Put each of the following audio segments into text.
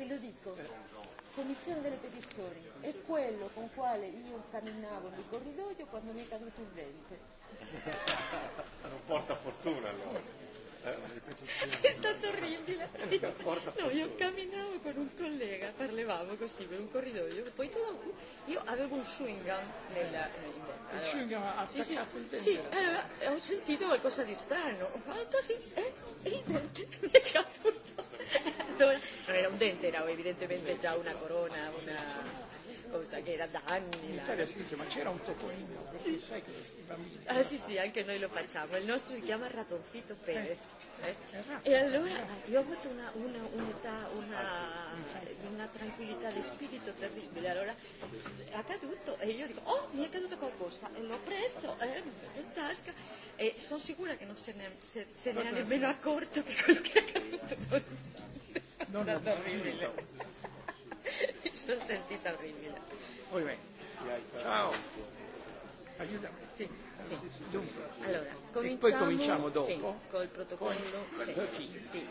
perché lo dico, commissione delle petizioni, è quello con quale io camminavo nel corridoio quando mi è caduto il vento. Non porta fortuna allora. È stato orribile. No, io camminavo con un collega, parlavamo così per un corridoio, poi tutto, io avevo un chewing gum nella, in Allora, il chewing gum ha sì, sì, sì, allora eh, ho sentito qualcosa di strano, ho fatto lì, eh, il dente mi è caduto contundente, era evidentemente già una corona, una cosa che era da anni. In Italia si dice ma c'era un topolino, sì. sai che i bambini. Ah sì sì, anche noi lo facciamo. Il nostro si chiama Ratoncito Pérez. Eh? eh. E allora io ho avuto una, una, un'età, una, una tranquillità di spirito terribile, allora è accaduto e io dico, oh mi è caduto qualcosa, e l'ho preso, eh, in tasca, e sono sicura che non se ne, se, se ne ha nemmeno accorto che quello che è accaduto. no, no, no, orribile. Mi Muy bien. Ciao. Aiutami. Sì. Sì. Dunque. Allora, cominciamo, e poi cominciamo dopo sì, col protocollo. sì. Sì.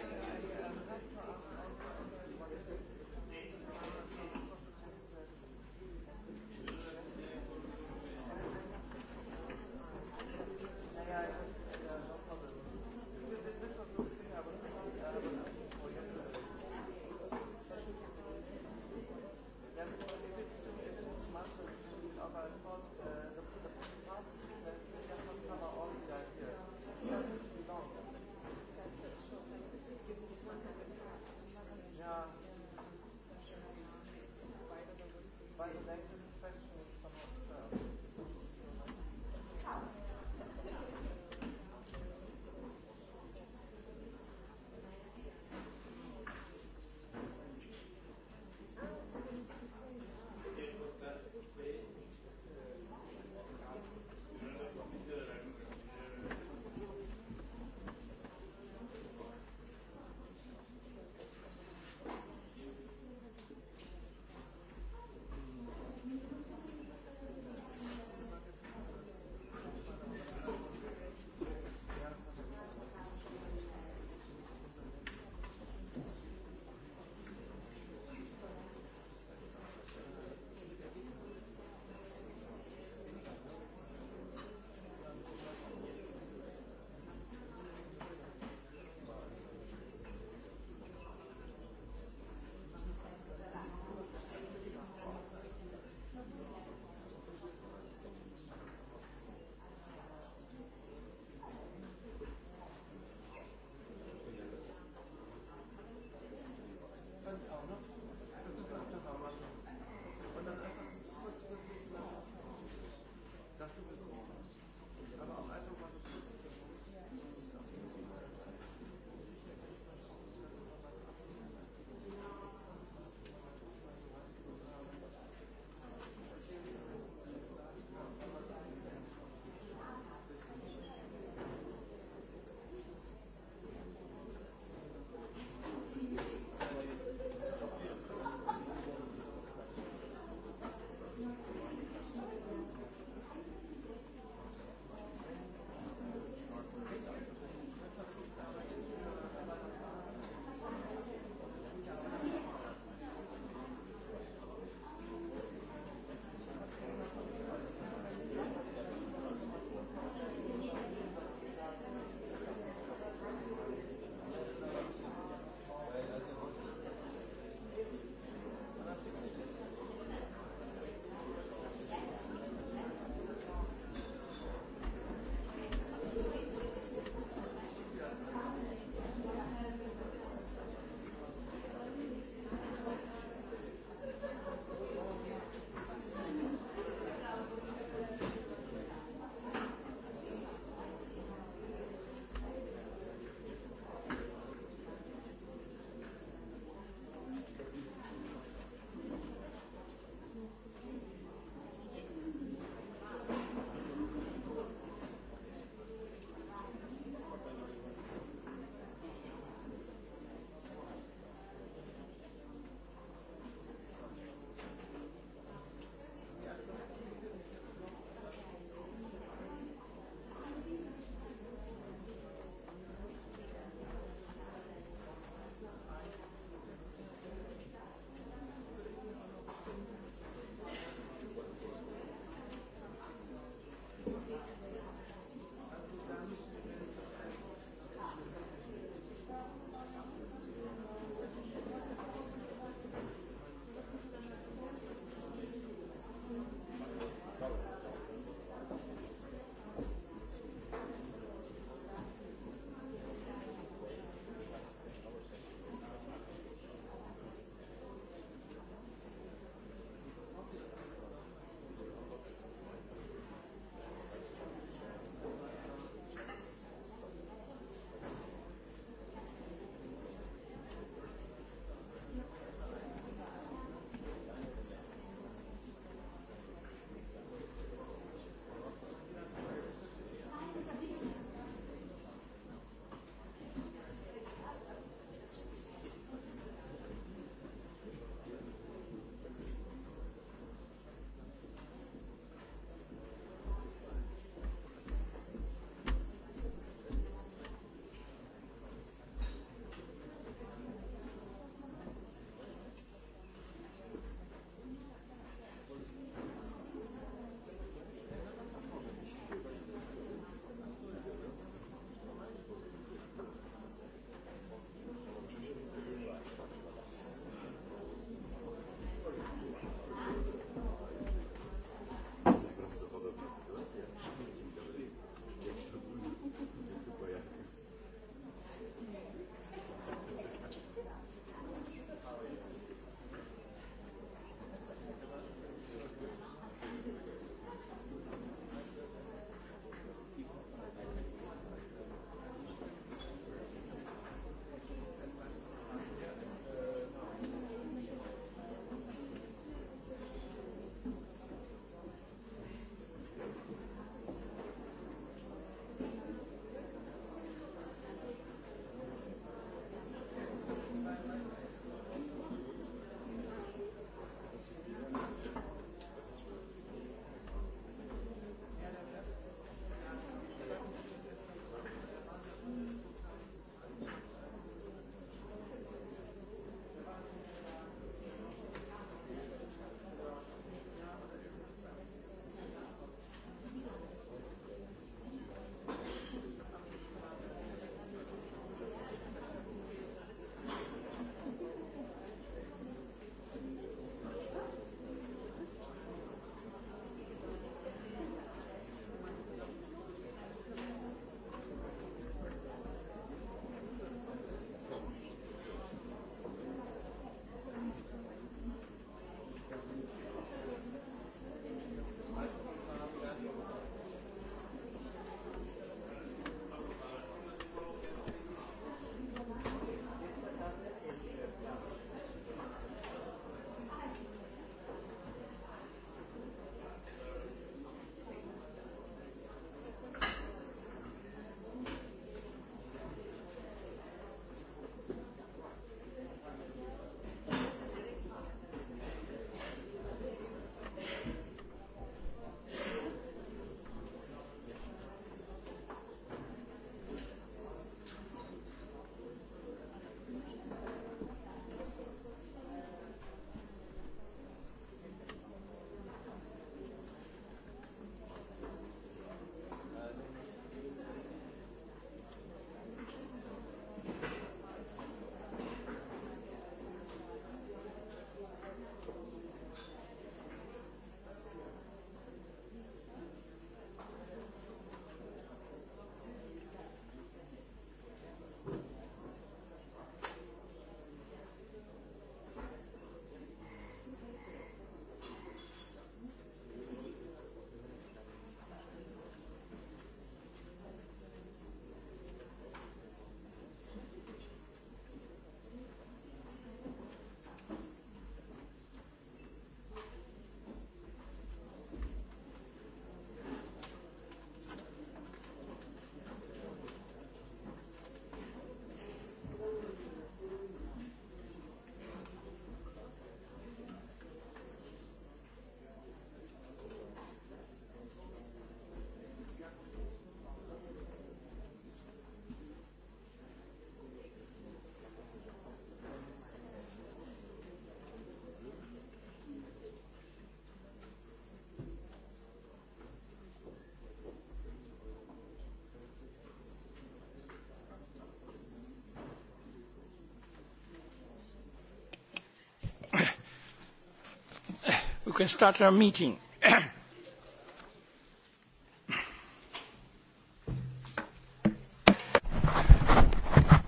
we can start our meeting.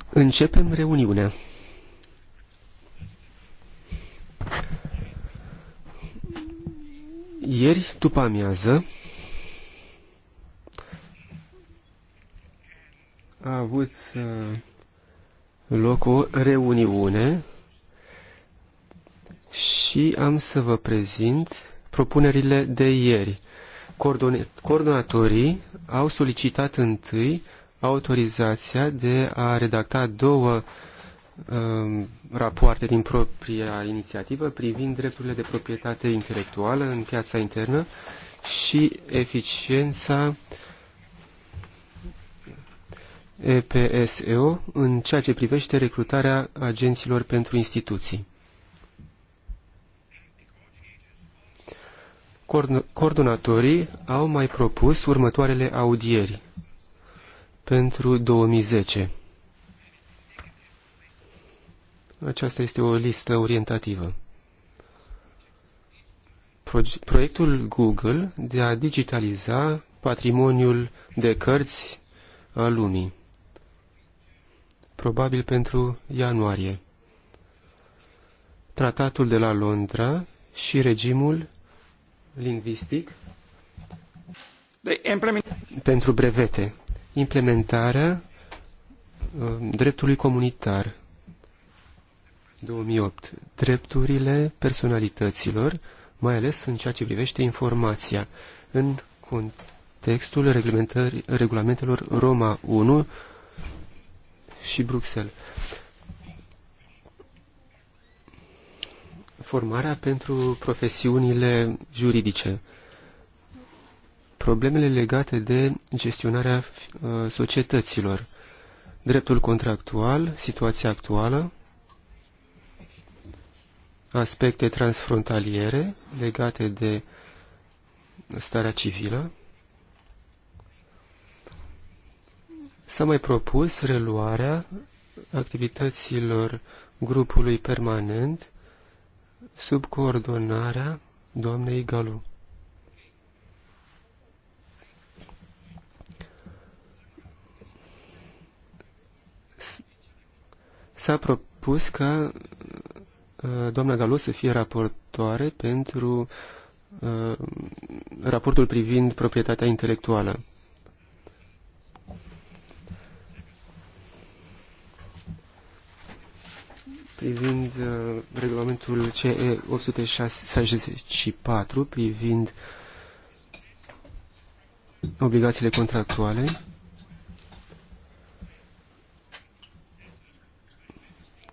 Începem reuniunea. Ieri, după amiază, a avut uh, loc o reuniune și am să vă prezint propunerile de ieri. Coordonatorii au solicitat întâi autorizația de a redacta două um, rapoarte din propria inițiativă privind drepturile de proprietate intelectuală în piața internă și eficiența EPSEO în ceea ce privește recrutarea agenților pentru instituții. coordonatorii au mai propus următoarele audieri pentru 2010. Aceasta este o listă orientativă. Proiectul Google de a digitaliza patrimoniul de cărți al lumii. Probabil pentru ianuarie. Tratatul de la Londra și regimul lingvistic pentru brevete. Implementarea uh, dreptului comunitar 2008. Drepturile personalităților, mai ales în ceea ce privește informația. În contextul regulamentelor Roma 1 și Bruxelles. formarea pentru profesiunile juridice, problemele legate de gestionarea uh, societăților, dreptul contractual, situația actuală, aspecte transfrontaliere legate de starea civilă. S-a mai propus reluarea activităților grupului permanent sub coordonarea doamnei Galu. S-a propus ca uh, doamna Galu să fie raportoare pentru uh, raportul privind proprietatea intelectuală. versetul CE 864 privind obligațiile contractuale.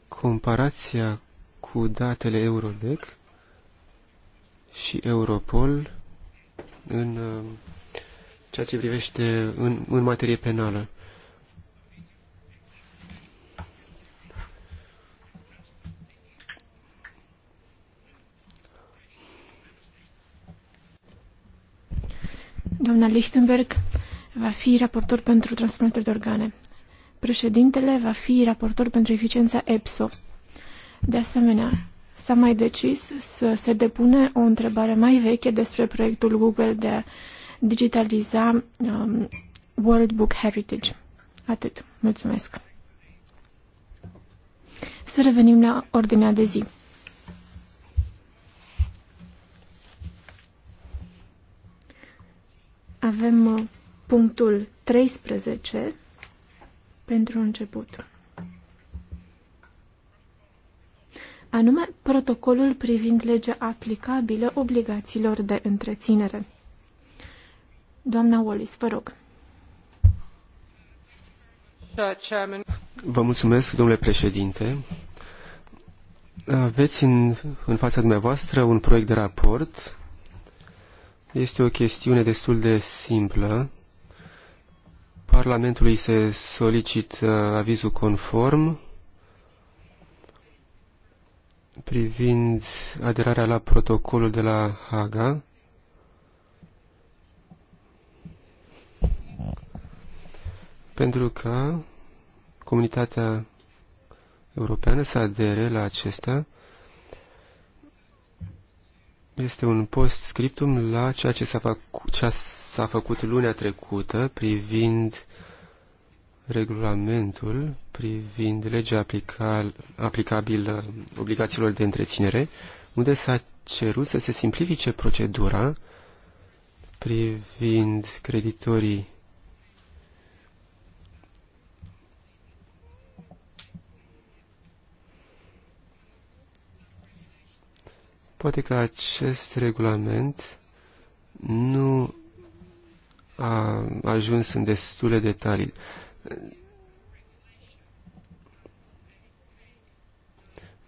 Comparația cu datele Eurodec și Europol în uh, ceea ce privește în, în materie penală. Doamna Lichtenberg va fi raportor pentru transplantul de organe. Președintele va fi raportor pentru eficiența EPSO. De asemenea, s-a mai decis să se depune o întrebare mai veche despre proiectul Google de a digitaliza um, World Book Heritage. Atât. Mulțumesc. Să revenim la ordinea de zi. Avem uh, punctul 13 pentru început. Anume, protocolul privind legea aplicabilă obligațiilor de întreținere. Doamna Wallis, vă rog. Vă mulțumesc, domnule președinte. Aveți în, în fața dumneavoastră un proiect de raport este o chestiune destul de simplă. Parlamentului se solicită avizul conform privind aderarea la protocolul de la Haga. Pentru că comunitatea europeană să adere la acesta este un post scriptum la ceea ce s-a, făcu- ce s-a făcut lunea trecută privind regulamentul, privind legea aplical, aplicabilă obligațiilor de întreținere, unde s-a cerut să se simplifice procedura privind creditorii Poate că acest regulament nu a ajuns în destule detalii.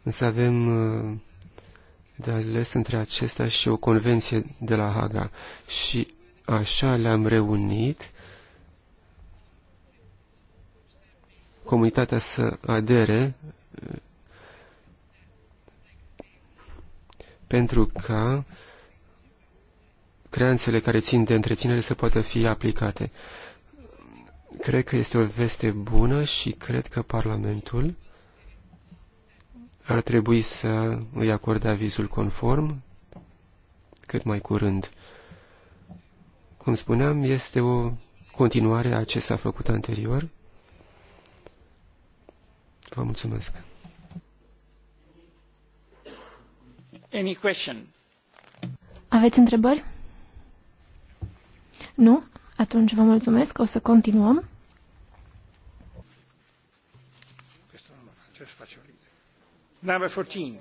Însă avem uh, de ales între acestea și o convenție de la Haga. Și așa le-am reunit comunitatea să adere pentru ca creanțele care țin de întreținere să poată fi aplicate. Cred că este o veste bună și cred că Parlamentul ar trebui să îi acorde avizul conform cât mai curând. Cum spuneam, este o continuare a ce s-a făcut anterior. Vă mulțumesc. Any question? Aveți întrebări? Nu? Atunci vă mulțumesc, o să continuăm. Number 14.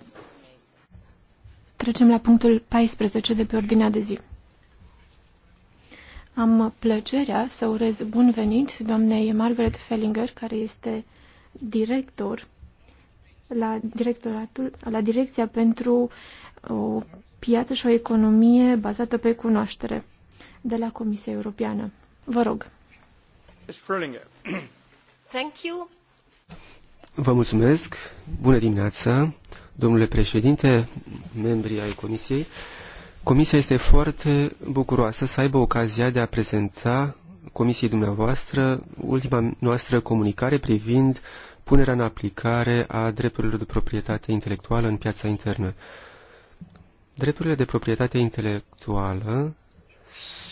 Trecem la punctul 14 de pe ordinea de zi. Am plăcerea să urez bun venit doamnei Margaret Fellinger, care este director la, directoratul, la Direcția pentru o piață și o economie bazată pe cunoaștere de la Comisia Europeană. Vă rog. Thank you. Vă mulțumesc. Bună dimineața, domnule președinte, membrii ai Comisiei. Comisia este foarte bucuroasă să aibă ocazia de a prezenta Comisiei dumneavoastră ultima noastră comunicare privind uh, punerea în aplicare a drepturilor de proprietate intelectuală în piața internă. Drepturile de proprietate intelectuală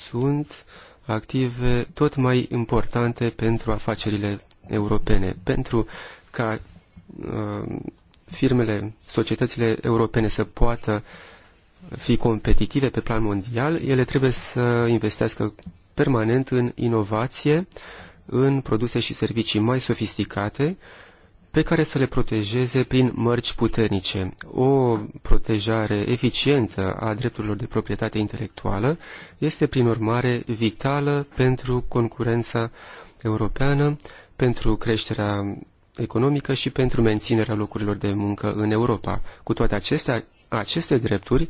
sunt active tot mai importante pentru afacerile europene, pentru ca uh, firmele, societățile europene să poată fi competitive pe plan mondial, ele trebuie să investească permanent în inovație, în produse și servicii mai sofisticate pe care să le protejeze prin mărci puternice. O protejare eficientă a drepturilor de proprietate intelectuală este, prin urmare, vitală pentru concurența europeană, pentru creșterea economică și pentru menținerea locurilor de muncă în Europa. Cu toate acestea, aceste drepturi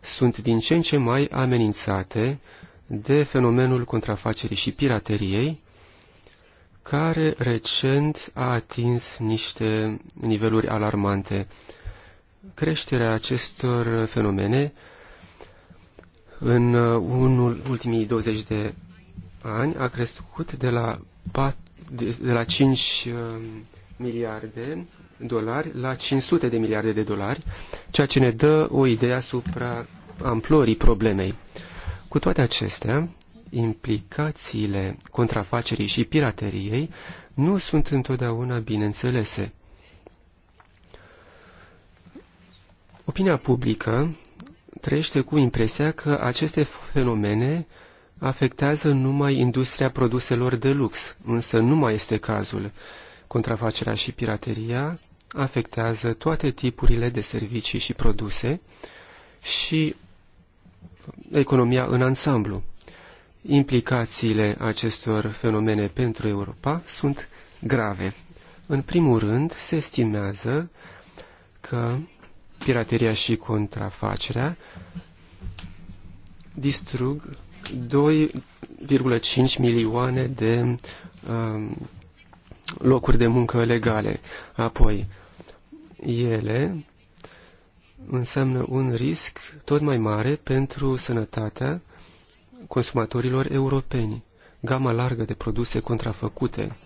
sunt din ce în ce mai amenințate de fenomenul contrafacerii și pirateriei, care recent a atins niște niveluri alarmante. Creșterea acestor fenomene în uh, unul, ultimii 20 de ani a crescut de la, 4, de, de la 5 uh, miliarde dolari la 500 de miliarde de dolari, ceea ce ne dă o idee asupra amplorii problemei. Cu toate acestea, implicațiile contrafacerii și pirateriei nu sunt întotdeauna bineînțelese. Opinia publică trăiește cu impresia că aceste fenomene afectează numai industria produselor de lux, însă nu mai este cazul. Contrafacerea și pirateria afectează toate tipurile de servicii și produse și economia în ansamblu implicațiile acestor fenomene pentru Europa sunt grave. În primul rând, se estimează că pirateria și contrafacerea distrug 2,5 milioane de um, locuri de muncă legale. Apoi, ele înseamnă un risc tot mai mare pentru sănătatea consumatorilor europeni, gama largă de produse contrafăcute,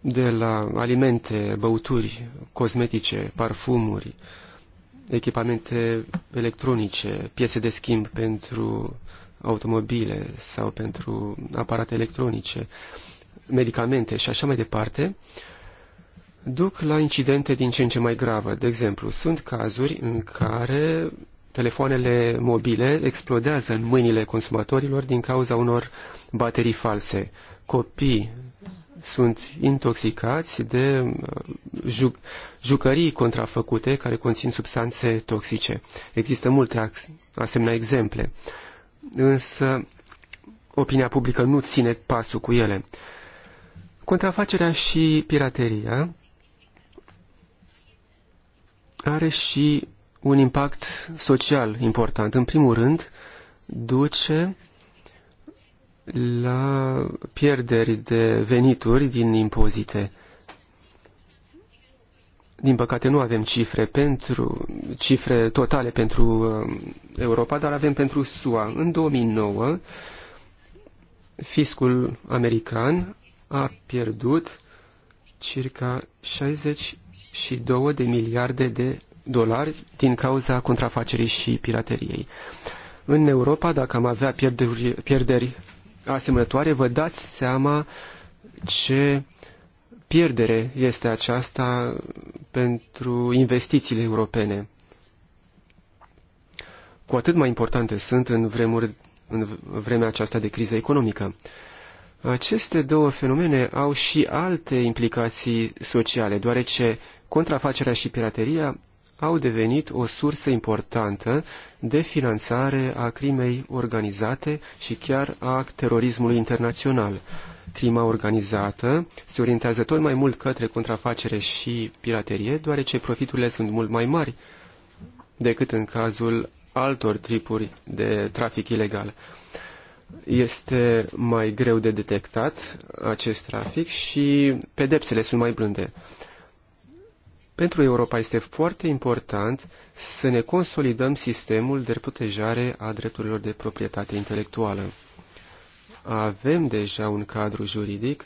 de la alimente, băuturi, cosmetice, parfumuri, echipamente electronice, piese de schimb pentru automobile sau pentru aparate electronice, medicamente și așa mai departe, duc la incidente din ce în ce mai grave. De exemplu, sunt cazuri în care telefoanele mobile explodează în mâinile consumatorilor din cauza unor baterii false. Copii sunt intoxicați de uh, ju- jucării contrafăcute care conțin substanțe toxice. Există multe asemenea exemple, însă opinia publică nu ține pasul cu ele. Contrafacerea și pirateria are și un impact social important. În primul rând, duce la pierderi de venituri din impozite. Din păcate nu avem cifre pentru cifre totale pentru uh, Europa, dar avem pentru SUA. În 2009, fiscul american a pierdut circa 62 de miliarde de dolari din cauza contrafacerii și pirateriei. În Europa, dacă am avea pierderi, pierderi asemănătoare, vă dați seama ce pierdere este aceasta pentru investițiile europene. Cu atât mai importante sunt în, vremuri, în vremea aceasta de criză economică. Aceste două fenomene au și alte implicații sociale, deoarece contrafacerea și pirateria au devenit o sursă importantă de finanțare a crimei organizate și chiar a terorismului internațional. Crima organizată se orientează tot mai mult către contrafacere și piraterie, deoarece profiturile sunt mult mai mari decât în cazul altor tipuri de trafic ilegal. Este mai greu de detectat acest trafic și pedepsele sunt mai blânde. Pentru Europa este foarte important să ne consolidăm sistemul de protejare a drepturilor de proprietate intelectuală. Avem deja un cadru juridic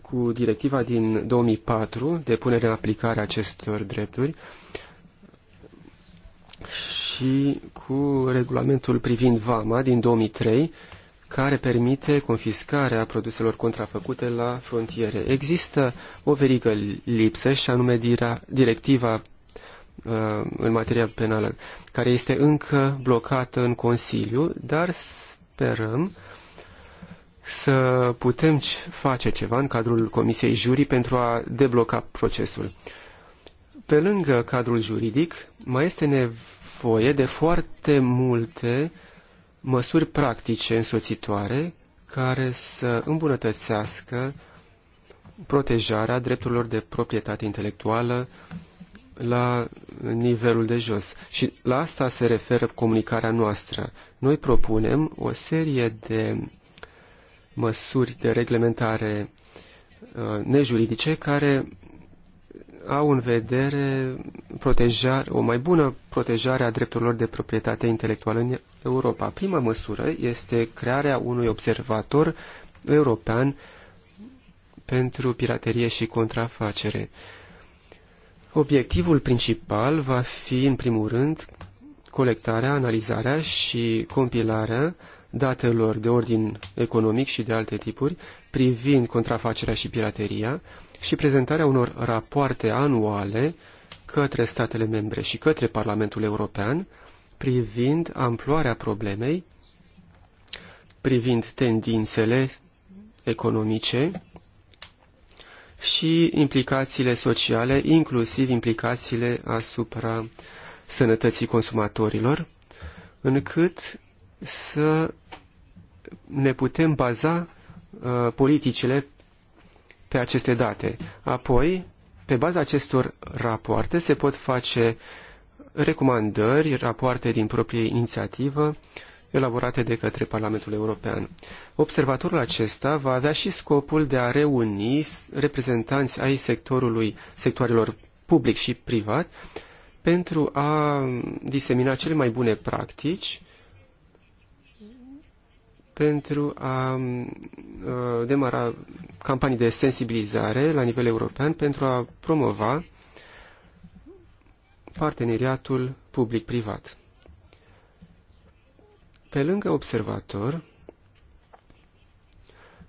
cu directiva din 2004 de punere în aplicare a acestor drepturi și cu regulamentul privind VAMA din 2003 care permite confiscarea produselor contrafăcute la frontiere. Există o verigă lipsă și anume directiva uh, în materia penală, care este încă blocată în Consiliu, dar sperăm să putem face ceva în cadrul Comisiei Jurii pentru a debloca procesul. Pe lângă cadrul juridic, mai este nevoie de foarte multe uh, măsuri practice însoțitoare care să îmbunătățească protejarea drepturilor de proprietate intelectuală la nivelul de jos. Și la asta se referă comunicarea noastră. Noi propunem o serie de măsuri de reglementare uh, nejuridice care au în vedere proteja, o mai bună protejare a drepturilor de proprietate intelectuală în Europa. Prima măsură este crearea unui observator european pentru piraterie și contrafacere. Obiectivul principal va fi, în primul rând, colectarea, analizarea și compilarea datelor de ordin economic și de alte tipuri privind contrafacerea și pirateria și prezentarea unor rapoarte anuale către statele membre și către Parlamentul European privind amploarea problemei, privind tendințele economice și implicațiile sociale, inclusiv implicațiile asupra sănătății consumatorilor, încât să ne putem baza uh, politicile pe aceste date. Apoi, pe baza acestor rapoarte se pot face uh, recomandări, rapoarte din proprie inițiativă, elaborate de către Parlamentul European. Observatorul acesta va avea și scopul de a reuni reprezentanți ai sectorului, sectoarelor public și privat pentru a disemina cele mai bune practici pentru a uh, demara campanii de sensibilizare la nivel european pentru a promova parteneriatul public-privat. Pe lângă observator,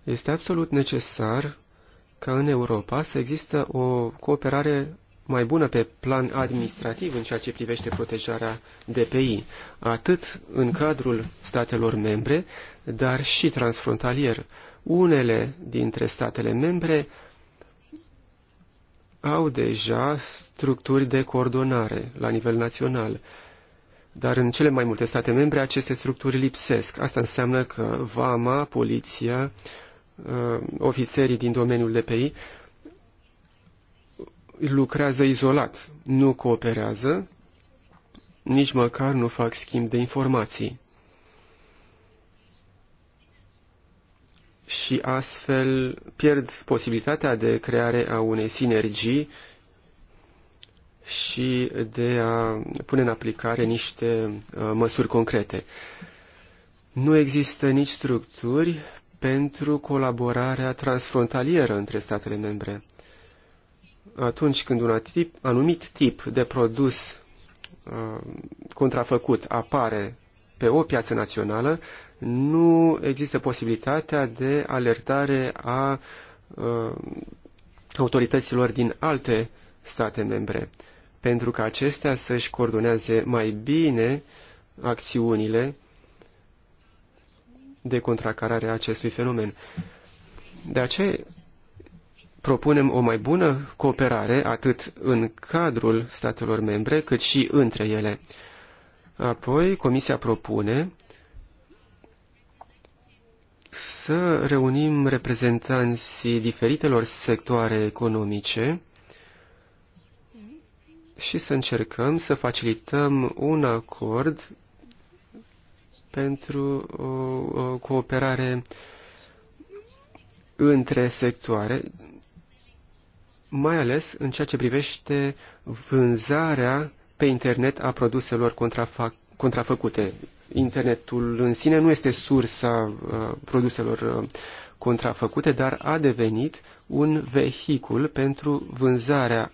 este absolut necesar ca în Europa să există o cooperare mai bună pe plan administrativ în ceea ce privește protejarea DPI, atât în cadrul statelor membre, dar și transfrontalier. Unele dintre statele membre au deja structuri de coordonare la nivel național, dar în cele mai multe state membre aceste structuri lipsesc. Asta înseamnă că VAMA, poliția, uh, ofițerii din domeniul DPI lucrează izolat, nu cooperează, nici măcar nu fac schimb de informații. și astfel pierd posibilitatea de creare a unei sinergii și de a pune în aplicare niște uh, măsuri concrete. Nu există nici structuri pentru colaborarea transfrontalieră între statele membre. Atunci când un atip, anumit tip de produs uh, contrafăcut apare pe o piață națională, nu există posibilitatea de alertare a uh, autorităților din alte state membre, pentru că acestea să-și coordoneze mai bine acțiunile de contracarare a acestui fenomen. De aceea propunem o mai bună cooperare atât în cadrul statelor membre cât și între ele. Apoi, Comisia propune să reunim reprezentanții diferitelor sectoare economice și să încercăm să facilităm un acord pentru o, cooperare între sectoare, mai ales în ceea ce privește vânzarea pe internet a produselor contrafa, contrafăcute, internetul în sine nu este sursa uh, produselor uh, contrafăcute, dar a devenit un vehicul pentru vânzarea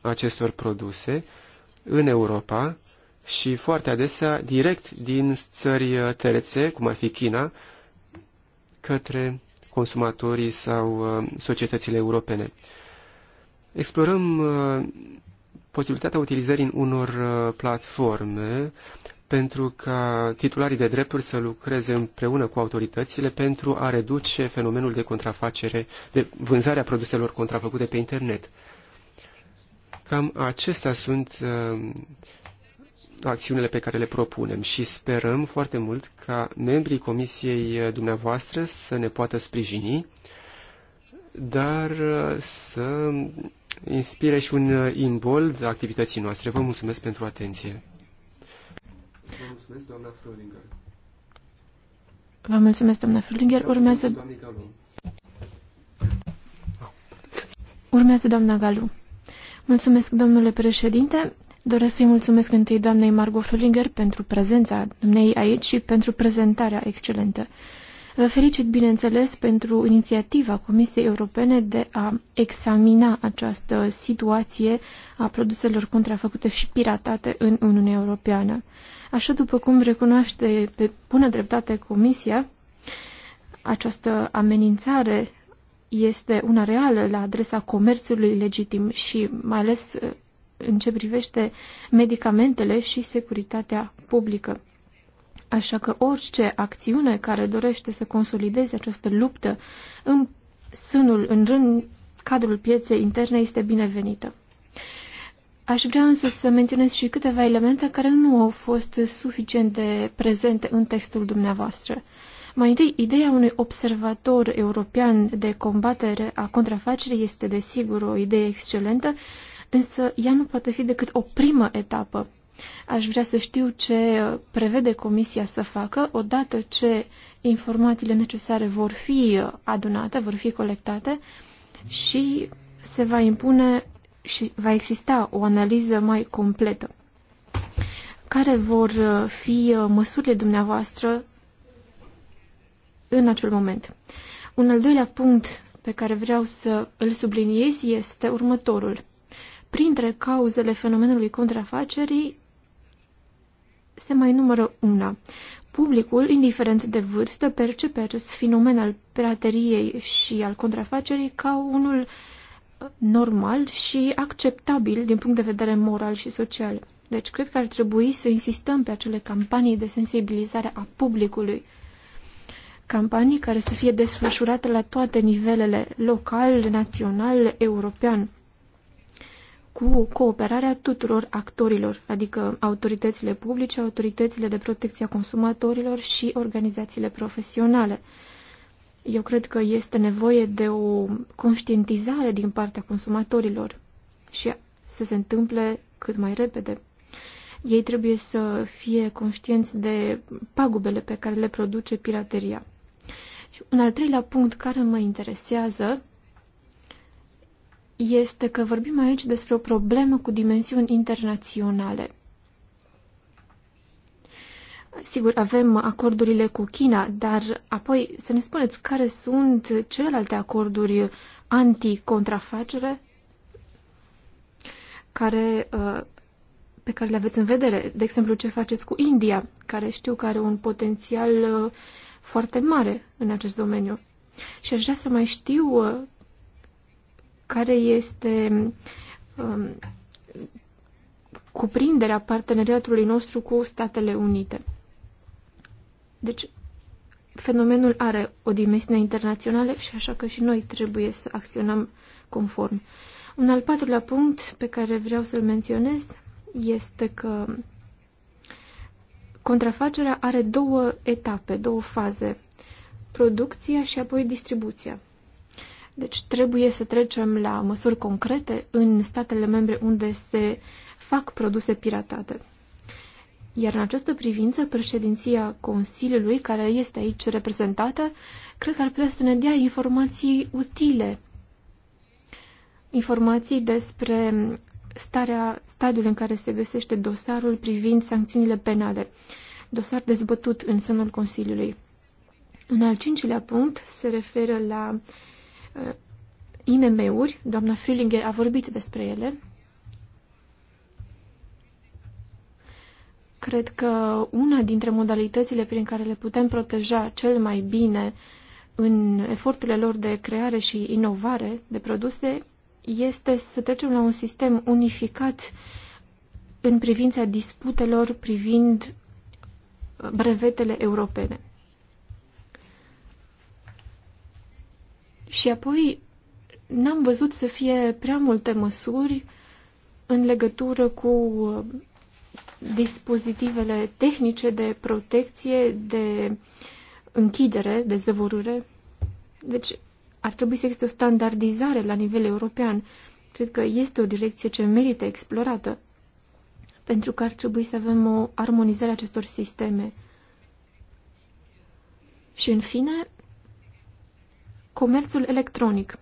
acestor produse în Europa și foarte adesea direct din țări uh, terțe, cum ar fi China, către consumatorii sau uh, societățile europene. Explorăm uh, posibilitatea utilizării unor uh, platforme pentru ca titularii de drepturi să lucreze împreună cu autoritățile pentru a reduce fenomenul de contrafacere, de vânzarea produselor contrafăcute pe internet. Cam acestea sunt uh, acțiunile pe care le propunem și sperăm foarte mult ca membrii comisiei uh, dumneavoastră să ne poată sprijini, dar uh, să inspire și un uh, imbold activității noastre. Vă mulțumesc pentru atenție. Vă mulțumesc, doamna Frölinger. Vă mulțumesc, doamna Frölinger. Urmează... Urmează doamna Galu. Mulțumesc, domnule președinte. Doresc să-i mulțumesc întâi doamnei Margot Frölinger pentru prezența dumnei aici și pentru prezentarea excelentă. Vă felicit, bineînțeles, pentru inițiativa Comisiei Europene de a examina această situație a produselor contrafăcute și piratate în Uniunea Europeană. Așa după cum recunoaște pe bună dreptate Comisia, această amenințare este una reală la adresa comerțului legitim și mai ales uh, în ce privește medicamentele și securitatea publică. Așa că orice acțiune care dorește să consolideze această luptă în sânul, în rând, cadrul pieței interne este binevenită. Aș vrea însă să menționez și câteva elemente care nu au fost suficient de prezente în textul dumneavoastră. Mai întâi, ideea unui observator european de combatere a contrafacerii este, desigur, o idee excelentă, însă ea nu poate fi decât o primă etapă. Aș vrea să știu ce prevede Comisia să facă odată ce informațiile necesare vor fi adunate, vor fi colectate și se va impune și va exista o analiză mai completă. Care vor fi măsurile dumneavoastră în acel moment? Un al doilea punct pe care vreau să îl subliniez este următorul. Printre cauzele fenomenului contrafacerii se mai numără una. Publicul, indiferent de vârstă, percepe acest fenomen al pirateriei și al contrafacerii ca unul uh, normal și acceptabil din punct de vedere moral și social. Deci cred că ar trebui să insistăm pe acele campanii de sensibilizare a publicului. Campanii care să fie desfășurate la toate nivelele, local, național, european cu cooperarea tuturor actorilor, adică autoritățile publice, autoritățile de protecție a consumatorilor și organizațiile profesionale. Eu cred că este nevoie de o conștientizare din partea consumatorilor și să se întâmple cât mai repede. Ei trebuie să fie conștienți de pagubele pe care le produce pirateria. Și un al treilea punct care mă interesează este că vorbim aici despre o problemă cu dimensiuni internaționale. Sigur, avem acordurile cu China, dar apoi să ne spuneți care sunt celelalte acorduri anticontrafacere care, uh, pe care le aveți în vedere. De exemplu, ce faceți cu India, care știu că are un potențial uh, foarte mare în acest domeniu. Și aș vrea să mai știu uh, care este um, cuprinderea parteneriatului nostru cu Statele Unite. Deci, fenomenul are o dimensiune internațională și așa că și noi trebuie să acționăm conform. Un al patrulea punct pe care vreau să-l menționez este că contrafacerea are două etape, două faze. Producția și apoi distribuția. Deci trebuie să trecem la măsuri concrete în statele membre unde se fac produse piratate. Iar în această privință, președinția Consiliului, care este aici reprezentată, cred că ar putea să ne dea informații utile, informații despre starea, stadiul în care se găsește dosarul privind sancțiunile penale, dosar dezbătut în sânul Consiliului. În al cincilea punct se referă la uh, Uh, IMM-uri, doamna Frillinger a vorbit despre ele. Cred că una dintre modalitățile prin care le putem proteja cel mai bine în eforturile lor de creare și inovare de produse este să trecem la un sistem unificat în privința disputelor privind brevetele europene. Și apoi n-am văzut să fie prea multe măsuri în legătură cu uh, dispozitivele tehnice de protecție, de închidere, de zăvorâre. Deci ar trebui să existe o standardizare la nivel european. Cred că este o direcție ce merită explorată, pentru că ar trebui să avem o armonizare a acestor sisteme. Și în fine, Comerțul electronic.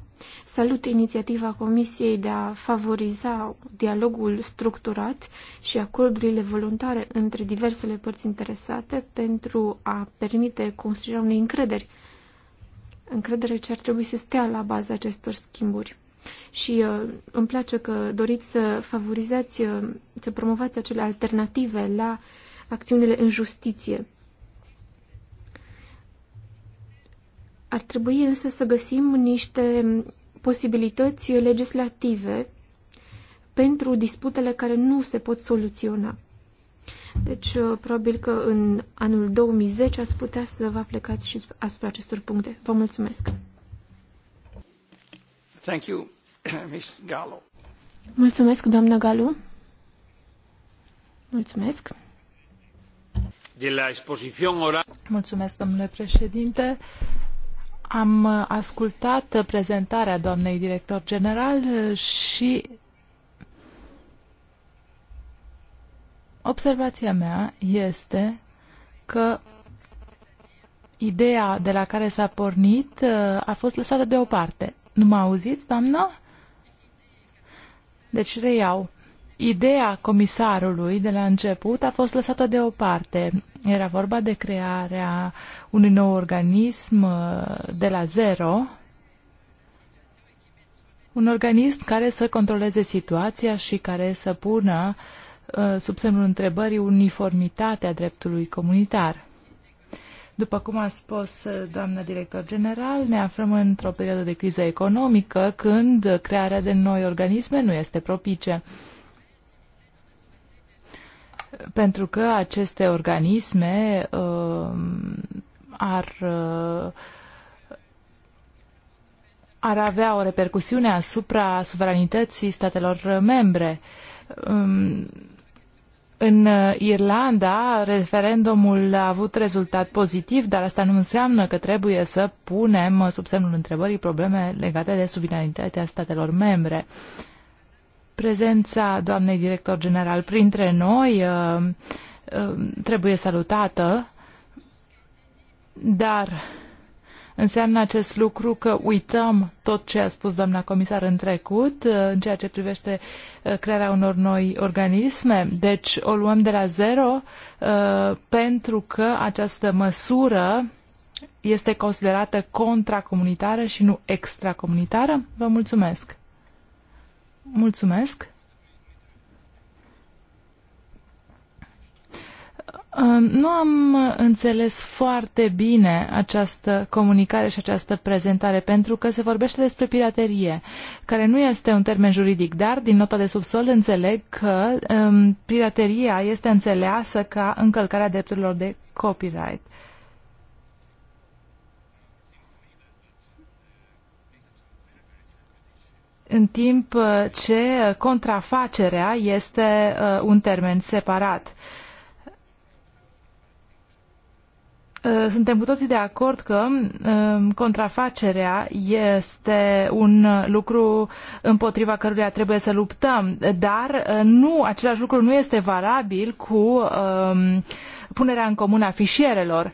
Salut inițiativa Comisiei de a favoriza dialogul structurat și acordurile voluntare între diversele părți interesate pentru a permite construirea unei încrederi. Încredere ce ar trebui să stea la baza acestor schimburi. Și uh, îmi place că doriți să favorizați, uh, să promovați acele alternative la acțiunile în justiție. Ar trebui însă să găsim niște posibilități legislative pentru disputele care nu se pot soluționa. Deci, uh, probabil că în anul 2010 ați putea să vă aplicați și asupra acestor puncte. Vă mulțumesc! Thank you, Ms. Gallo. Mulțumesc, doamnă Galu. Mulțumesc. De la oral... Mulțumesc, domnule președinte. Am ascultat prezentarea doamnei director general și observația mea este că ideea de la care s-a pornit uh, a fost lăsată deoparte. Nu mă auziți, doamnă? Deci reiau. Ideea comisarului de la început a fost lăsată deoparte. Era vorba de crearea unui nou organism uh, de la zero, un organism care să controleze situația și care să pună uh, sub semnul întrebării uniformitatea dreptului comunitar. După cum a spus uh, doamna director general, ne aflăm într-o perioadă de criză economică când crearea de noi organisme nu este propice pentru că aceste organisme uh, ar, uh, ar avea o repercusiune asupra suveranității statelor membre. Um, în Irlanda, referendumul a avut rezultat pozitiv, dar asta nu înseamnă că trebuie să punem sub semnul întrebării probleme legate de suveranitatea statelor membre. Uh, Prezența doamnei director general printre noi uh, uh, trebuie salutată, dar înseamnă acest lucru că uităm tot ce a spus doamna comisar în trecut uh, în ceea ce privește crearea unor noi organisme. Deci o luăm de la zero pentru că această măsură este considerată contracomunitară și nu extracomunitară. Vă mulțumesc! Mulțumesc. Nu am înțeles foarte bine această comunicare și această prezentare, pentru că se vorbește despre piraterie, care nu este un termen juridic, dar din nota de subsol înțeleg că um, pirateria este înțeleasă ca încălcarea drepturilor de copyright. Uh, în timp uh, ce contrafacerea este uh, un termen separat. Uh, suntem cu toții de acord că um, contrafacerea este un lucru împotriva căruia trebuie să luptăm, dar nu, același lucru nu este valabil cu um, punerea în comun a fișierelor.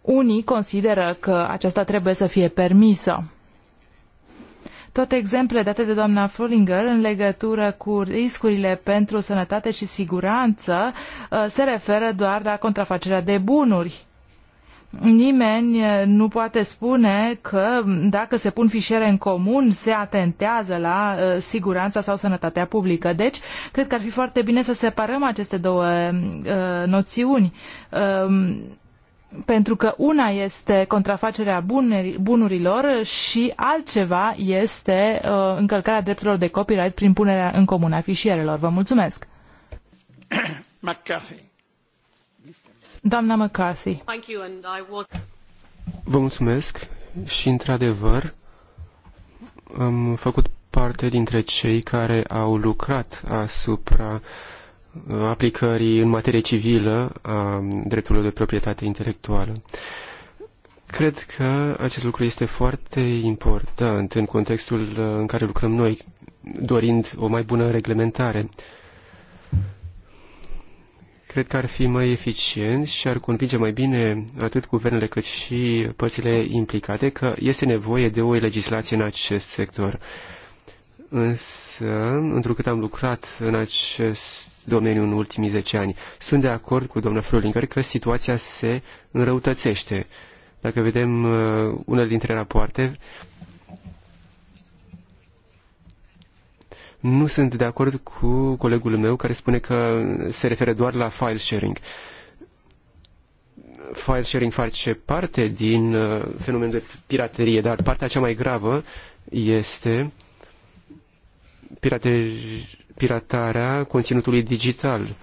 Unii consideră că aceasta trebuie să fie permisă. Toate exemplele date de doamna Frolinger în legătură cu riscurile pentru sănătate și siguranță uh, se referă doar la contrafacerea de bunuri. Nimeni uh, nu poate spune că dacă se pun fișiere în comun, se atentează la uh, siguranța sau sănătatea publică. Deci, cred că ar fi foarte bine să separăm aceste două uh, noțiuni. Uh, pentru că una este contrafacerea bunurilor și altceva este uh, încălcarea drepturilor de copyright prin punerea în comun a fișierelor. Vă mulțumesc! McCarthy. Doamna McCarthy. Vă mulțumesc și, într-adevăr, am făcut parte dintre cei care au lucrat asupra uh, aplicării în materie civilă a drepturilor de proprietate intelectuală. Cred că acest lucru este foarte important în contextul în care lucrăm noi, dorind o mai bună reglementare. Cred că ar fi mai eficient și ar convinge mai bine atât guvernele cât și părțile implicate că este nevoie de o legislație în acest sector. Însă, întrucât am lucrat în acest domeniu în ultimii 10 ani. Sunt de acord cu doamna Frolinger că situația se înrăutățește. Dacă vedem uh, unele dintre rapoarte, nu sunt de acord cu colegul meu care spune că se referă doar la file sharing. File sharing face parte din uh, fenomenul de piraterie, dar partea cea mai gravă este piraterie piratarea conținutului digital,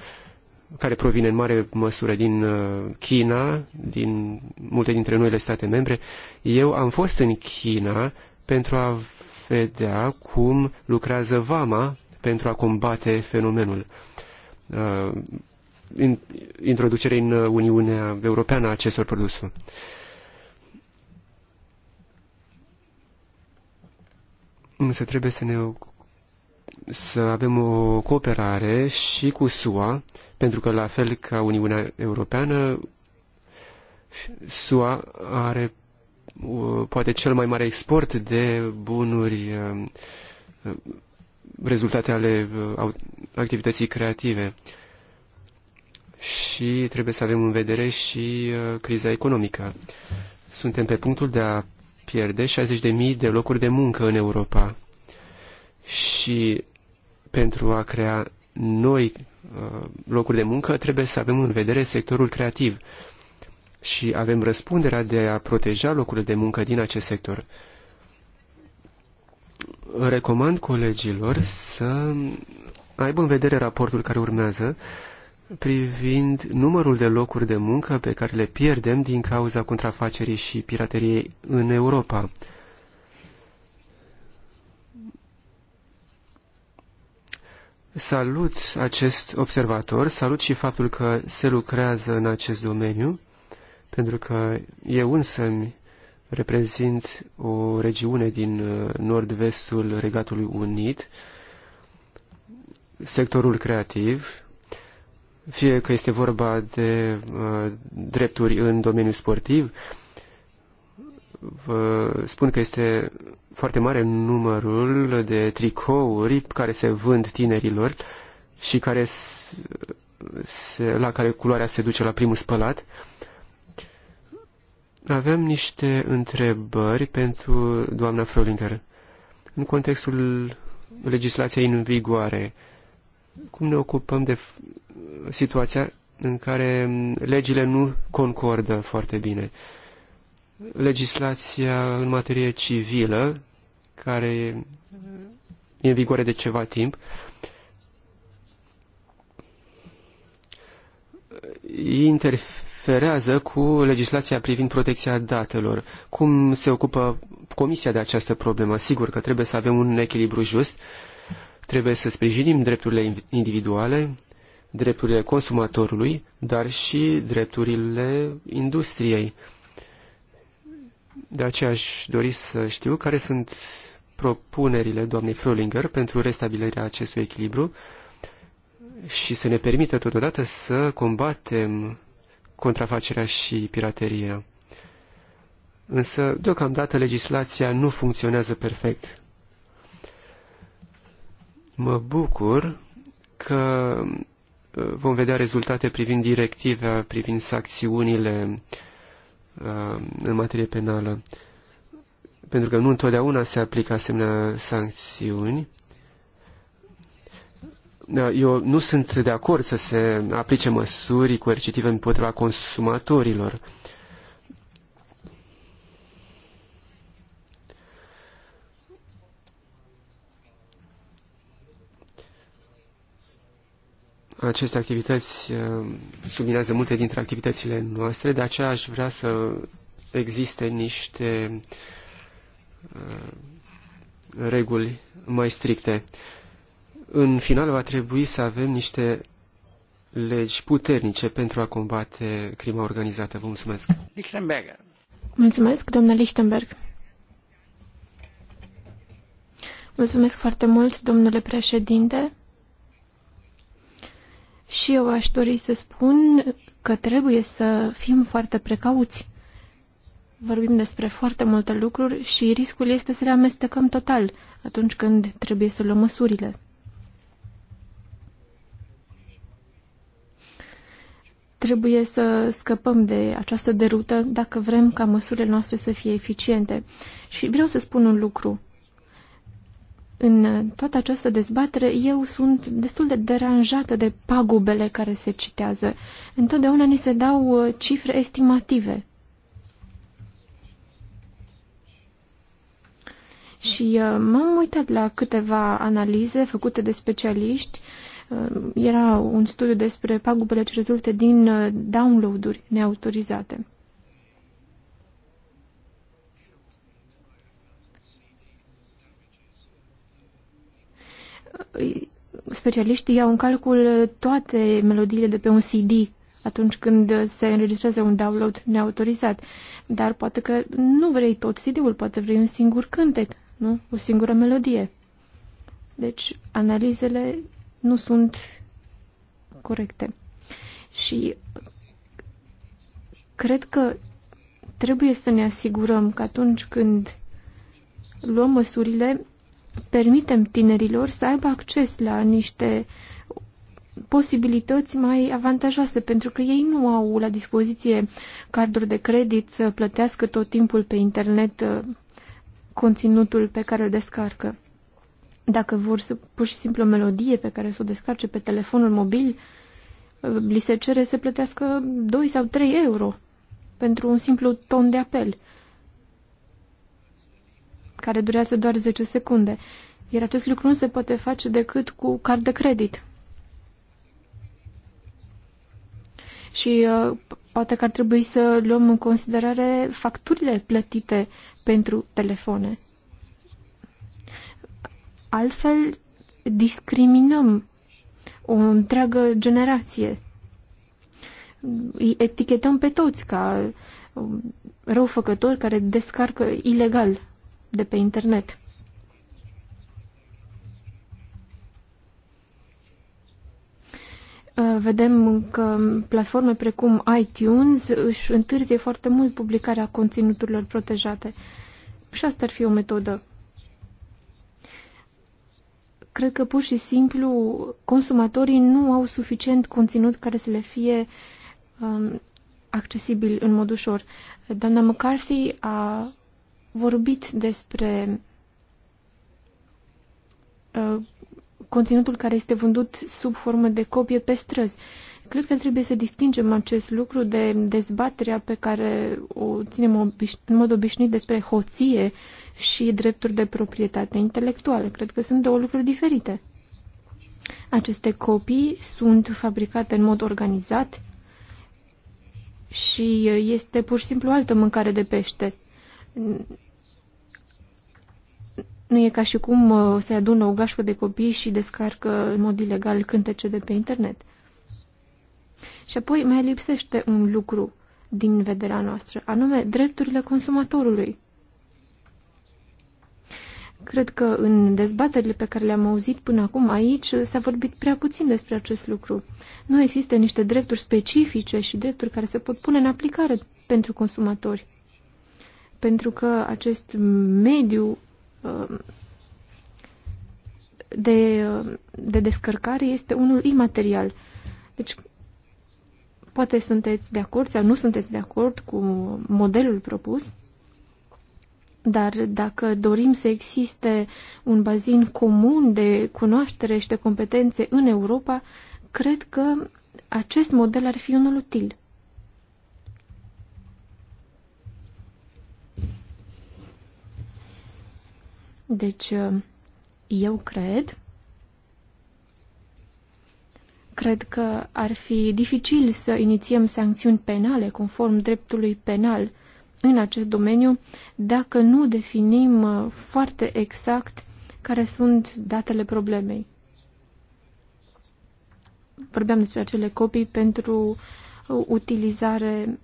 care provine în mare măsură din uh, China, din multe dintre noile state membre. Eu am fost în China pentru a vedea cum lucrează VAMA pentru a combate fenomenul uh, Introducere în Uniunea Europeană a acestor produse. Însă trebuie să ne să avem o cooperare și cu SUA, pentru că la fel ca Uniunea Europeană, SUA are uh, poate cel mai mare export de bunuri uh, rezultate ale uh, activității creative. Și trebuie să avem în vedere și criza economică. Suntem pe punctul de a pierde 60.000 de locuri de muncă în Europa. Și pentru a crea noi uh, locuri de muncă, trebuie să avem în vedere sectorul creativ și avem răspunderea de a proteja locurile de muncă din acest sector. Recomand colegilor să aibă în vedere raportul care urmează privind numărul de locuri de muncă pe care le pierdem din cauza contrafacerii și pirateriei în Europa. Salut acest observator, salut și faptul că se lucrează în acest domeniu, pentru că eu însă reprezint o regiune din uh, nord-vestul Regatului Unit, sectorul creativ, fie că este vorba de uh, drepturi în domeniul sportiv, vă spun că este foarte mare numărul de tricouri care se vând tinerilor și care se, la care culoarea se duce la primul spălat. Avem niște întrebări pentru doamna Frolinger. În contextul legislației în vigoare, cum ne ocupăm de situația în care legile nu concordă foarte bine? Uh, legislația în materie civilă, care e în vigoare de ceva timp, interferează cu legislația privind protecția datelor. Cum se ocupă Comisia de această problemă? Sigur că trebuie să avem un echilibru just, trebuie să sprijinim drepturile individuale, drepturile consumatorului, dar și drepturile industriei. De aceea aș dori să știu care sunt propunerile doamnei Frölinger pentru restabilirea acestui echilibru și să ne permită totodată să combatem contrafacerea și pirateria. Însă, deocamdată, legislația nu funcționează perfect. Mă bucur că uh, vom vedea rezultate privind directiva, privind sancțiunile uh, Uh, în materie penală, pentru că nu întotdeauna se aplică asemenea sancțiuni. Da, eu nu sunt de acord să se aplice măsuri coercitive împotriva consumatorilor. Aceste activități eh, subminează multe dintre activitățile noastre, de aceea aș vrea să existe niște eh, reguli mai stricte. În final va trebui să avem niște legi puternice pentru a combate crima organizată. Vă mulțumesc. Mulțumesc, domnule Lichtenberg. Mulțumesc foarte mult, domnule președinte. Și eu aș dori să spun că trebuie să fim foarte precauți. Vorbim despre foarte multe lucruri și riscul este să le amestecăm total atunci când trebuie să luăm măsurile. Trebuie să scăpăm de această derută dacă vrem ca măsurile noastre să fie eficiente. Și vreau să spun un lucru în toată această dezbatere, eu sunt destul de deranjată de pagubele care se citează. Întotdeauna ni se dau uh, cifre estimative. Și uh, m-am uitat la câteva analize făcute de specialiști. Uh, era un studiu despre pagubele ce rezultă din downloaduri neautorizate. specialiștii iau în calcul toate melodiile de pe un CD atunci când se înregistrează un download neautorizat. Dar poate că nu vrei tot CD-ul, poate vrei un singur cântec, nu? O singură melodie. Deci analizele nu sunt corecte. Și cred că trebuie să ne asigurăm că atunci când luăm măsurile, permitem tinerilor să aibă acces la niște posibilități mai avantajoase, pentru că ei nu au la dispoziție carduri de credit să plătească tot timpul pe internet uh, conținutul pe care îl descarcă. Dacă vor să, pur și simplu o melodie pe care să o descarce pe telefonul mobil, uh, li se cere să plătească 2 sau 3 euro pentru un simplu ton de apel care durează doar 10 secunde. Iar acest lucru nu se poate face decât cu card de credit. Și uh, poate că ar trebui să luăm în considerare facturile plătite pentru telefoane. Altfel, discriminăm o întreagă generație. Îi etichetăm pe toți ca um, răufăcători care descarcă ilegal de pe internet. Uh, vedem că platforme precum iTunes își întârzie foarte mult publicarea conținuturilor protejate. Și asta ar fi o metodă. Cred că pur și simplu consumatorii nu au suficient conținut care să le fie um, accesibil în mod ușor. Doamna McCarthy a vorbit despre uh, conținutul care este vândut sub formă de copie pe străzi. Cred că trebuie să distingem acest lucru de dezbaterea pe care o ținem în mod obișnuit despre hoție și drepturi de proprietate intelectuală. Cred că sunt două lucruri diferite. Aceste copii sunt fabricate în mod organizat și este pur și simplu altă mâncare de pește. Nu e ca și cum uh, se adună o gașcă de copii și descarcă în mod ilegal cântece de pe internet. Și apoi mai lipsește un lucru din vederea noastră, anume drepturile consumatorului. Cred că în dezbaterile pe care le-am auzit până acum aici s-a vorbit prea puțin despre acest lucru. Nu există niște drepturi specifice și drepturi care se pot pune în aplicare pentru consumatori pentru că acest mediu uh, de, uh, de descărcare este unul imaterial. Deci, poate sunteți de acord sau nu sunteți de acord cu modelul propus, dar dacă dorim să existe un bazin comun de cunoaștere și de competențe în Europa, cred că acest model ar fi unul util. Deci, uh, eu cred cred că ar fi dificil să inițiem sancțiuni penale conform dreptului penal în acest domeniu dacă nu definim uh, foarte exact care sunt datele problemei. Vorbeam despre acele copii pentru uh, utilizare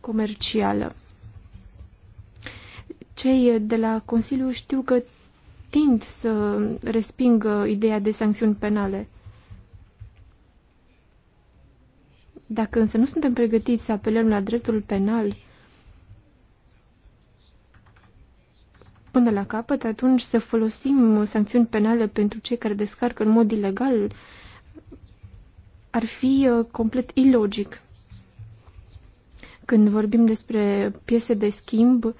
comercială cei de la Consiliu știu că tind să respingă ideea de sancțiuni penale. Dacă însă nu suntem pregătiți să apelăm la dreptul penal până la capăt, atunci să folosim sancțiuni penale pentru cei care descarcă în mod ilegal ar fi uh, complet ilogic. Când vorbim despre piese de schimb,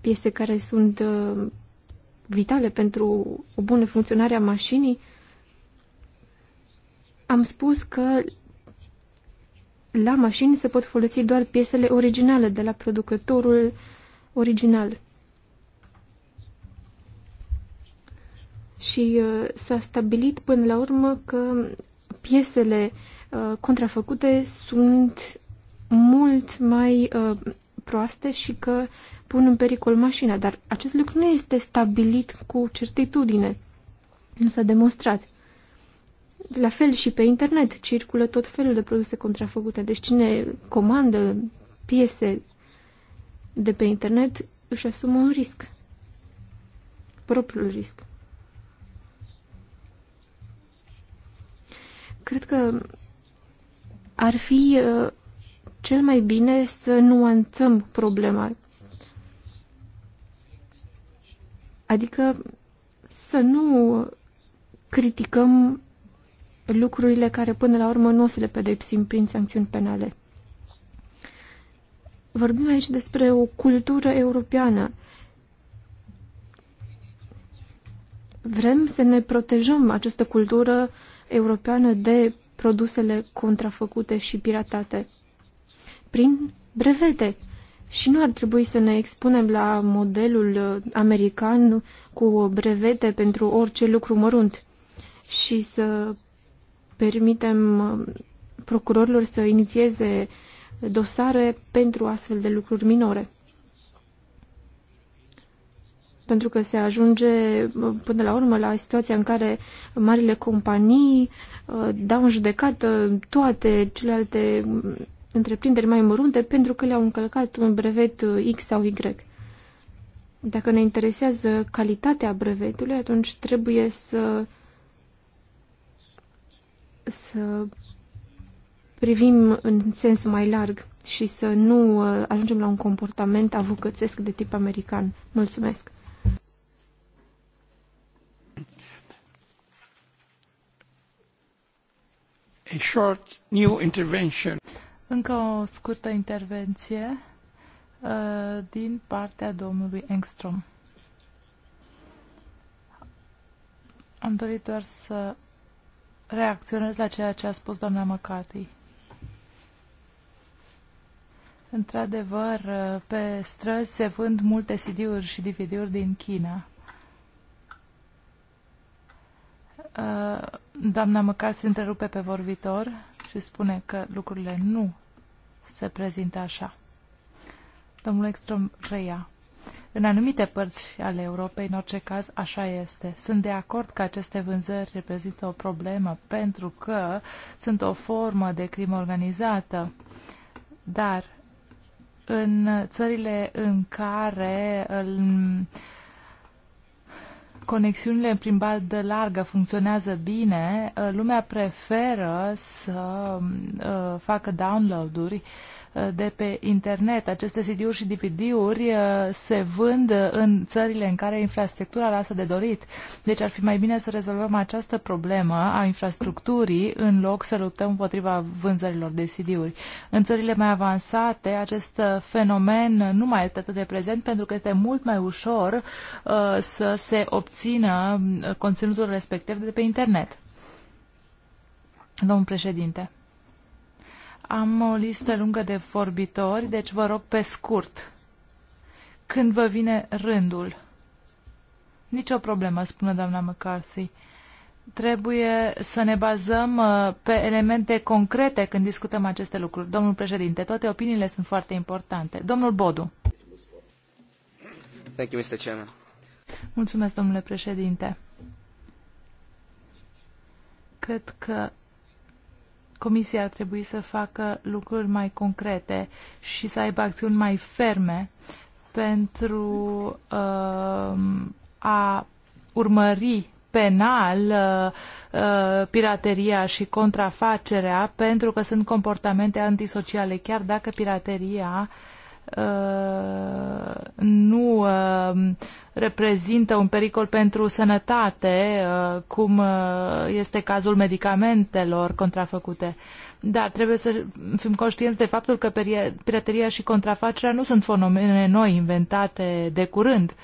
piese care sunt uh, vitale pentru o bună funcționare a mașinii, am spus că la mașini se pot folosi doar piesele originale de la producătorul original. Și uh, s-a stabilit până la urmă că piesele uh, contrafăcute sunt mult mai uh, proaste și că pun în pericol mașina, dar acest lucru nu este stabilit cu certitudine. Nu s-a demonstrat. La fel și pe internet circulă tot felul de produse contrafăcute. Deci cine comandă piese de pe internet își asumă un risc. Propriul risc. Cred că ar fi uh, cel mai bine să nuanțăm problema. Adică să nu criticăm lucrurile care până la urmă nu o să le pedepsim prin sancțiuni penale. Vorbim aici despre o cultură europeană. Vrem să ne protejăm această cultură europeană de produsele contrafăcute și piratate prin brevete. Și nu ar trebui să ne expunem la modelul american cu brevete pentru orice lucru mărunt și să permitem uh, procurorilor să inițieze dosare pentru astfel de lucruri minore. Pentru că se ajunge uh, până la urmă la situația în care marile companii uh, dau în judecată toate celelalte întreprinderi mai mărunte pentru că le-au încălcat un brevet uh, X sau Y. Dacă ne interesează calitatea brevetului, atunci trebuie să să privim în sens mai larg și să nu uh, ajungem la un comportament avocățesc de tip american. Mulțumesc! A short new intervention. Încă o scurtă intervenție uh, din partea domnului Engstrom. Am dorit doar să reacționez la ceea ce a spus doamna McCarthy. Într-adevăr, uh, pe străzi se vând multe CD-uri și DVD-uri din China. Uh, doamna McCarthy întrerupe pe vorbitor și spune că lucrurile nu se prezintă așa. Domnul Ekström reia. În anumite părți ale Europei, în orice caz, așa este. Sunt de acord că aceste vânzări reprezintă o problemă pentru că sunt o formă de crimă organizată. Dar în țările în care conexiunile prin bandă largă funcționează bine, uh, lumea preferă să uh, facă download-uri Uh, de pe internet. Aceste CD-uri și DVD-uri uh, se vând uh, în țările în care infrastructura lasă de dorit. Deci ar fi mai bine să rezolvăm această problemă a infrastructurii în loc să luptăm împotriva vânzărilor de CD-uri. În țările mai avansate, acest fenomen nu mai este atât de prezent pentru că este mult mai ușor să se obțină conținutul respectiv de pe internet. Domnul președinte. Am o listă lungă de vorbitori, deci vă rog pe scurt. Când vă vine rândul. Nici o problemă, spune doamna McCarthy. Trebuie să ne bazăm uh, pe elemente concrete când discutăm aceste lucruri. Domnul președinte, toate opiniile sunt foarte importante. Domnul Bodu. Thank you, Mr. Chairman. Mulțumesc, domnule președinte. Cred că Comisia ar trebui să facă lucruri mai concrete și să aibă acțiuni mai ferme pentru uh, a urmări penal uh, uh, pirateria și contrafacerea pentru că sunt comportamente antisociale, chiar dacă pirateria uh, Uh, nu uh, reprezintă un pericol pentru sănătate, uh, cum este cazul medicamentelor contrafăcute. Dar trebuie să fim conștienți de faptul că pirateria și contrafacerea nu sunt fenomene noi inventate de curând.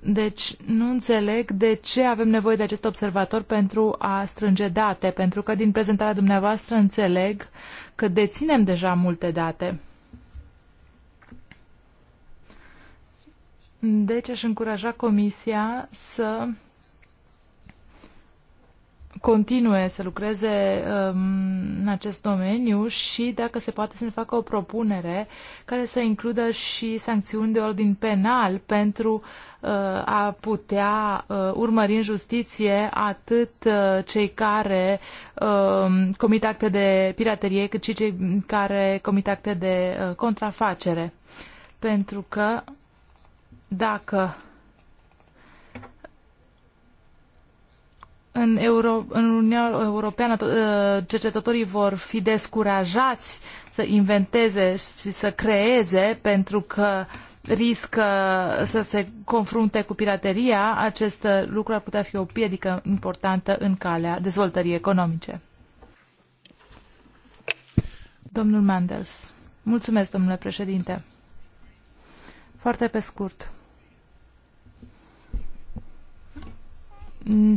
Deci nu înțeleg de ce avem nevoie de acest observator pentru a strânge date, pentru că din prezentarea dumneavoastră înțeleg că deținem deja multe date. Deci aș încuraja Comisia să continue să lucreze um, în acest domeniu și dacă se poate să ne facă o propunere care să includă și sancțiuni de ordin penal pentru uh, a putea uh, urmări în justiție atât uh, cei care uh, comit acte de piraterie cât și cei care comit acte de uh, contrafacere. Pentru că dacă în, Euro, în Uniunea Europeană ă, cercetătorii vor fi descurajați să inventeze și să creeze pentru că riscă să se confrunte cu pirateria, acest lucru ar putea fi o piedică importantă în calea dezvoltării economice. Domnul Mandels. Mulțumesc, domnule președinte. Foarte pe scurt.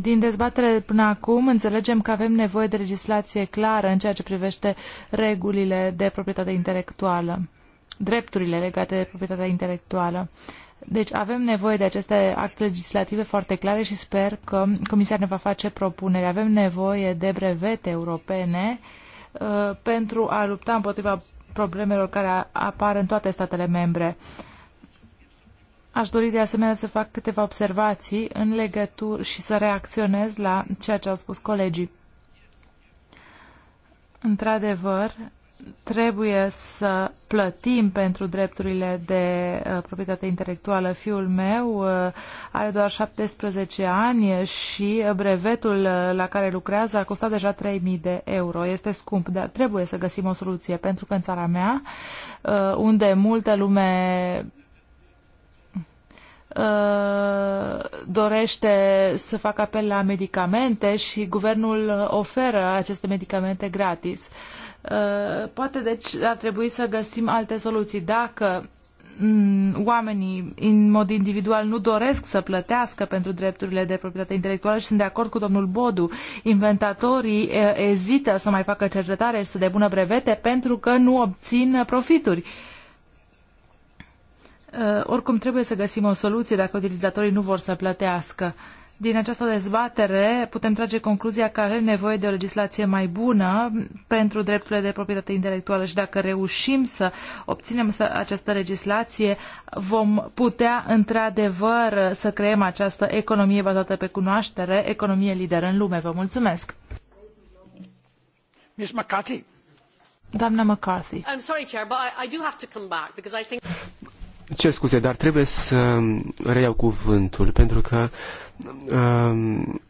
Din dezbatere până acum înțelegem că avem nevoie de legislație clară în ceea ce privește regulile de proprietate intelectuală, drepturile legate de proprietatea intelectuală. Deci avem nevoie de aceste acte legislative foarte clare și sper că Comisia ne va face propuneri. Avem nevoie de brevete europene uh, pentru a lupta împotriva problemelor care apar în toate statele membre. Uh, Aș dori de asemenea să fac câteva observații în legătură și să reacționez la ceea ce au spus colegii. Într-adevăr, trebuie să plătim pentru drepturile de uh, proprietate intelectuală. Fiul meu uh, are doar 17 ani și brevetul uh, la care lucrează a costat deja 3.000 de euro. Este scump, dar trebuie să găsim o soluție, pentru că în țara mea, uh, unde multă lume Uh, dorește să facă apel la medicamente și guvernul oferă aceste medicamente gratis. Uh, poate deci ar trebui să găsim alte soluții. Dacă mm, oamenii în mod individual nu doresc să plătească pentru drepturile de proprietate intelectuală și sunt de acord cu domnul Bodu. Inventatorii uh, ezită să mai facă cercetare și să depună brevete pentru că nu obțin profituri. Uh, Eh, oricum trebuie să găsim o soluție dacă utilizatorii nu vor să plătească. Din această dezbatere putem trage concluzia că avem nevoie de o legislație mai bună pentru drepturile de proprietate intelectuală și dacă reușim să obținem această legislație, vom putea într-adevăr să creăm această economie bazată pe cunoaștere, economie lideră în lume. Vă mulțumesc! Ms. McCarthy. Doamna McCarthy. I'm sorry, Chair, but I, I do have to come back because I think... Cer scuze, dar trebuie să reiau cuvântul, pentru că um,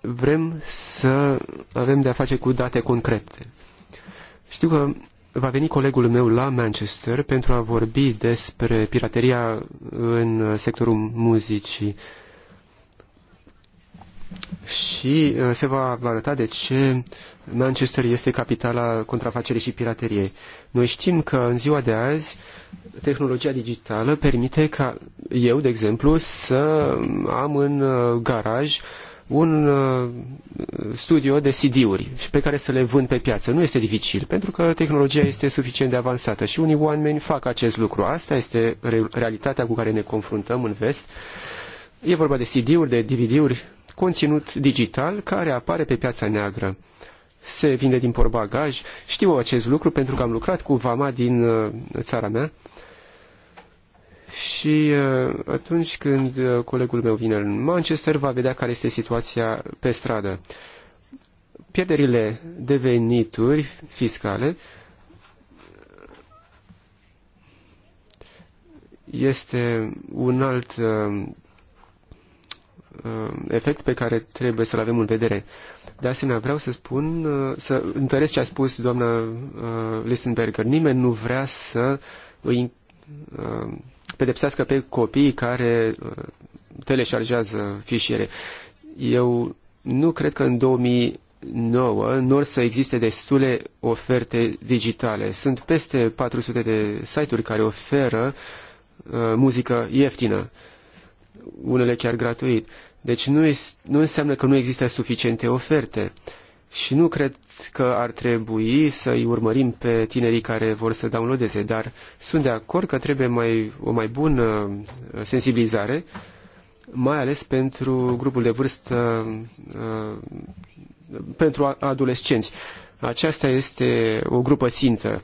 vrem să avem de-a face cu date concrete. Știu că va veni colegul meu la Manchester pentru a vorbi despre pirateria în sectorul muzicii și uh, se va arăta de ce Manchester este capitala contrafacerii și pirateriei. Noi știm că în ziua de azi tehnologia digitală permite ca eu, de exemplu, să am în uh, garaj un uh, studio de CD-uri și pe care să le vând pe piață. Nu este dificil, pentru că tehnologia este suficient de avansată și unii oameni fac acest lucru. Asta este realitatea cu care ne confruntăm în vest. E vorba de CD-uri, de DVD-uri, conținut digital care apare pe piața neagră. Se vinde din porbagaj. Știu acest lucru pentru că am lucrat cu Vama din uh, țara mea și uh, atunci când uh, colegul meu vine în Manchester va vedea care este situația pe stradă. Pierderile de venituri fiscale este un alt uh, efect pe care trebuie să-l avem în vedere. De asemenea, vreau să spun, să întăresc ce a spus doamna Listenberger. Nimeni nu vrea să îi pedepsească pe copiii care uh, teleșargează fișiere. Eu nu cred că în 2009 nu or să existe destule oferte digitale. Sunt peste 400 de site-uri care oferă uh, muzică ieftină, unele chiar gratuit. Deci nu, este, nu înseamnă că nu există suficiente oferte. Uh, și nu cred că ar trebui să-i urmărim pe tinerii care vor să downloadeze, dar sunt de acord că trebuie mai, o mai bună uh, sensibilizare, mai ales pentru grupul de vârstă, uh, pentru adolescenți. Aceasta este o grupă țintă.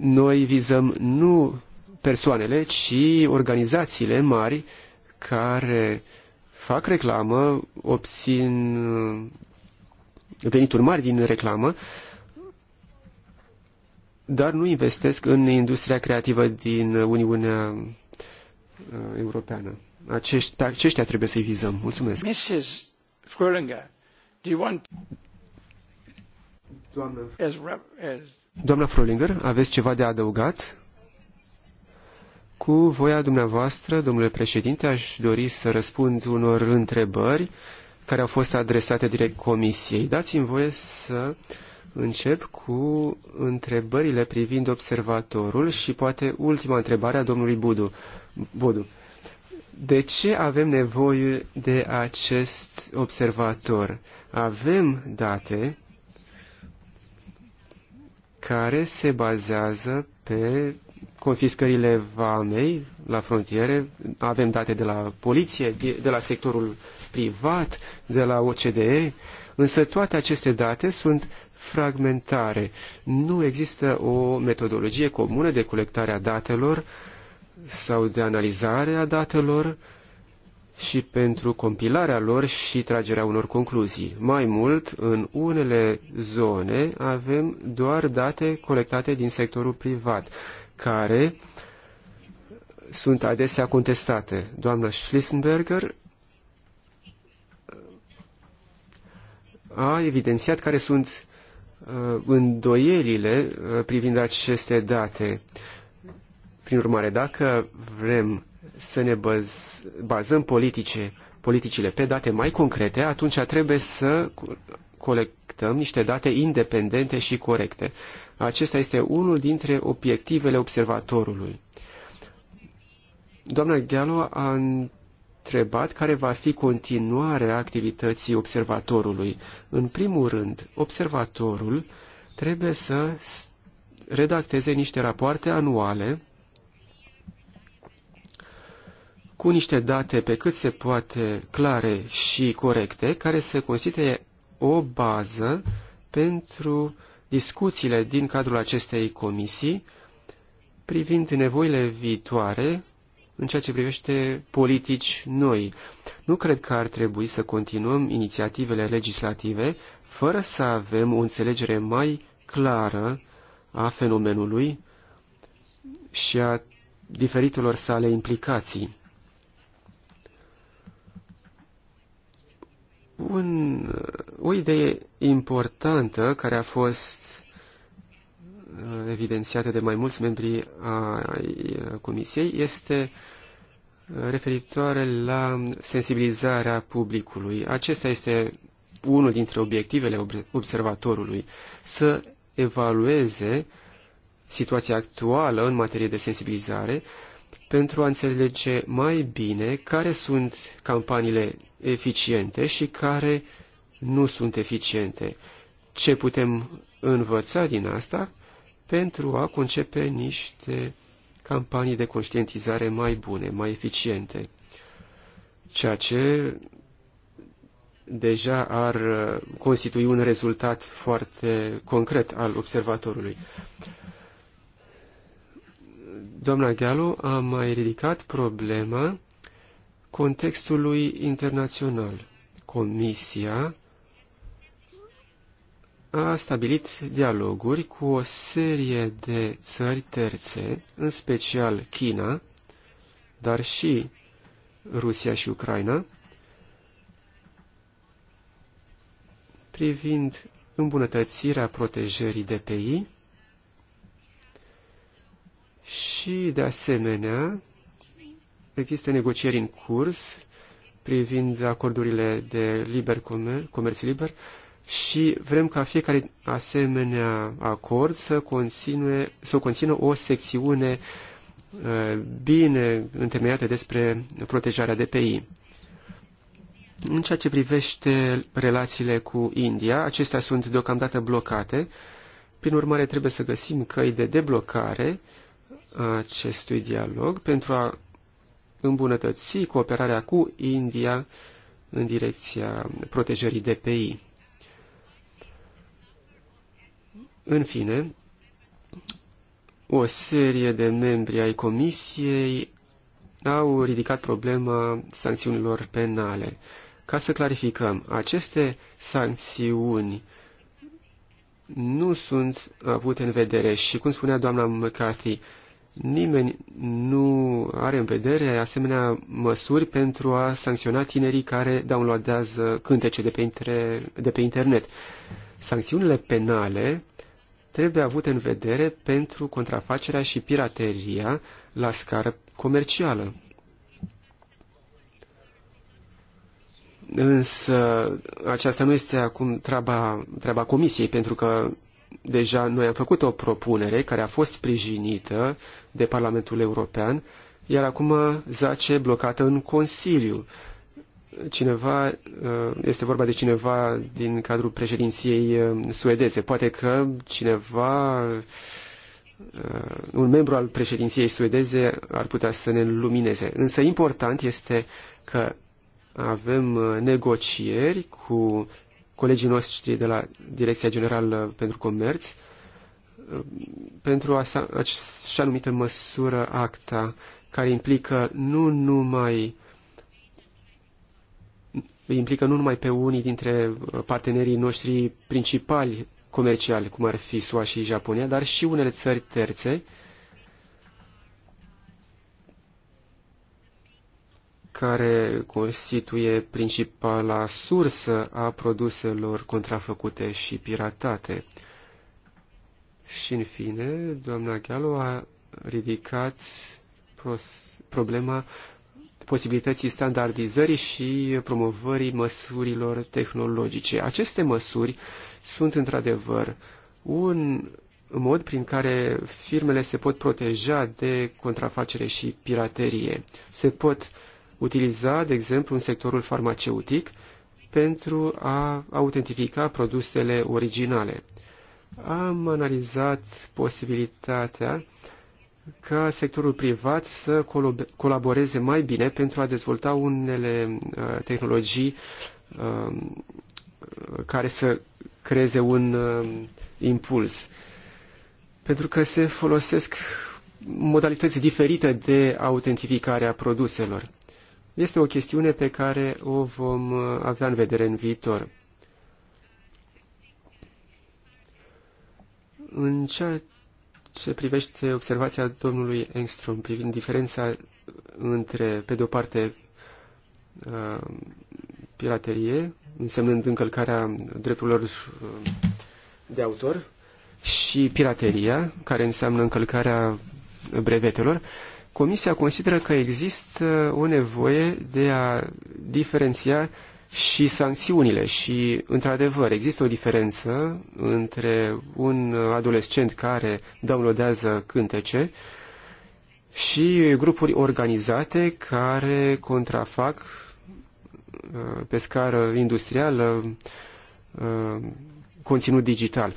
Noi vizăm nu persoanele, ci organizațiile mari care uh, fac reclamă, obțin uh, venituri mari din reclamă, dar nu investesc în industria creativă din Uniunea uh, Europeană. Acești, pe aceștia trebuie să-i vizăm. Mulțumesc. Mrs. Frölinger, do you want... Doamna, Doamna Frölinger, aveți ceva de adăugat? Cu voia dumneavoastră, domnule președinte, aș dori să răspund unor întrebări care au fost adresate direct comisiei. Dați-mi voie să încep cu întrebările privind observatorul și poate ultima întrebare a domnului Budu. Budu. De ce avem nevoie de acest observator? Avem date care se bazează pe confiscările vamei la frontiere, avem date de la poliție, de la sectorul privat, de la OCDE, însă toate aceste date sunt fragmentare. Nu există o metodologie comună de colectare a datelor sau de analizare a datelor și pentru compilarea lor și tragerea unor concluzii. Mai mult, în unele zone avem doar date colectate din sectorul privat care sunt adesea contestate. Doamna Schlissenberger a evidențiat care sunt uh, îndoielile uh, privind aceste date. Prin urmare, dacă vrem să ne baz, bazăm politice, politicile pe date mai concrete, atunci trebuie să colectăm niște date independente și corecte. Acesta este unul dintre obiectivele observatorului. Doamna Ghealo a întrebat care va fi continuarea activității observatorului. În primul rând, observatorul trebuie să redacteze niște rapoarte anuale cu niște date pe cât se poate clare și corecte, care să constituie o bază pentru discuțiile din cadrul acestei comisii privind nevoile viitoare în ceea ce privește politici noi. Nu cred că ar trebui să continuăm inițiativele legislative fără să avem o înțelegere mai clară a fenomenului și a diferitelor sale implicații. un, o idee importantă care a fost uh, evidențiată de mai mulți membri ai uh, Comisiei este uh, referitoare la sensibilizarea publicului. Acesta este unul dintre obiectivele observatorului, să evalueze situația actuală în materie de sensibilizare pentru a înțelege mai bine care sunt campaniile eficiente și care nu sunt eficiente. Ce putem învăța din asta pentru a concepe niște campanii de conștientizare mai bune, mai eficiente, ceea ce deja ar uh, constitui un rezultat foarte concret al observatorului. Doamna Galu a mai ridicat problema contextului internațional. Comisia a stabilit dialoguri cu o serie de țări terțe, în special China, dar și Rusia și Ucraina, privind îmbunătățirea protejării DPI și, de asemenea, Există negocieri în curs privind acordurile de liber comer, comerț liber și vrem ca fiecare asemenea acord să, conține, să conțină o secțiune uh, bine întemeiată despre protejarea DPI. În ceea ce privește relațiile cu India, acestea sunt deocamdată blocate. Prin urmare, trebuie să găsim căi de deblocare a acestui dialog pentru a îmbunătăți cooperarea cu India în direcția protejării DPI. În fine, o serie de membri ai Comisiei au ridicat problema sancțiunilor penale. Ca să clarificăm, aceste sancțiuni nu sunt avute în vedere și, cum spunea doamna McCarthy, Nimeni nu are în vedere asemenea măsuri pentru a sancționa tinerii care downloadează cântece de pe, inter... de pe internet. Sancțiunile penale trebuie avute în vedere pentru contrafacerea și pirateria la scară comercială. Însă aceasta nu este acum treaba, treaba comisiei, pentru că deja noi am făcut o propunere care a fost sprijinită de Parlamentul European, iar acum zace blocată în Consiliu. Cineva, uh, este vorba de cineva din cadrul președinției uh, suedeze. Poate că cineva, uh, un membru al președinției suedeze ar putea să ne lumineze. Însă important este că avem negocieri cu colegii noștri de la Direcția Generală pentru Comerț pentru așa numită măsură acta care implică nu numai implică nu numai pe unii dintre uh, partenerii noștri principali comerciali, cum ar fi SUA și Japonia, dar și unele țări terțe, care constituie principala sursă a produselor contrafăcute și piratate. Și, în fine, doamna Ghealo a ridicat problema posibilității standardizării și promovării măsurilor tehnologice. Aceste măsuri sunt, într-adevăr, un mod prin care firmele se pot proteja de contrafacere și piraterie. Se pot uh, utiliza, de exemplu, în sectorul farmaceutic pentru a autentifica produsele originale. Am analizat posibilitatea ca sectorul privat să colaboreze mai bine pentru a dezvolta unele uh, tehnologii um, care să creeze un um, impuls. Pentru că se folosesc modalități diferite de autentificare a produselor este o chestiune pe care o vom uh, avea în vedere în viitor. În ceea ce privește observația domnului Engstrom privind diferența între, pe de-o parte, uh, piraterie, însemnând încălcarea drepturilor uh, de autor, și pirateria, care înseamnă încălcarea brevetelor, Comisia consideră că există o nevoie de a diferenția și sancțiunile și, într-adevăr, există o diferență între un adolescent care downloadează cântece și grupuri organizate care contrafac uh, pe scară industrială uh, conținut digital.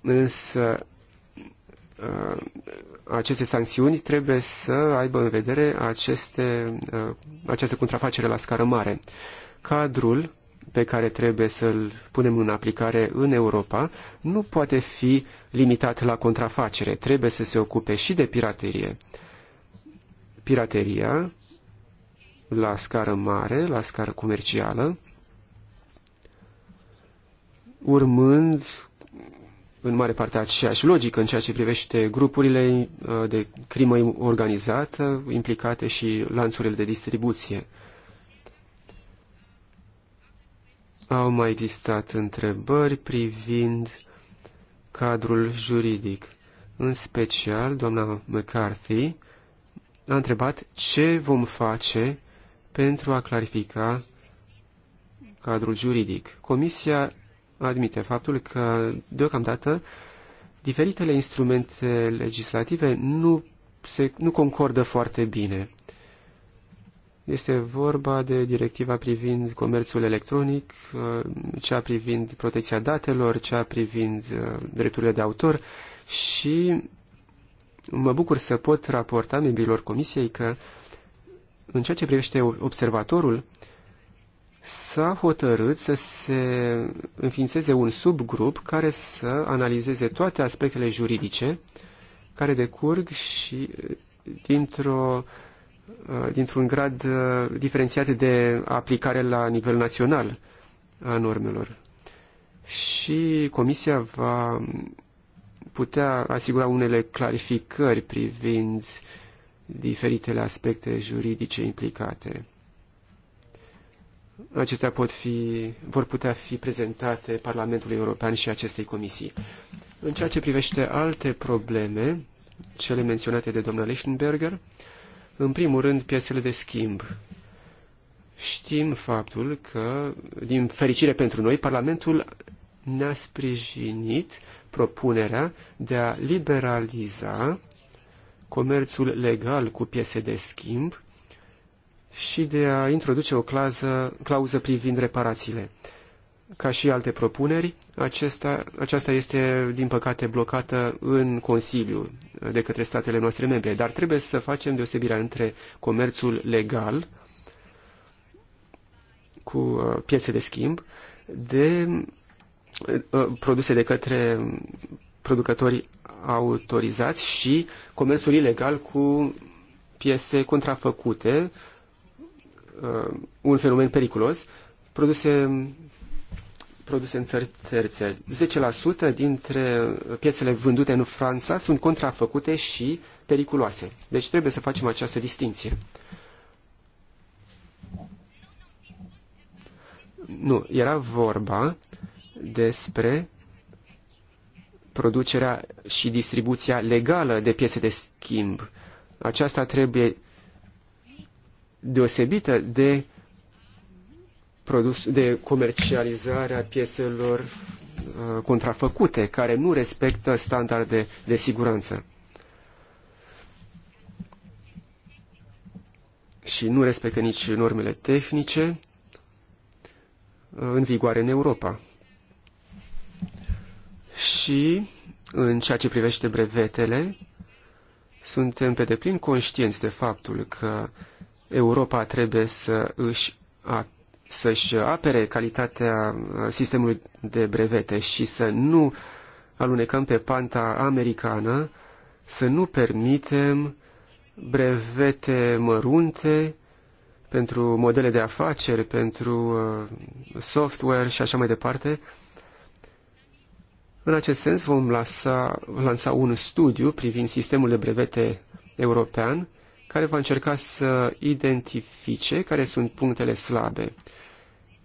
Însă uh, aceste sancțiuni trebuie să aibă în vedere aceste, uh, această contrafacere la scară mare. Cadrul pe care trebuie să-l punem în aplicare în Europa nu poate fi limitat la contrafacere. Trebuie să se ocupe și de piraterie. Pirateria la scară mare, la scară comercială, urmând în mare parte aceeași logică în ceea ce privește grupurile uh, de crimă organizată implicate și lanțurile de distribuție. Au mai existat întrebări privind cadrul juridic. În special, doamna McCarthy a întrebat ce vom face pentru a clarifica cadrul juridic. Comisia admite faptul că, deocamdată, diferitele instrumente legislative nu, se, nu concordă foarte bine. Este vorba de directiva privind comerțul electronic, uh, cea privind protecția datelor, cea privind uh, drepturile de autor și mă bucur să pot raporta membrilor comisiei că în ceea ce privește observatorul, s-a hotărât să se înființeze un subgrup care să analizeze toate aspectele juridice care decurg și uh, dintr-o uh, dintr-un grad uh, diferențiat de aplicare la nivel național a normelor. Și Comisia va putea asigura unele clarificări privind diferitele aspecte juridice implicate acestea pot fi, vor putea fi prezentate Parlamentului European și acestei comisii. În ceea ce privește alte probleme, cele menționate de domnul Lichtenberger, în primul rând piesele de schimb. Știm faptul că, din fericire pentru noi, Parlamentul ne-a sprijinit propunerea de a liberaliza comerțul legal cu piese de schimb și de a introduce o clauză, clauză privind reparațiile. Ca și alte propuneri, acesta, aceasta este, din păcate, blocată în Consiliu de către statele noastre membre, dar trebuie să facem deosebirea între comerțul legal cu uh, piese de schimb de uh, produse de către producătorii autorizați și comerțul ilegal cu piese contrafăcute Uh, un fenomen periculos, produse, produse în țări terțe. 10% dintre piesele vândute în Franța sunt contrafăcute și periculoase. Deci trebuie să facem această distinție. Nu, era vorba despre producerea și distribuția legală de piese de schimb. Aceasta trebuie deosebită de, produs, de comercializarea pieselor uh, contrafăcute, care nu respectă standarde de siguranță. Și nu respectă nici normele tehnice uh, în vigoare în Europa. Și în ceea ce privește brevetele, suntem pe deplin conștienți de faptul că Europa trebuie să își să-și apere calitatea uh, sistemului de brevete și să nu alunecăm pe panta americană, să nu permitem brevete mărunte pentru modele de afaceri, pentru uh, software și așa mai departe. În acest sens vom lansa, lansa un studiu privind sistemul de brevete european care va încerca să identifice care sunt punctele slabe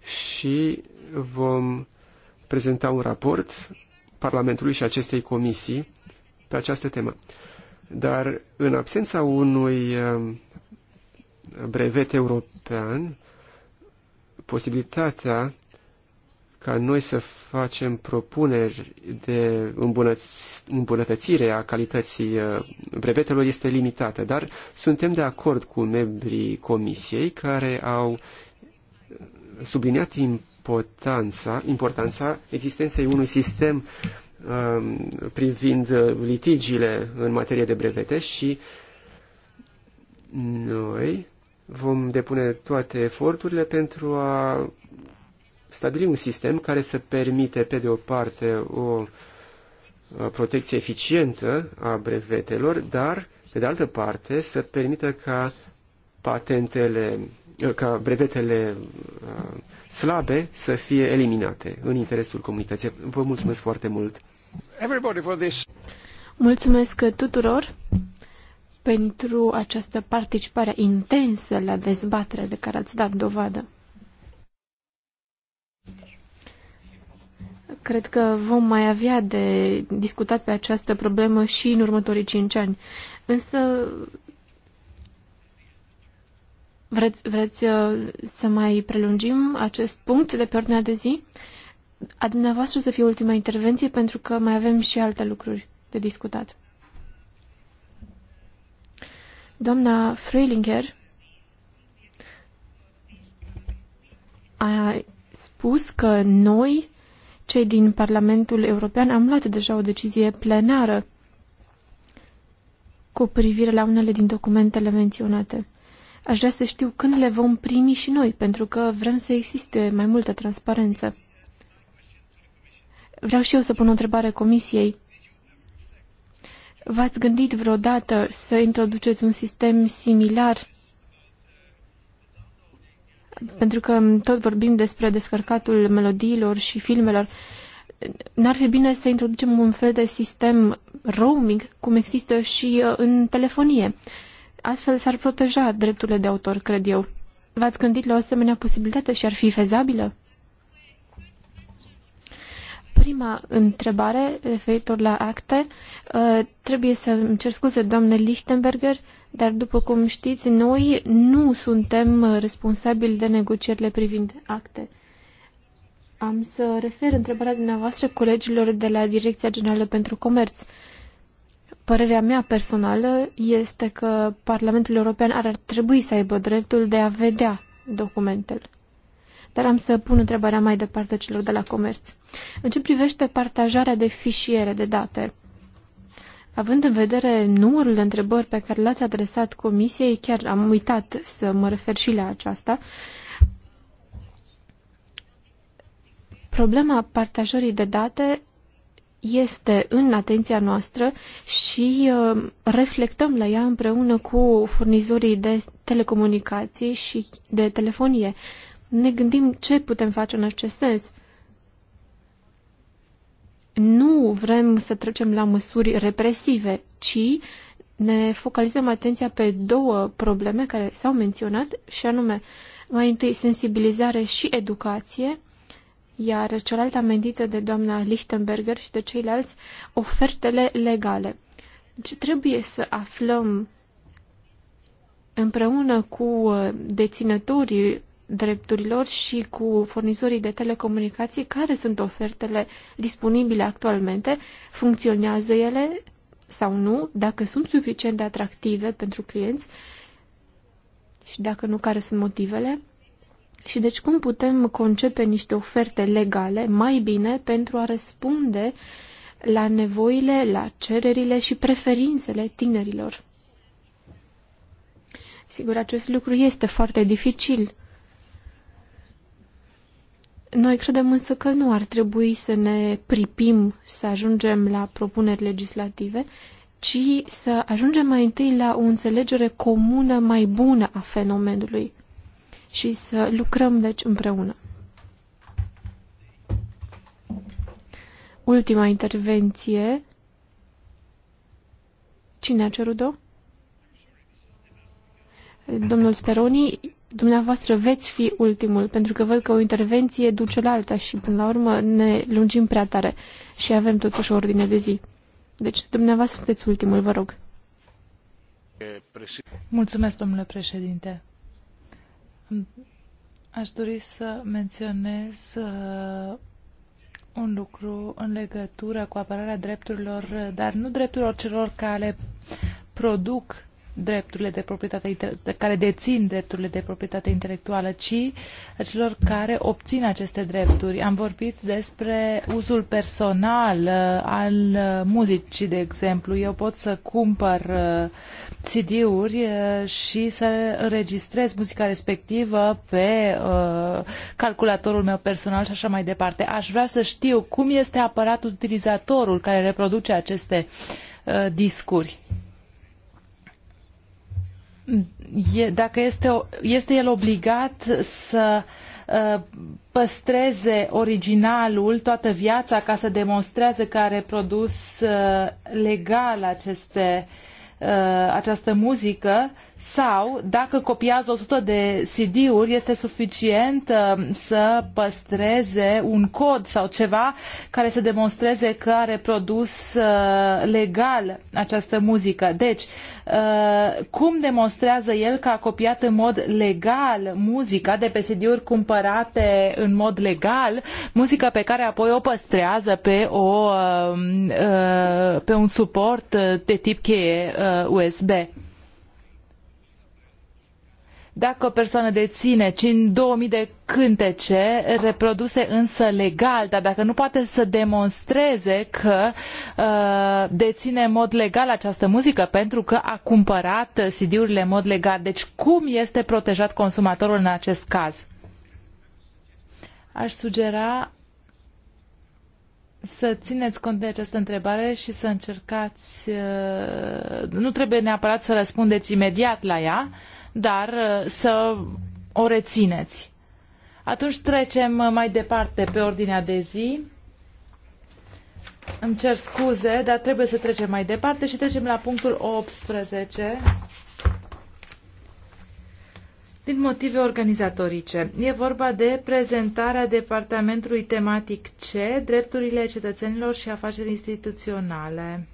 și vom prezenta un raport Parlamentului și acestei comisii pe această temă. Dar în absența unui um, brevet european, posibilitatea ca noi să facem propuneri de îmbunătățire a calității uh, brevetelor este limitată, dar suntem de acord cu membrii comisiei care au subliniat importanța, importanța existenței unui sistem um, privind uh, litigiile în materie de brevete și noi vom depune toate eforturile pentru a stabili un sistem care să permite, pe de o parte, o protecție eficientă a brevetelor, dar, pe de altă parte, să permită ca patentele, ca brevetele slabe să fie eliminate în interesul comunității. Vă mulțumesc foarte mult! Mulțumesc tuturor pentru această participare intensă la dezbatere de care ați dat dovadă. Cred că vom mai avea de discutat pe această problemă și în următorii cinci ani. Însă Vreți, vreți uh, să mai prelungim acest punct de pe ordinea de zi? A dumneavoastră să fie ultima intervenție, pentru că mai avem și alte lucruri de discutat. Doamna Freilinger a spus că noi cei din Parlamentul European am luat deja o decizie plenară cu privire la unele din documentele menționate. Aș vrea să știu când le vom primi și noi, pentru că vrem să existe mai multă transparență. Vreau și eu să pun o întrebare Comisiei. V-ați gândit vreodată să introduceți un sistem similar pentru că tot vorbim despre descărcatul melodiilor și filmelor, n-ar fi bine să introducem un fel de sistem roaming, cum există și uh, în telefonie. Astfel s-ar proteja drepturile de autor, cred eu. V-ați gândit la o asemenea posibilitate și ar fi fezabilă? Prima întrebare referitor la acte. Uh, trebuie să îmi cer scuze, doamne Lichtenberger, dar, după cum știți, noi nu suntem responsabili de negocierile privind acte. Am să refer întrebarea dumneavoastră colegilor de la Direcția Generală pentru Comerț. Părerea mea personală este că Parlamentul European ar trebui să aibă dreptul de a vedea documentele. Dar am să pun întrebarea mai departe celor de la comerț. În ce privește partajarea de fișiere de date, Având în vedere numărul de întrebări pe care le-ați adresat comisiei, chiar am uitat să mă refer și la aceasta, problema partajării de date este în atenția noastră și uh, reflectăm la ea împreună cu furnizorii de telecomunicații și de telefonie. Ne gândim ce putem face în acest sens nu vrem să trecem la măsuri represive, ci ne focalizăm atenția pe două probleme care s-au menționat, și anume, mai întâi sensibilizare și educație, iar cealaltă amendită de doamna Lichtenberger și de ceilalți, ofertele legale. Deci trebuie să aflăm împreună cu uh, deținătorii drepturilor și cu furnizorii de telecomunicații care sunt ofertele disponibile actualmente, funcționează ele sau nu, dacă sunt suficient de atractive pentru clienți și dacă nu, care sunt motivele. Și deci cum putem concepe niște oferte legale mai bine pentru a răspunde la nevoile, la cererile și preferințele tinerilor. Sigur, acest lucru este foarte dificil. Noi credem însă că nu ar trebui să ne pripim să ajungem la propuneri legislative, ci să ajungem mai întâi la o înțelegere comună mai bună a fenomenului și să lucrăm deci împreună. Ultima intervenție. Cine a cerut-o? Domnul Speroni, dumneavoastră veți fi ultimul, pentru că văd că o intervenție duce la alta și până la urmă ne lungim prea tare și avem totuși o ordine de zi. Deci, dumneavoastră sunteți ultimul, vă rog. Mulțumesc, domnule președinte. Aș dori să menționez uh, un lucru în legătură cu apărarea drepturilor, dar nu drepturilor celor care produc drepturile de proprietate, care dețin drepturile de proprietate intelectuală, ci celor care obțin aceste drepturi. Am vorbit despre uzul personal uh, al uh, muzicii, de exemplu. Eu pot să cumpăr uh, CD-uri și să înregistrez muzica respectivă pe calculatorul meu personal și așa mai departe. Aș vrea să știu cum este apărat utilizatorul care reproduce aceste discuri e, dacă este, este el obligat să uh, păstreze originalul toată viața ca să demonstreze că are produs uh, legal aceste, uh, această muzică sau dacă copiază 100 de CD-uri, este suficient uh, să păstreze un cod sau ceva care să demonstreze că a reprodus uh, legal această muzică. Deci, uh, cum demonstrează el că a copiat în mod legal muzica de pe CD-uri cumpărate în mod legal, muzica pe care apoi o păstrează pe, o, um, uh, pe un suport uh, de tip cheie USB? Uh, dacă o persoană deține 2000 de cântece reproduse însă legal, dar dacă nu poate să demonstreze că uh, deține în mod legal această muzică pentru că a cumpărat CD-urile în mod legal, deci cum este protejat consumatorul în acest caz? Aș sugera să țineți cont de această întrebare și să încercați, uh, nu trebuie neapărat să răspundeți imediat la ea, dar uh, să o rețineți. Atunci trecem uh, mai departe pe ordinea de zi. Îmi cer scuze, dar trebuie să trecem mai departe și trecem la punctul 18. Din motive organizatorice, e vorba de prezentarea departamentului tematic C, drepturile cetățenilor și afaceri instituționale.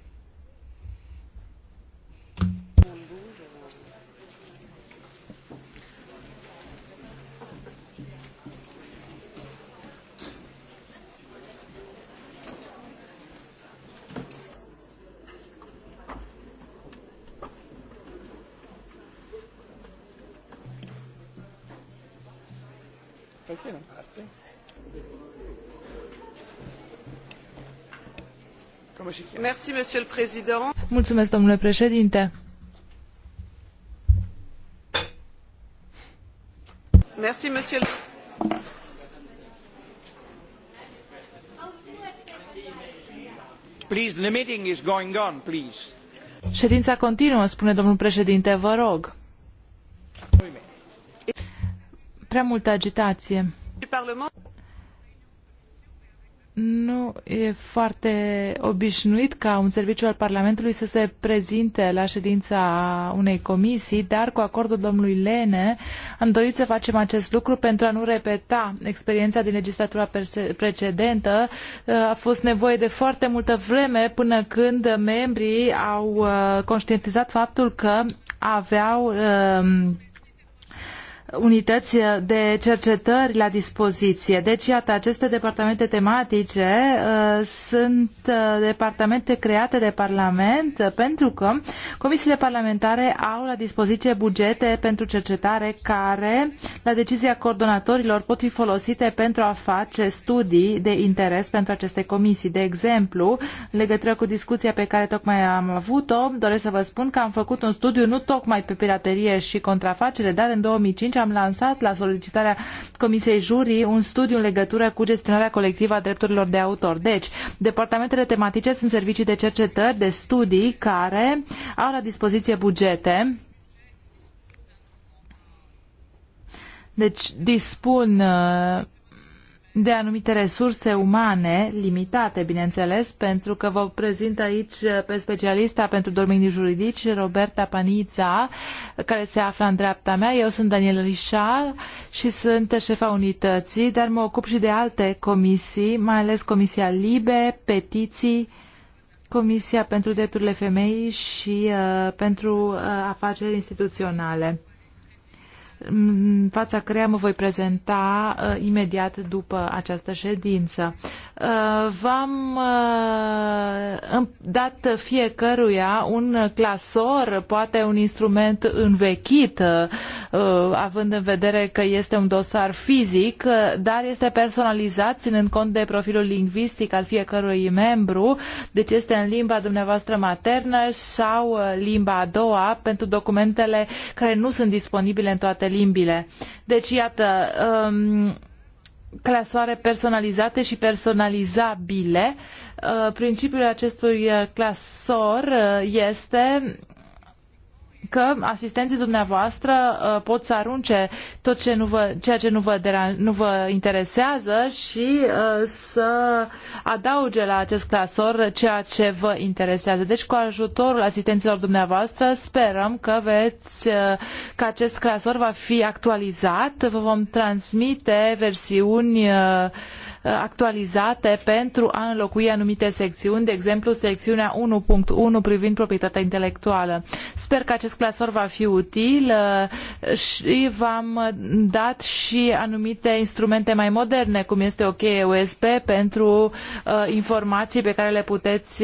Mulțumesc, domnule președinte. Merci, monsieur Please, the meeting is going on, please. Ședința continuă, spune domnul președinte, vă rog. Prea multă agitație. Nu e foarte obișnuit ca un serviciu al Parlamentului să se prezinte la ședința unei comisii, dar cu acordul domnului Lene am dorit să facem acest lucru pentru a nu repeta experiența din legislatura precedentă. Uh, a fost nevoie de foarte multă vreme până când membrii au uh, conștientizat faptul că aveau um, unități de cercetări la dispoziție. Deci, iată, aceste departamente tematice uh, sunt uh, departamente create de Parlament uh, pentru că comisiile parlamentare au la dispoziție bugete pentru cercetare care, la decizia coordonatorilor, pot fi folosite pentru a face studii de interes pentru aceste comisii. De exemplu, în legătură cu discuția pe care tocmai am avut-o, doresc să vă spun că am făcut un studiu nu tocmai pe piraterie și contrafacere, dar în 2005 am lansat la solicitarea Comisiei Jurii un studiu în legătură cu gestionarea colectivă a drepturilor de autor. Deci, departamentele tematice sunt servicii de cercetări, de studii care au la dispoziție bugete deci dispun uh, de anumite resurse umane limitate, bineînțeles, pentru că vă prezint aici uh, pe specialista pentru domenii juridici, Roberta Panița, care se află în dreapta mea. Eu sunt Daniel Rișar și sunt șefa unității, dar mă ocup și de alte comisii, mai ales Comisia Libe, Petiții, Comisia pentru Drepturile Femeii și uh, pentru uh, Afaceri Instituționale în fața căreia mă voi prezenta uh, imediat după această ședință. Uh, v-am uh, dat fiecăruia un clasor, poate un instrument învechit, uh, având în vedere că este un dosar fizic, dar este personalizat, ținând cont de profilul lingvistic al fiecărui membru, deci este în limba dumneavoastră maternă sau limba a doua pentru documentele care nu sunt disponibile în toate limbile. Deci, iată, um, clasoare personalizate și personalizabile. Uh, principiul acestui uh, clasor uh, este că asistenții dumneavoastră uh, pot să arunce tot ce nu vă, ceea ce nu vă, deran, nu vă interesează și uh, să adauge la acest clasor ceea ce vă interesează. Deci cu ajutorul asistenților dumneavoastră sperăm că veți uh, că acest clasor va fi actualizat, vă vom transmite versiuni Uh, actualizate pentru a înlocui anumite secțiuni, de exemplu secțiunea 1.1 privind proprietatea intelectuală. Sper că acest clasor va fi util uh, și v-am dat și anumite instrumente mai moderne, cum este o cheie USB pentru uh, informații pe care le puteți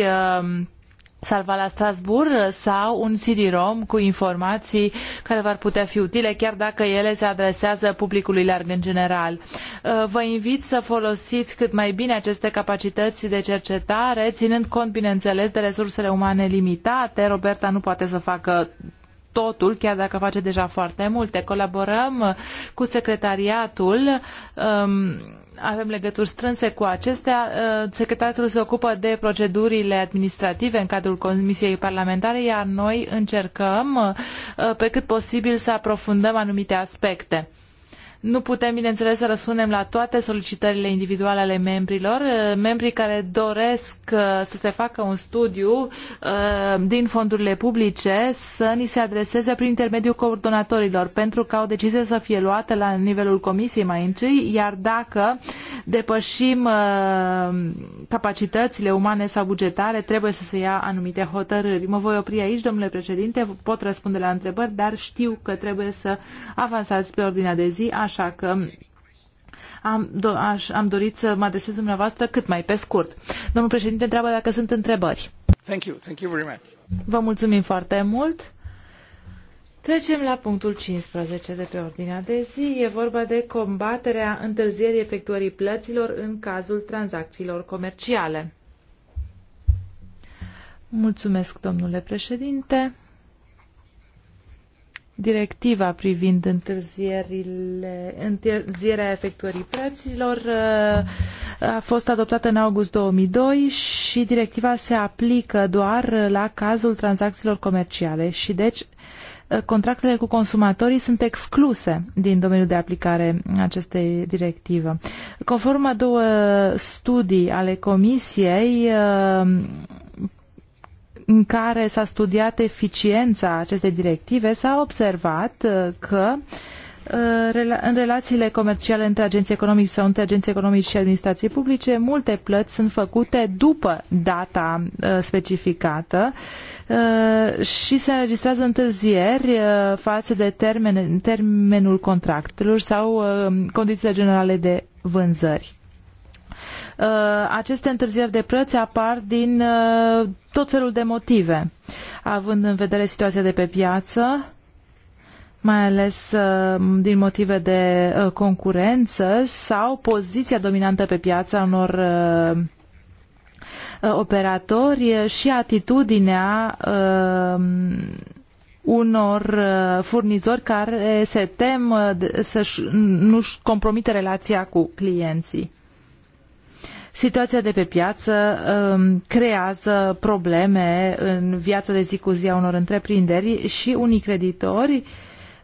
salva la Strasbourg sau un CD-ROM cu informații care v-ar putea fi utile, chiar dacă ele se adresează publicului larg în general. Uh, vă invit să folosiți cât mai bine aceste capacități de cercetare, ținând cont, bineînțeles, de resursele umane limitate. Roberta nu poate să facă totul, chiar dacă face deja foarte multe. Colaborăm cu secretariatul um, avem legături strânse cu acestea. Uh, Secretarul se ocupă de procedurile administrative în cadrul Comisiei Parlamentare, iar noi încercăm uh, pe cât posibil să aprofundăm anumite aspecte. Nu putem, bineînțeles, să răspundem la toate solicitările individuale ale membrilor. Uh, membrii care doresc uh, să se facă un studiu uh, din fondurile publice să ni se adreseze prin intermediul coordonatorilor, pentru ca o decizie să fie luată la nivelul comisiei mai întâi, iar dacă depășim capacitățile umane sau bugetare, trebuie să se ia anumite hotărâri. Mă voi opri aici, domnule președinte, pot răspunde la întrebări, dar știu că trebuie să avansați pe ordinea de zi, așa așa că am, do- aș, am dorit să mă adresez dumneavoastră cât mai pe scurt. Domnul președinte întreabă dacă sunt întrebări. Thank you. Thank you very much. Vă mulțumim foarte mult. Trecem la punctul 15 de pe ordinea de zi. E vorba de combaterea întârzierii efectuării plăților în cazul tranzacțiilor comerciale. Mulțumesc, domnule președinte directiva privind întârzierile, întârzierea efectuării plăților uh, a fost adoptată în august 2002 și directiva se aplică doar la cazul tranzacțiilor comerciale și deci uh, contractele cu consumatorii sunt excluse din domeniul de aplicare acestei directive. Conform a două studii ale Comisiei, uh, în care s-a studiat eficiența acestei directive, s-a observat uh, că uh, în relațiile comerciale între agenții economici sau între agenții economici și administrații publice, multe plăți sunt făcute după data uh, specificată și se înregistrează întârzieri față de termen, termenul contractelor sau condițiile generale de vânzări. Uh, aceste întârzieri de plăți apar din uh, tot felul de motive, având în vedere situația de pe piață, mai ales uh, din motive de concurență sau poziția dominantă pe piață a unor operatori și atitudinea unor furnizori care se tem să nu-și compromite relația cu clienții. Situația de pe piață um, creează probleme în viața de zi cu zi a unor întreprinderi și unii creditori,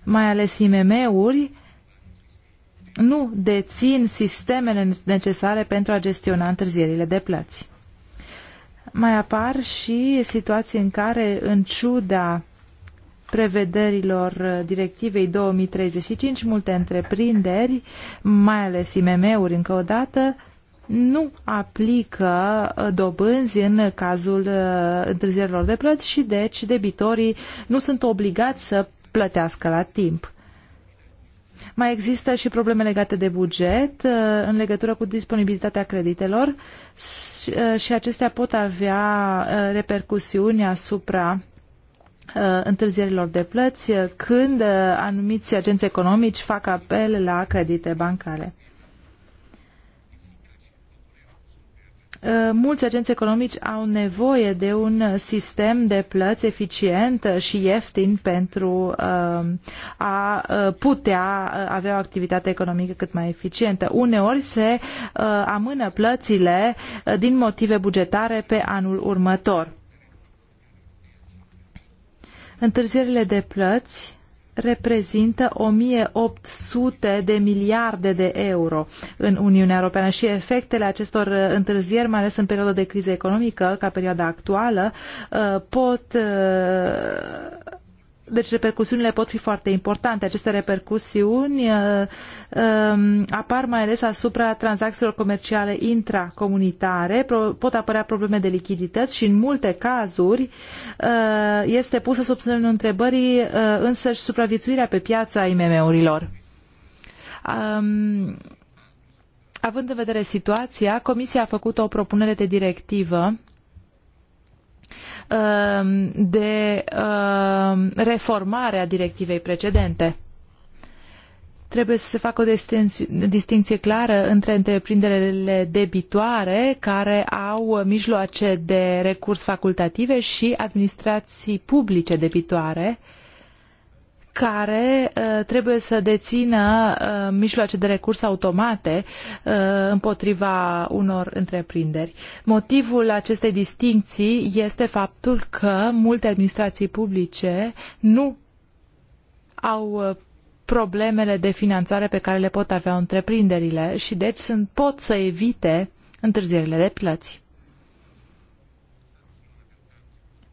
mai ales IMM-uri, nu dețin sistemele necesare pentru a gestiona întârzierile de plăți. Mai apar și situații în care, în ciuda prevederilor directivei 2035, multe întreprinderi, mai ales IMM-uri încă o dată, nu aplică uh, dobânzi în cazul uh, întârzierilor de plăți și deci debitorii nu sunt obligați să plătească la timp. Mai există și probleme legate de buget uh, în legătură cu disponibilitatea creditelor și acestea pot avea repercusiuni asupra întârzierilor de plăți când anumiți agenți economici fac apel la credite bancare. Uh, mulți agenți economici au nevoie de un sistem de plăți eficient și ieftin pentru uh, a uh, putea avea o activitate economică cât mai eficientă. Uneori se amână plățile din motive bugetare pe anul următor. Întârzierile de plăți reprezintă 1800 de miliarde de euro în Uniunea Europeană și efectele acestor uh, întârzieri, mai ales în perioada de criză economică, ca perioada actuală, uh, pot uh, deci repercusiunile pot fi foarte importante. Aceste repercusiuni uh, uh, apar mai ales asupra tranzacțiilor comerciale intracomunitare, pro- pot apărea probleme de lichidități și în multe cazuri uh, este pusă sub semnul întrebării uh, însăși supraviețuirea pe piața IMM-urilor. Um, având în vedere situația, Comisia a făcut o propunere de directivă Um, de um, reformare a directivei precedente. Trebuie să se facă o distinție clară între întreprinderile debitoare care au mijloace de recurs facultative și administrații publice debitoare uh, care uh, trebuie să dețină uh, mijloace de recurs automate uh, împotriva unor întreprinderi. Motivul acestei distincții este faptul că multe administrații publice nu au uh, problemele de finanțare pe care le pot avea întreprinderile și deci sunt, pot să evite întârzierile de plăți.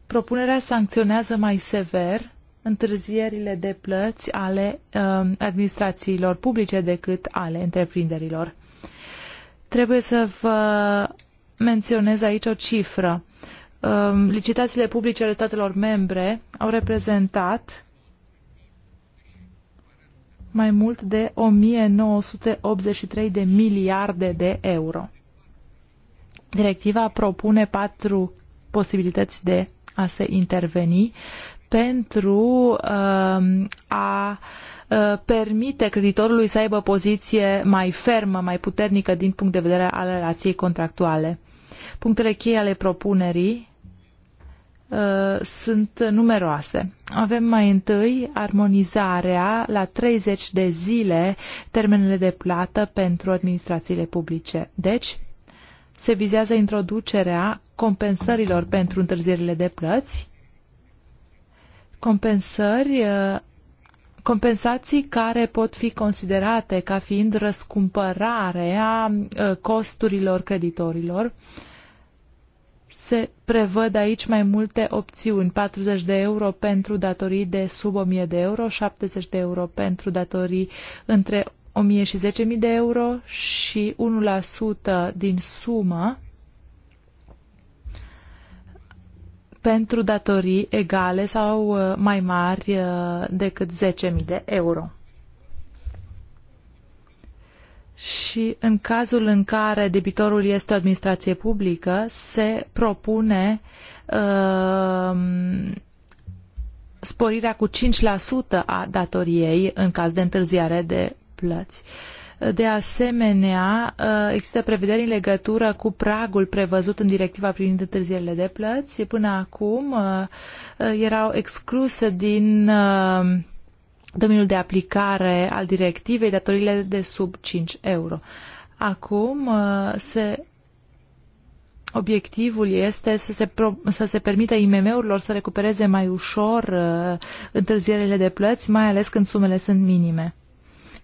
Propunerea sancționează mai sever întârzierile de plăți ale uh, administrațiilor publice decât ale întreprinderilor. Trebuie să vă menționez aici o cifră. Uh, licitațiile publice ale statelor membre au reprezentat mai mult de 1983 de miliarde de euro. Directiva propune patru posibilități de a se interveni pentru um, a uh, permite creditorului să aibă o poziție mai fermă, mai puternică din punct de vedere al relației contractuale. Punctele cheie ale propunerii uh, sunt numeroase. Avem mai întâi armonizarea la 30 de zile termenele de plată pentru administrațiile publice. Deci, se vizează introducerea compensărilor pentru întârzierile de plăți, compensări, uh, compensații care pot fi considerate ca fiind răscumpărarea uh, costurilor creditorilor. Se prevăd aici mai multe opțiuni, 40 de euro pentru datorii de sub 1000 de euro, 70 de euro pentru datorii între 1000 și 10.000 de euro și 1% din sumă pentru datorii egale sau uh, mai mari uh, decât 10.000 de euro. Și în cazul în care debitorul este o administrație publică, se propune uh, sporirea cu 5% a datoriei în caz de întârziare de plăți. Uh, de asemenea, uh, există prevederi în legătură cu pragul prevăzut în directiva privind întârzierile de plăți. Până acum uh, uh, erau excluse din domeniul de aplicare al directivei datorile de sub 5 euro. Acum se Obiectivul este să se, pro, să se permită IMM-urilor să recupereze mai ușor uh, întârzierile de plăți, mai ales când sumele sunt minime.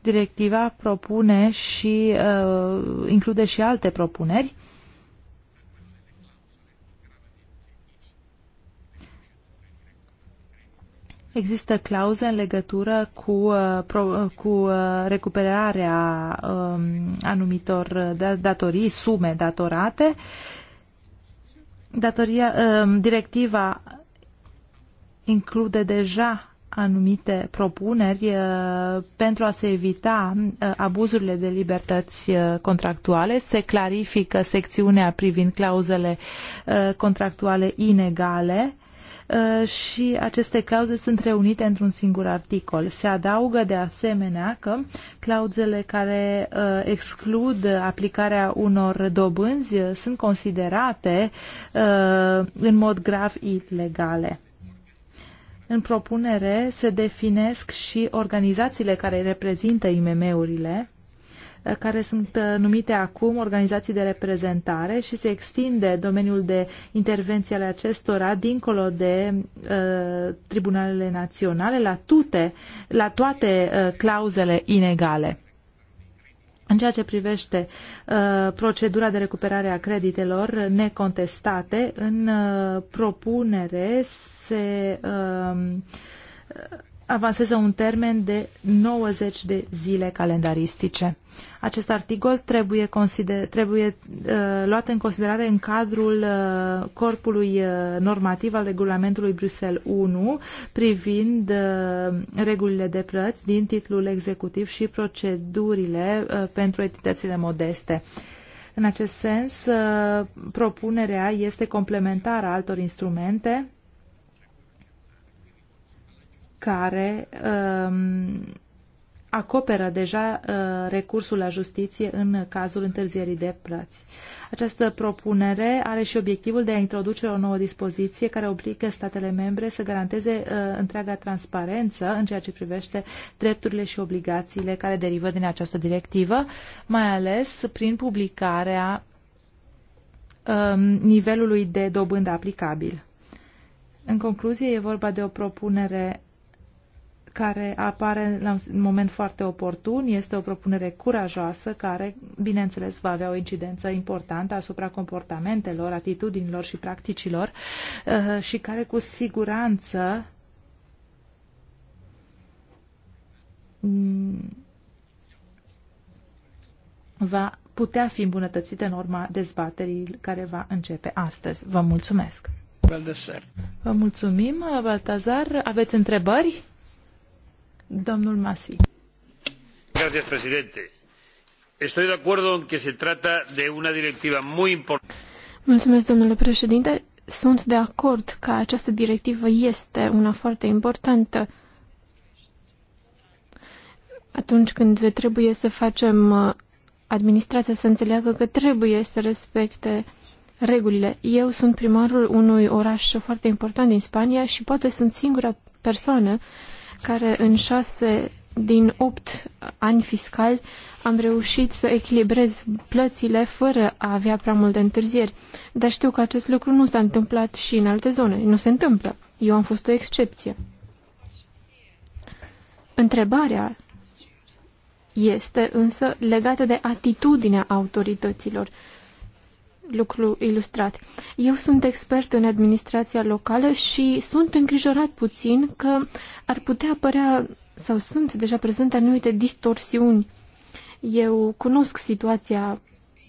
Directiva propune și uh, include și alte propuneri. Există clauze în legătură cu, uh, uh, cu uh, recuperarea um, anumitor da, datorii, sume datorate. Datoria, um, directiva include deja anumite propuneri uh, pentru a se evita uh, abuzurile de libertăți uh, contractuale. Se clarifică secțiunea privind clauzele contractuale inegale și aceste clauze sunt reunite într-un singur articol. Se adaugă de asemenea că clauzele care exclud aplicarea unor dobânzi sunt considerate în mod grav ilegale. În propunere se definesc și organizațiile care reprezintă IMM-urile, eh, care sunt eh, numite acum organizații de reprezentare și se extinde domeniul de intervenție ale acestora dincolo de uh, tribunalele naționale la, tute, la toate uh, clauzele inegale. În ceea ce privește uh, procedura de recuperare a creditelor necontestate, în uh, propunere se uh, avanseze un termen de 90 de zile calendaristice. Acest articol trebuie, consider, trebuie uh, luat în considerare în cadrul uh, corpului uh, normativ al regulamentului Bruxelles 1 privind uh, regulile de plăți din titlul executiv și procedurile uh, pentru entitățile modeste. În acest sens, uh, propunerea este complementară altor instrumente care um, acoperă deja uh, recursul la justiție în cazul întârzierii de plăți. Această propunere are și obiectivul de a introduce o nouă dispoziție care obligă statele membre să garanteze uh, întreaga transparență în ceea ce privește drepturile și obligațiile care derivă din această directivă, mai ales prin publicarea um, nivelului de dobândă aplicabil. În concluzie, e vorba de o propunere care apare la un moment foarte oportun. Este o propunere curajoasă care, bineînțeles, va avea o incidență importantă asupra comportamentelor, atitudinilor și practicilor uh, și care cu siguranță mm, va putea fi îmbunătățită în urma dezbaterii care va începe astăzi. Vă mulțumesc! Vă mulțumim, Baltazar. Aveți întrebări? Domnul Masi. Gracias, presidente. Estoy de acuerdo en que se trata de una directiva muy importante. Mulțumesc, domnule președinte. Sunt de acord că această directivă este una foarte importantă atunci când trebuie să facem uh, administrația să înțeleagă că trebuie să respecte regulile. Eu sunt primarul unui oraș foarte important din Spania și poate sunt singura persoană care în șase din opt ani fiscali am reușit să echilibrez plățile fără a avea prea multe întârzieri. Dar știu că acest lucru nu s-a întâmplat și în alte zone. Nu se întâmplă. Eu am fost o excepție. Întrebarea este însă legată de atitudinea autorităților lucru ilustrat. Eu sunt expert în administrația locală și sunt îngrijorat puțin că ar putea apărea sau sunt deja prezente anumite distorsiuni. Eu cunosc situația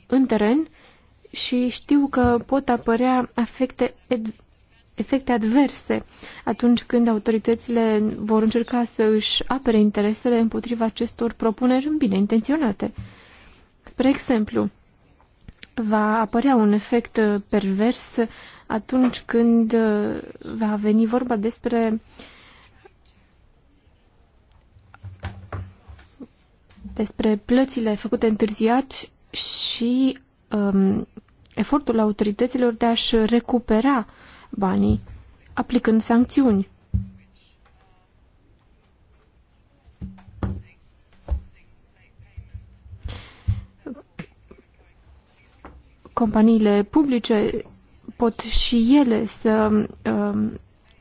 în teren și știu că pot apărea efecte, efecte adverse atunci când autoritățile vor încerca să își apere interesele împotriva acestor propuneri bine intenționate. Spre exemplu, va apărea un efect uh, pervers atunci când uh, va veni vorba despre despre plățile făcute întârziat și um, efortul autorităților de a-și recupera banii aplicând sancțiuni. companiile publice pot și ele să uh,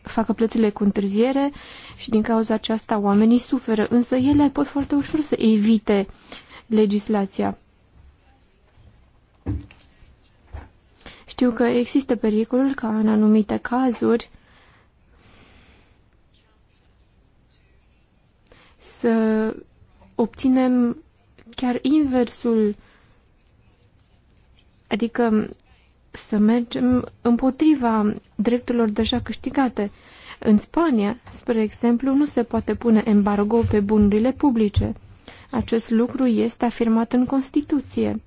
facă plățile cu întârziere și din cauza aceasta oamenii suferă, însă ele pot foarte ușor să evite legislația. Știu că există pericolul ca în anumite cazuri să obținem chiar inversul Adică să mergem împotriva drepturilor deja câștigate. În Spania, spre exemplu, nu se poate pune embargo pe bunurile publice. Acest lucru este afirmat în Constituție.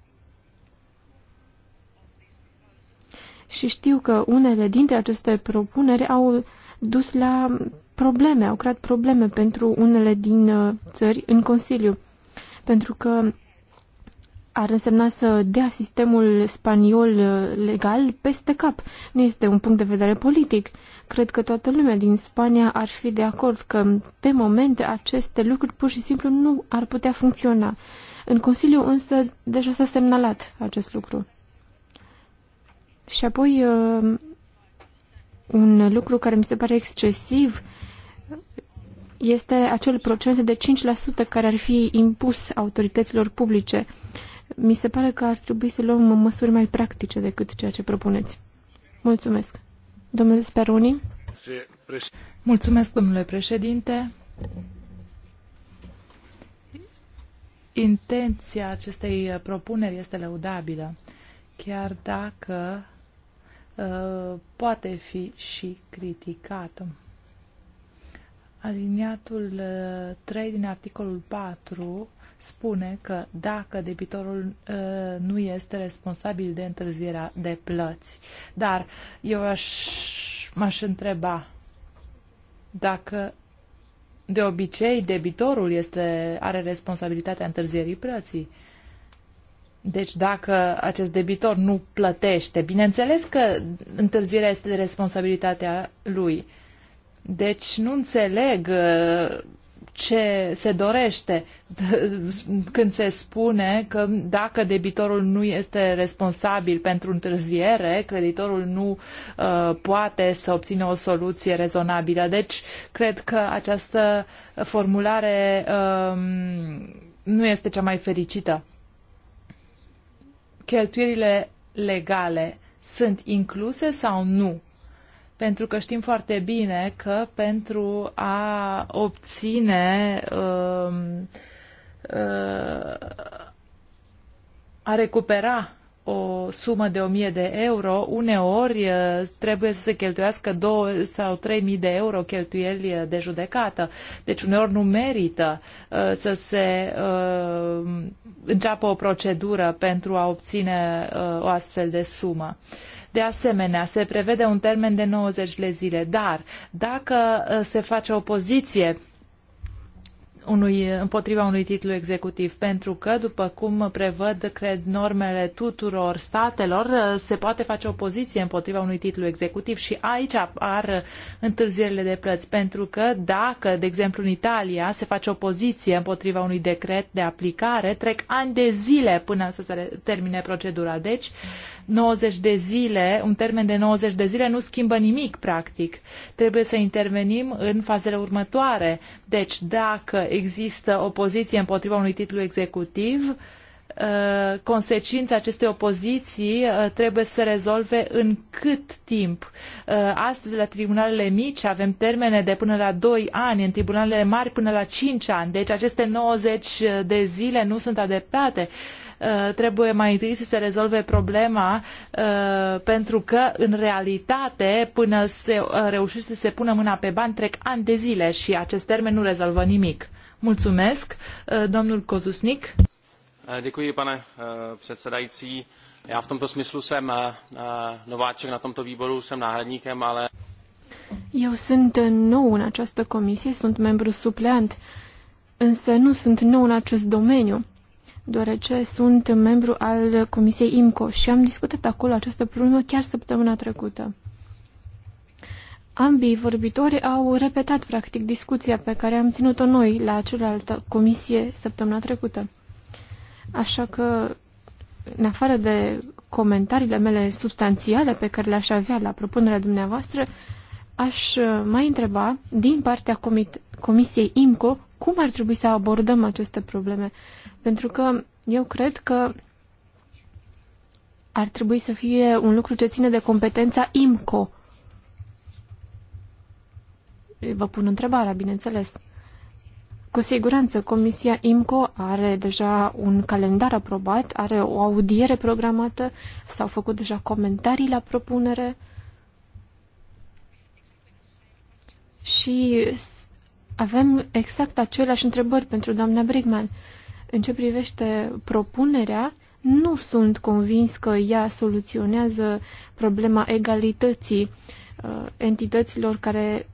Și știu că unele dintre aceste propuneri au dus la probleme, au creat probleme pentru unele din uh, țări în Consiliu. Pentru că ar însemna să dea sistemul spaniol uh, legal peste cap. Nu este un punct de vedere politic. Cred că toată lumea din Spania ar fi de acord că, pe moment, aceste lucruri pur și simplu nu ar putea funcționa. În Consiliu, însă, deja s-a semnalat acest lucru. Și apoi, uh, un lucru care mi se pare excesiv este acel procent de 5% care ar fi impus autorităților publice. Mi se pare că ar trebui să luăm măsuri mai practice decât ceea ce propuneți. Mulțumesc. Domnule Speroni? Mulțumesc, domnule președinte. Intenția acestei propuneri este lăudabilă, chiar dacă uh, poate fi și criticată. Aliniatul 3 uh, din articolul 4 spune că dacă debitorul uh, nu este responsabil de întârzierea de plăți. Dar eu aș, m-aș întreba dacă de obicei debitorul este, are responsabilitatea întârzierii plății. Deci dacă acest debitor nu plătește, bineînțeles că întârzierea este de responsabilitatea lui. Uh, deci nu înțeleg uh, ce se dorește când se spune că dacă debitorul nu este responsabil pentru întârziere, creditorul nu uh, poate să obțină o soluție rezonabilă. Deci, cred că această formulare uh, nu este cea mai fericită. Cheltuielile legale sunt incluse sau nu pentru că știm foarte bine că pentru a obține uh, uh, a recupera o sumă de 1000 de euro, uneori uh, trebuie să se cheltuiască 2 sau 3000 de euro cheltuieli de judecată. Deci uneori nu merită uh, să se uh, înceapă o procedură pentru a obține uh, o astfel de sumă. Uh, de asemenea, se prevede un termen de 90 de zile, dar dacă uh, se face opoziție unui, împotriva unui titlu executiv, pentru că, după cum prevăd, cred, normele tuturor statelor, uh, se poate face opoziție împotriva unui titlu executiv și aici apar întârzierile de plăți, pentru că dacă, de exemplu, în Italia se face opoziție împotriva unui decret de aplicare, trec ani de zile până să se termine procedura. Deci, 90 de zile, un termen de 90 de zile nu schimbă nimic, practic. Trebuie să intervenim în fazele următoare. Deci, dacă există opoziție împotriva unui titlu executiv, uh, consecința acestei opoziții uh, trebuie să se rezolve în cât timp. Uh, astăzi, la tribunalele mici, avem termene de până la 2 ani, în tribunalele mari până la 5 ani. Deci aceste 90 de zile nu sunt adeptate. Eh, trebuie mai întâi să se rezolve problema eh, pentru că, în realitate, până se eh, reușește să se pună mâna pe bani, trec ani de zile și acest termen nu rezolvă nimic. Mulțumesc. Domnul Kozusnik. Děkuji, pane předsedající. Já v tomto smyslu jsem nováček na tomto výboru, jsem náhradníkem, ale... Eu sunt nou în această comisie, sunt membru supleant, însă nu sunt nou în acest domeniu deoarece sunt membru al Comisiei IMCO și am discutat acolo această problemă chiar săptămâna trecută. Ambii vorbitori au repetat practic discuția pe care am ținut-o noi la cealaltă comisie săptămâna trecută. Așa că, în afară de comentariile mele substanțiale pe care le-aș avea la propunerea dumneavoastră, aș uh, mai întreba din partea comisiei IMCO cum ar trebui să abordăm aceste probleme. Uh, pentru că eu cred că ar trebui să fie un lucru ce ține de competența IMCO. Vă pun întrebarea, bineînțeles. Cu siguranță, Comisia IMCO are deja un calendar aprobat, are o audiere programată, s-au făcut deja comentarii la propunere și avem exact aceleași întrebări pentru doamna Brigman. În ce privește propunerea, nu sunt convins că ea soluționează problema egalității uh, entităților care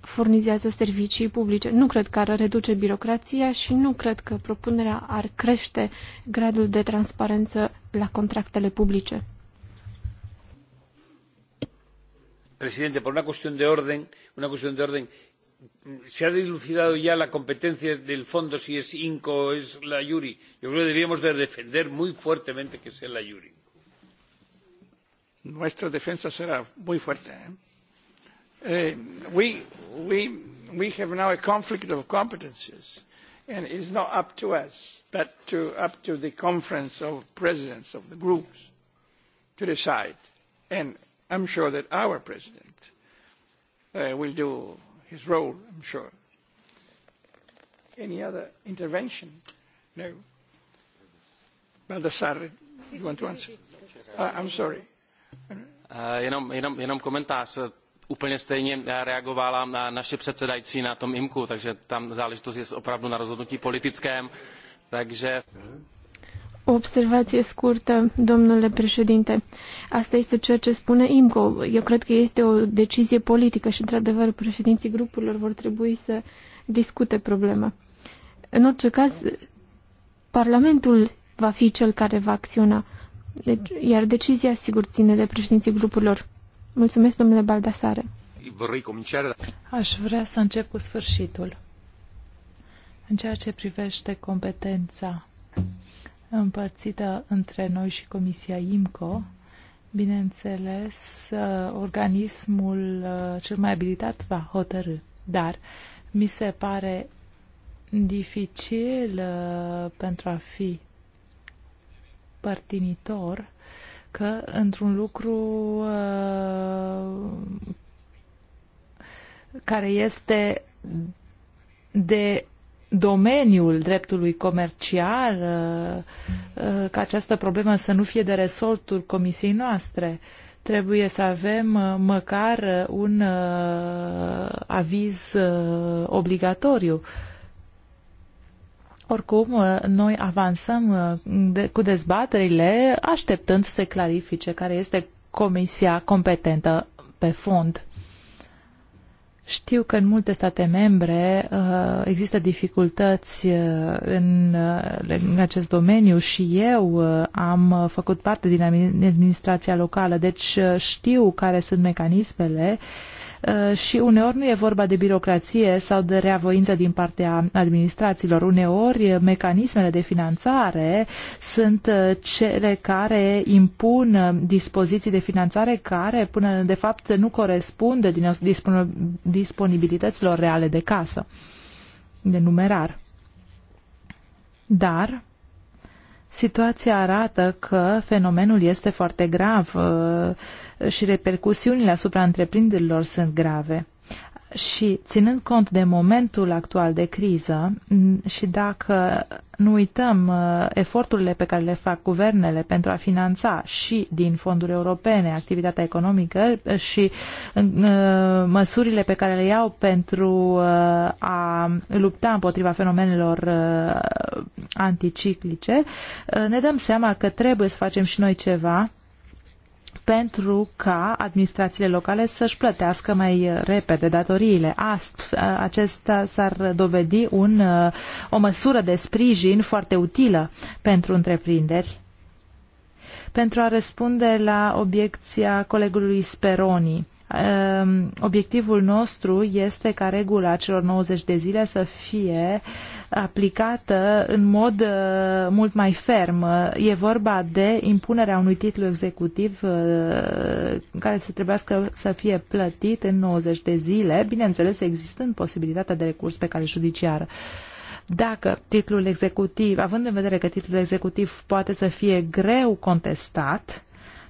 furnizează servicii publice. Nu cred că ar reduce birocrația și nu cred că propunerea ar crește gradul de transparență la contractele publice. Presidente, por una cuestión de orden, una cuestión de orden, se ha dilucidado ya la competencia del fondo si es INCO o es la Yuri. Yo creo que deberíamos de defender muy fuertemente que sea la Yuri. Nuestra defensa será muy fuerte. ¿eh? Uh, we, we, we have now a conflict of competences and it is not up to us but to, up to the conference of presidents of the groups to decide. And I'm sure that our president uh, will do his role, I'm sure. Any other intervention? No. Baldassarre, you want to answer? Uh, I'm sorry. Uh, jenom, jenom, jenom komentář. Úplně stejně eh, reagovala na eh, naše předsedající na tom IMKU, takže tam záležitost je opravdu na rozhodnutí politickém. Takže... Uh mhm. -huh. O observație scurtă, domnule președinte. Asta este ceea ce spune IMCO. Eu cred că este o decizie politică și, într-adevăr, președinții grupurilor vor trebui să discute problema. În orice caz, Parlamentul va fi cel care va acționa, deci, iar decizia, sigur, ține de președinții grupurilor. Mulțumesc, domnule Baldasare. Aș vrea să încep cu sfârșitul. În ceea ce privește competența împărțită între noi și Comisia IMCO. Bineînțeles, uh, organismul uh, cel mai abilitat va hotărâ, dar mi se pare dificil uh, pentru a fi părtinitor că într-un lucru care este de domeniul dreptului comercial, uh, uh, ca această problemă să nu fie de resortul comisiei noastre. Trebuie să avem uh, măcar un aviz obligatoriu. Oricum, noi avansăm cu dezbaterile, așteptând să se clarifice care este comisia competentă pe fond. Știu că în multe state membre uh, există dificultăți uh, în, uh, în acest domeniu și eu am făcut parte din administrația locală, deci știu care sunt mecanismele uh, Uh, și uneori nu e vorba de birocrație sau de reavoință din partea administrațiilor. Uneori uh, mecanismele de finanțare sunt uh, cele care impun dispoziții de finanțare care până de fapt nu corespund din disponibilităților reale de casă, de numerar. Dar situația arată că fenomenul este foarte grav și repercusiunile asupra întreprinderilor sunt grave. Și ținând cont de momentul actual de criză și dacă nu uităm uh, eforturile pe care le fac guvernele pentru a finanța și din fonduri europene activitatea economică uh, și uh, măsurile pe care le iau pentru a lupta împotriva fenomenelor anticiclice, ne dăm seama că trebuie să facem și noi ceva pentru ca administrațiile locale să-și plătească mai uh, repede datoriile. Ast, uh, acesta s-ar dovedi un, uh, o măsură de sprijin foarte utilă pentru întreprinderi. Pentru a răspunde la obiecția colegului Speroni, um, obiectivul nostru este ca regula celor 90 de zile să fie uh, aplicată în mod uh, mult mai ferm. E vorba de impunerea unui titlu executiv uh, care să trebuiască să fie plătit în 90 de zile, bineînțeles existând posibilitatea de recurs pe care judiciară dacă titlul executiv, având în vedere că titlul executiv poate să fie greu contestat,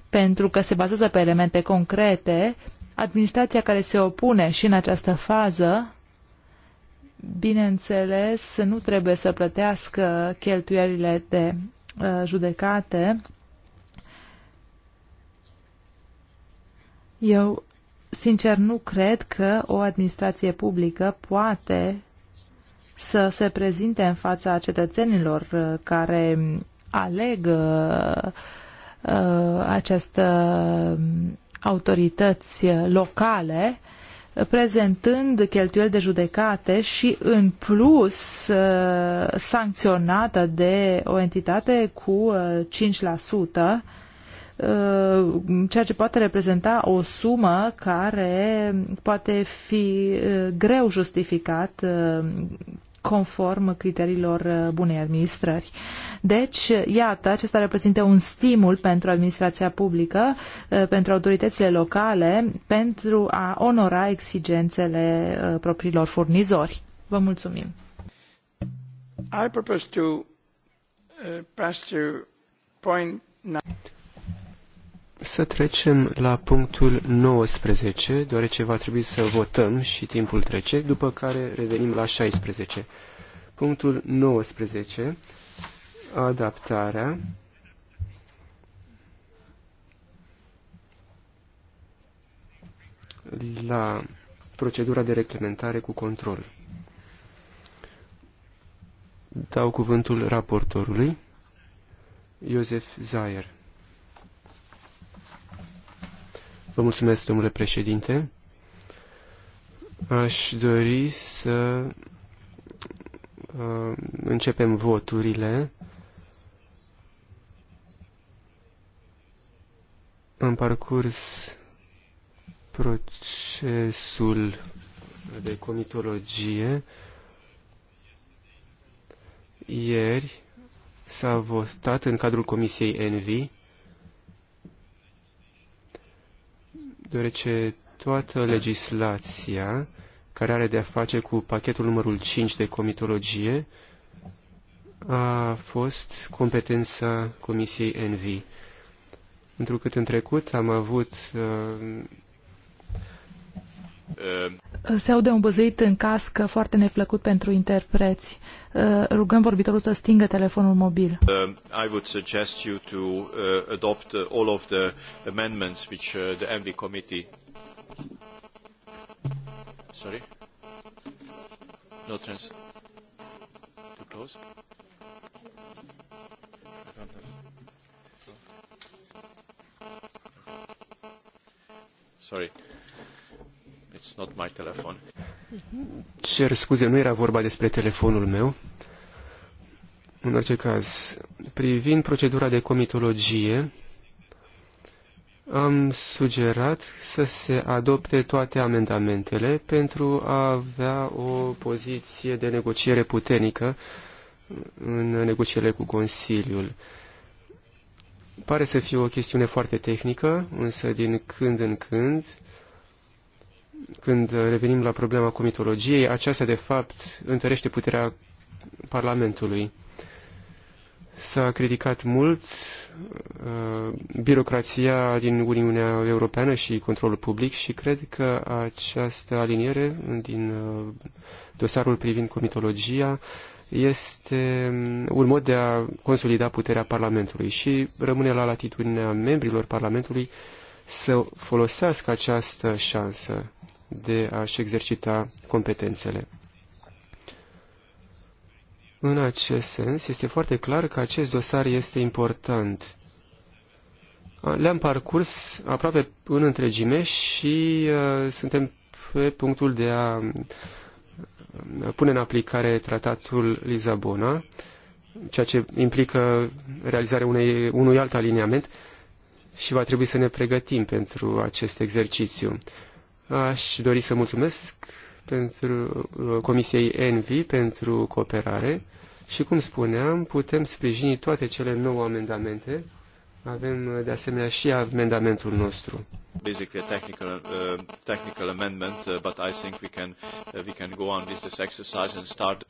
pentru că se bazează pe elemente concrete, administrația care se opune și în această fază bineînțeles, nu trebuie să plătească cheltuielile de uh, judecate. Eu, sincer, nu cred că o administrație publică poate să se prezinte în fața cetățenilor uh, care aleg uh, uh această um, autorități uh, locale prezentând cheltuieli de judecate și în plus uh, sancționată de o entitate cu 5% uh, uh, ceea ce poate reprezenta o sumă care poate fi greu justificat conform criteriilor uh, bunei administrări. Deci, iată, acesta reprezintă un stimul pentru administrația publică, uh, pentru autoritățile locale, pentru a onora exigențele uh, propriilor furnizori. Vă mulțumim. I propose to pass to point să trecem la punctul 19, deoarece va trebui să votăm și timpul trece, după care revenim la 16. Punctul 19, adaptarea. la procedura de reglementare cu control. Dau cuvântul raportorului, Iosef Zayer. Vă mulțumesc, domnule președinte. Aș dori să uh, începem voturile. Am parcurs procesul de comitologie. Ieri s-a votat în cadrul Comisiei Envi deoarece toată legislația care are de-a face cu pachetul numărul 5 de comitologie a fost competența Comisiei ENVI, întrucât în trecut am avut uh, Uh, se aude un băzăit în cască foarte neplăcut pentru interpreți. Uh, rugăm vorbitorul să stingă telefonul mobil. Uh, I would suggest you to adopt all of the amendments which the MV committee Sorry? No trans. Too close? Sorry. It's not my telephone. Cer scuze, nu era vorba despre telefonul meu. În orice caz, privind procedura de comitologie, am sugerat să se adopte toate amendamentele pentru a avea o poziție de negociere puternică în negocierile cu Consiliul. Pare să fie o chestiune foarte tehnică, însă din când în când când uh, revenim la problema comitologiei, aceasta de fapt întărește puterea Parlamentului. S-a criticat mult uh, birocrația din Uniunea Europeană și controlul public și cred că această aliniere din uh, dosarul privind comitologia este um, un mod de a consolida puterea Parlamentului și rămâne la latitudinea membrilor Parlamentului să folosească această șansă de a-și exercita competențele. În acest sens, este foarte clar că acest dosar este important. Le-am parcurs aproape în întregime și uh, suntem pe punctul de a uh, pune în aplicare tratatul Lisabona, ceea ce implică realizarea unei, unui alt aliniament și va trebui să ne pregătim pentru acest exercițiu. Aș dori să mulțumesc pentru uh, Comisiei ENVI pentru cooperare și, cum spuneam, putem sprijini toate cele nouă amendamente. Avem, uh, de asemenea, și amendamentul nostru. Basically a technical, uh, technical amendment, uh, but I think we can, uh, we can go on with this exercise and start.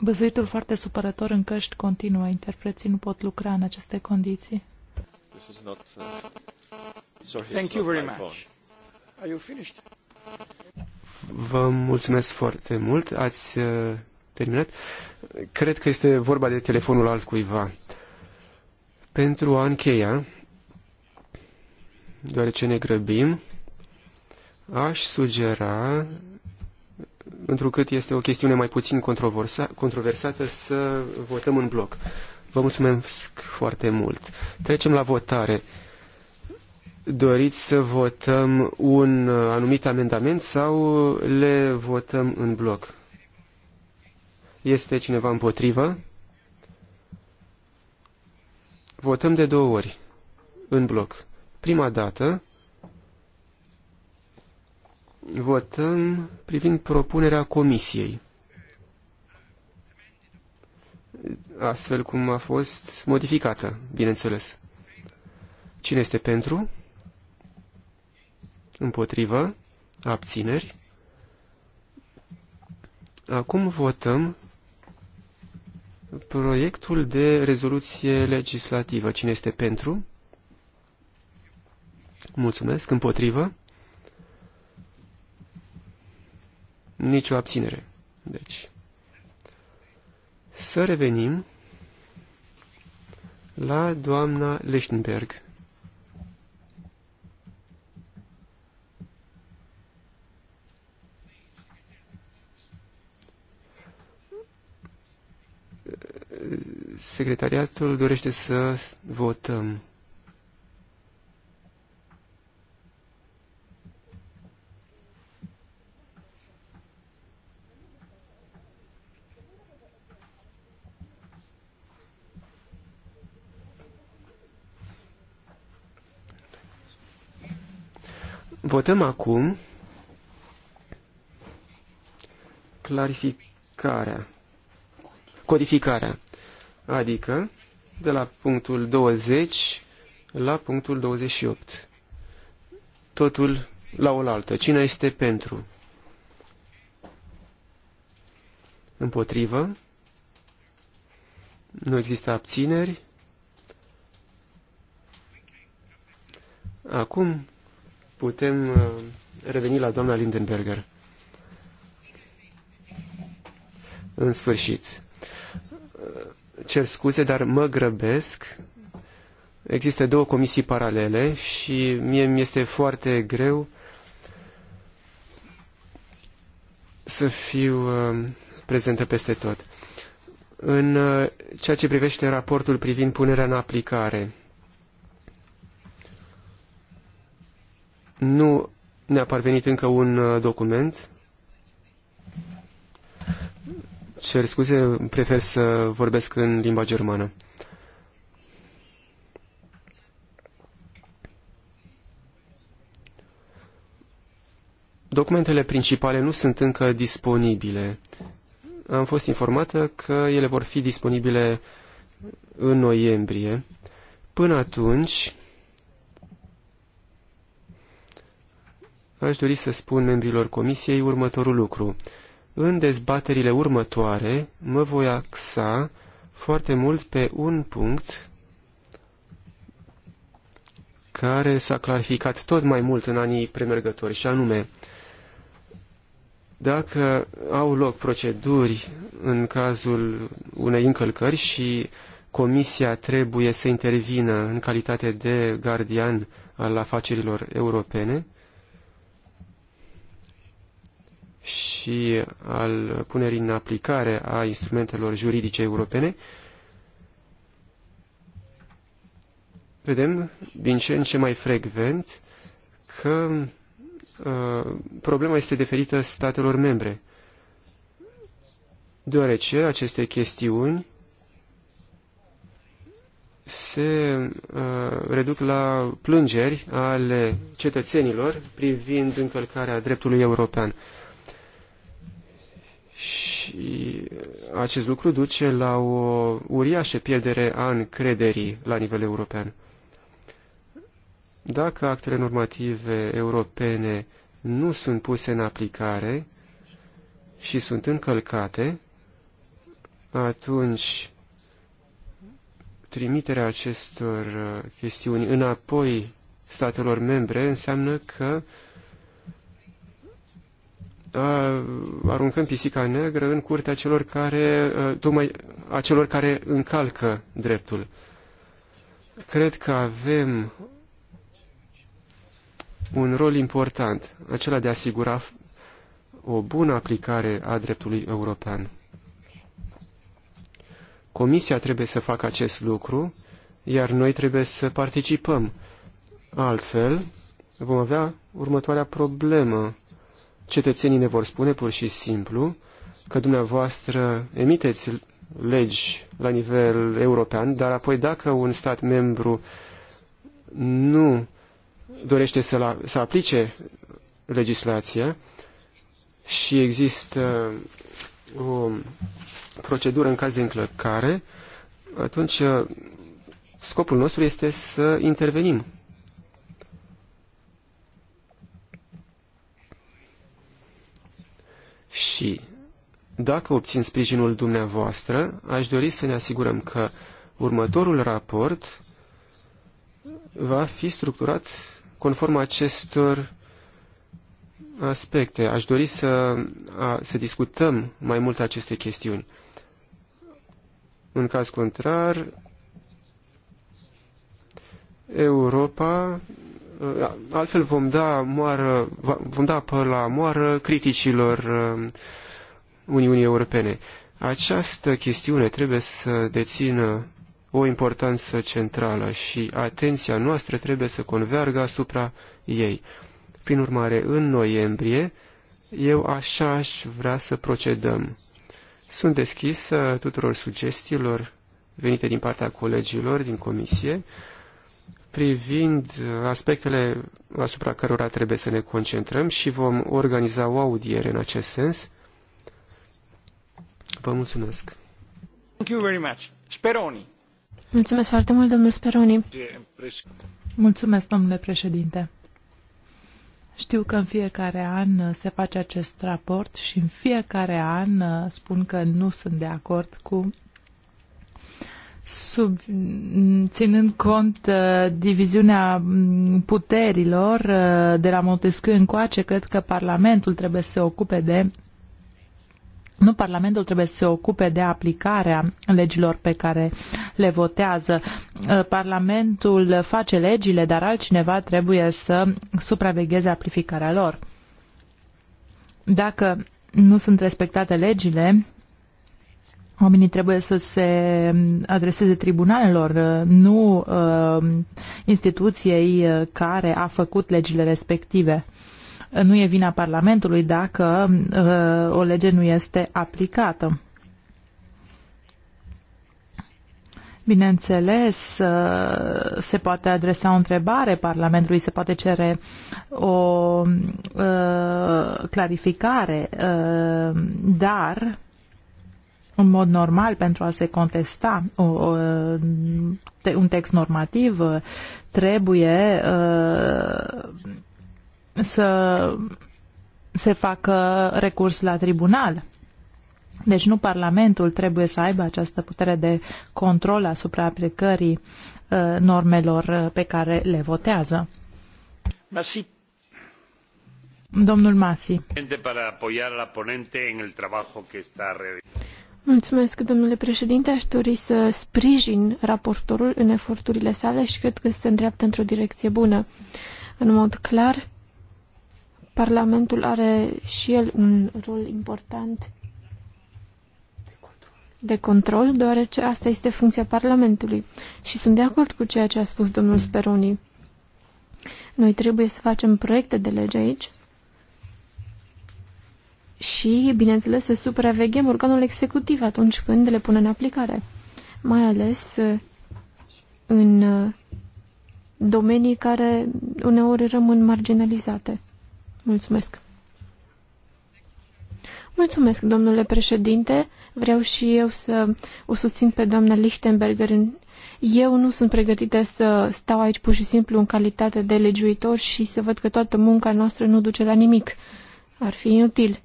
Băzuitul foarte supărător în căști continuă. Interpreții nu pot lucra în aceste condiții. This is not, uh, sorry, Thank you very much. Phone. Are you finished? Vă mulțumesc foarte mult. Ați uh, terminat? Cred că este vorba de telefonul altcuiva. Pentru a încheia, deoarece ne grăbim, aș sugera, întrucât este o chestiune mai puțin controversa, controversată, să votăm în bloc. Vă mulțumesc foarte mult. Trecem la votare. Doriți să votăm un uh, anumit amendament sau le votăm în bloc? Este cineva împotrivă? Votăm de două ori în bloc. Prima dată votăm privind propunerea comisiei. Astfel cum a fost modificată, bineînțeles. Cine este pentru? Împotrivă. Abțineri. Acum votăm proiectul de rezoluție legislativă. Cine este pentru? Mulțumesc. Împotrivă? Nicio abținere. Deci, să revenim la doamna Lechtenberg. secretariatul dorește să votăm. Votăm acum clarificarea, codificarea adică de la punctul 20 la punctul 28. Totul la oaltă. Cine este pentru? Împotrivă? Nu există abțineri? Acum putem uh, reveni la doamna Lindenberger. În sfârșit cer scuze, dar mă grăbesc. Există două comisii paralele și mie mi este foarte greu să fiu uh, prezentă peste tot. În uh, ceea ce privește raportul privind punerea în aplicare, nu ne-a parvenit încă un uh, document Cer scuze, prefer să vorbesc în limba germană. Documentele principale nu sunt încă disponibile. Am fost informată că ele vor fi disponibile în noiembrie. Până atunci, aș dori să spun membrilor comisiei următorul lucru. În dezbaterile următoare mă voi axa foarte mult pe un punct care s-a clarificat tot mai mult în anii premergători, și anume, dacă au loc proceduri în cazul unei încălcări și Comisia trebuie să intervină în calitate de gardian al afacerilor europene, și al punerii în aplicare a instrumentelor juridice europene, vedem din ce în ce mai frecvent că uh, problema este deferită statelor membre, deoarece aceste chestiuni se uh, reduc la plângeri ale cetățenilor privind încălcarea dreptului european. Uh, și acest lucru duce la o uriașă pierdere a încrederii la nivel european. Dacă actele normative europene nu sunt puse în aplicare și sunt încălcate, atunci trimiterea acestor uh, chestiuni înapoi statelor membre înseamnă că aruncăm pisica neagră în curtea celor care, tocmai a celor care încalcă dreptul. Cred că avem un rol important, acela de a asigura o bună aplicare a dreptului european. Comisia trebuie să facă acest lucru, iar noi trebuie să participăm. Altfel, vom avea următoarea problemă cetățenii ne vor spune pur și simplu că dumneavoastră emiteți legi la nivel european, dar apoi dacă un stat membru nu dorește să, la, să aplice legislația și există uh, o procedură în caz de încălcare, atunci uh, scopul nostru este să intervenim Și dacă obțin sprijinul dumneavoastră, aș dori să ne asigurăm că următorul raport va fi structurat conform acestor aspecte. Aș dori să, a, să discutăm mai mult aceste chestiuni. În caz contrar, Europa Uh, altfel vom da, moară, vom da apă la moară criticilor uh, Uniunii Europene. Această chestiune trebuie să dețină o importanță centrală și atenția noastră trebuie să convergă asupra ei. Prin urmare, în noiembrie, eu așa aș vrea să procedăm. Sunt deschis tuturor sugestiilor venite din partea colegilor din comisie, privind aspectele asupra cărora trebuie să ne concentrăm și vom organiza o audiere în acest sens. Vă mulțumesc. Thank you very much. Speroni. Mulțumesc foarte mult, domnul Speroni. Mulțumesc, domnule președinte. Știu că în fiecare an se face acest raport și în fiecare an spun că nu sunt de acord cu sub, ținând cont uh, diviziunea mm, puterilor uh, de la Montesquieu încoace, cred că Parlamentul trebuie să se ocupe de nu Parlamentul trebuie să se ocupe de aplicarea legilor pe care le votează. Uh, Parlamentul face legile, dar altcineva trebuie să supravegheze aplicarea lor. Dacă nu sunt respectate legile, Oamenii trebuie să se adreseze tribunalelor, nu uh, instituției uh, care a făcut legile respective. Nu e vina Parlamentului dacă uh, o lege nu este aplicată. Bineînțeles, uh, se poate adresa o întrebare Parlamentului, se poate cere o uh, clarificare, dar un mod normal pentru a se contesta o, o, te, un text normativ uh, trebuie uh, să se facă recurs la tribunal. Deci nu Parlamentul trebuie să aibă această putere de control asupra aplicării uh, normelor uh, pe care le votează. Merci. Domnul Masi. Mulțumesc, domnule președinte. Aș dori să sprijin raportorul în eforturile sale și cred că se îndreaptă într-o direcție bună. În mod clar, Parlamentul are și el un rol important de control, deoarece asta este funcția Parlamentului. Și sunt de acord cu ceea ce a spus domnul Speroni. Noi trebuie să facem proiecte de lege aici și, bineînțeles, să supraveghem organul executiv atunci când le pune în aplicare, mai ales uh, în uh, domenii care uneori rămân marginalizate. Mulțumesc! Mulțumesc, domnule președinte. Vreau și eu să o susțin pe doamna Lichtenberger. Eu nu sunt pregătită să stau aici pur și simplu în calitate de legiuitor și să văd că toată munca noastră nu duce la nimic. Ar fi inutil.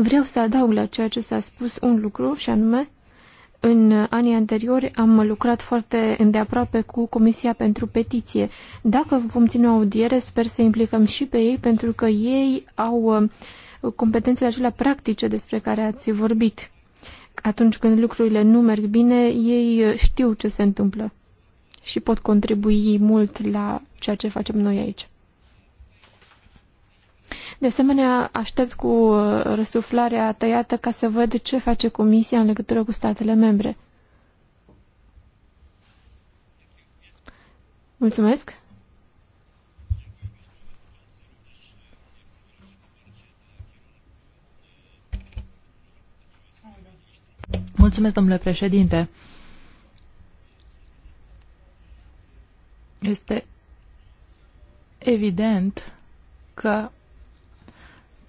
Vreau să adaug la ceea ce s-a spus un lucru și anume, în anii anteriori am lucrat foarte îndeaproape cu Comisia pentru Petiție. Dacă vom ține o audiere, sper să implicăm și pe ei, pentru că ei au uh, competențele acelea practice despre care ați vorbit. Atunci când lucrurile nu merg bine, ei uh, știu ce se întâmplă și pot contribui mult la ceea ce facem noi aici. De asemenea, aștept cu uh, răsuflarea tăiată ca să văd ce face Comisia în legătură cu statele membre. Mulțumesc! Mulțumesc, domnule președinte. Este evident că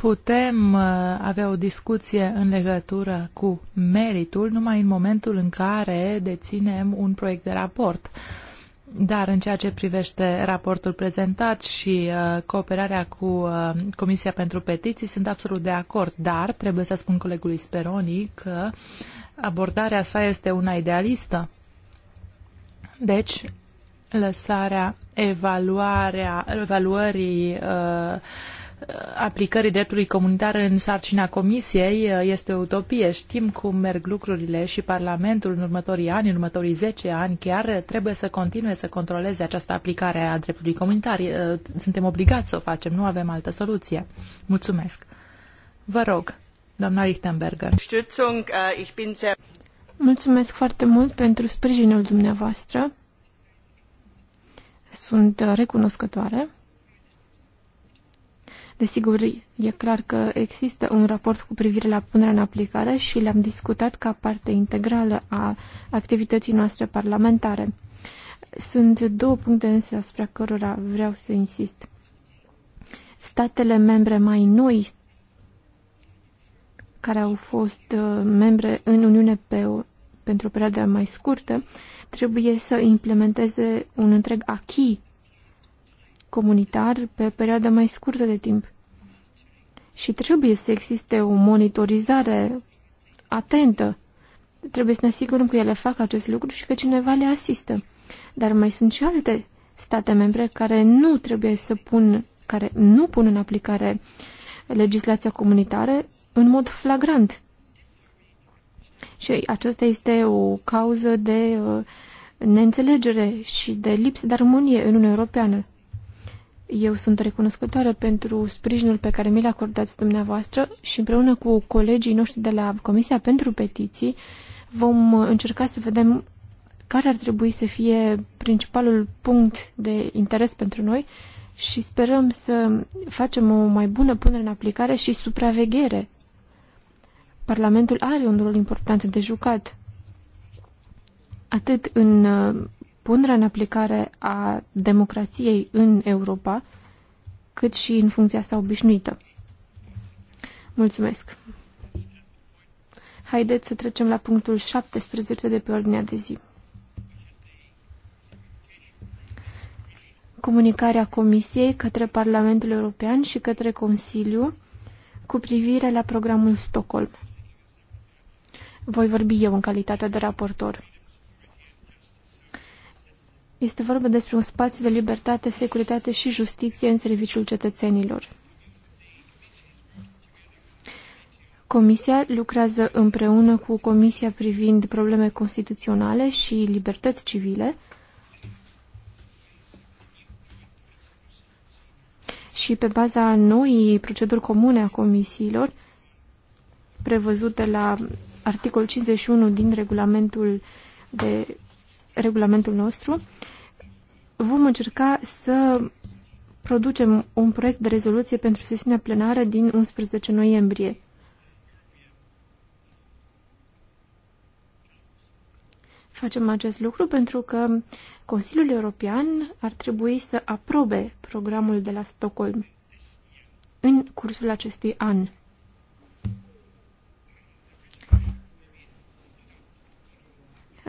putem uh, avea o discuție în legătură cu meritul numai în momentul în care deținem un proiect de raport. Dar în ceea ce privește raportul prezentat și uh, cooperarea cu uh, Comisia pentru Petiții, sunt absolut de acord, dar trebuie să spun colegului Speroni că abordarea sa este una idealistă. Deci, lăsarea evaluarea, evaluării uh, Uh, aplicării dreptului comunitar în sarcina comisiei uh, este o utopie. Știm cum merg lucrurile și Parlamentul în următorii ani, în următorii zece ani chiar, trebuie să continue să controleze această aplicare a dreptului comunitar. Uh, suntem obligați să o facem, nu avem altă soluție. Mulțumesc. Vă rog, doamna Lichtenberger. Mulțumesc foarte mult pentru sprijinul dumneavoastră. Sunt recunoscătoare. Desigur, e clar că există un raport cu privire la punerea în aplicare și l-am discutat ca parte integrală a activității noastre parlamentare. Sunt două puncte însă asupra cărora vreau să insist. Statele membre mai noi care au fost uh, membre în Uniune pe o, pentru o perioadă mai scurtă, trebuie să implementeze un întreg achi comunitar pe perioada mai scurtă de timp. Și trebuie să existe o monitorizare atentă. Trebuie să ne asigurăm că ele fac acest lucru și că cineva le asistă. Dar mai sunt și alte state membre care nu trebuie să pun, care nu pun în aplicare legislația comunitară în mod flagrant. Și aceasta este o cauză de uh, neînțelegere și de lipsă de armonie în Uniunea Europeană. Eu sunt recunoscătoare pentru sprijinul pe care mi l acordați dumneavoastră și împreună cu colegii noștri de la Comisia pentru Petiții vom încerca să vedem care ar trebui să fie principalul punct de interes pentru noi și sperăm să facem o mai bună punere în aplicare și supraveghere. Parlamentul are un rol important de jucat atât în punerea în aplicare a democrației în Europa, cât și în funcția sa obișnuită. Mulțumesc! Haideți să trecem la punctul 17 de pe ordinea de zi. Comunicarea Comisiei către Parlamentul European și către Consiliu cu privire la programul Stockholm. Voi vorbi eu în calitate de raportor. Este vorba despre un spațiu de libertate, securitate și justiție în serviciul cetățenilor. Comisia lucrează împreună cu Comisia privind probleme constituționale și libertăți civile și pe baza noii proceduri comune a comisiilor prevăzute la articol 51 din regulamentul de regulamentul nostru, vom încerca să producem un proiect de rezoluție pentru sesiunea plenară din 11 noiembrie. Facem acest lucru pentru că Consiliul European ar trebui să aprobe programul de la Stockholm în cursul acestui an.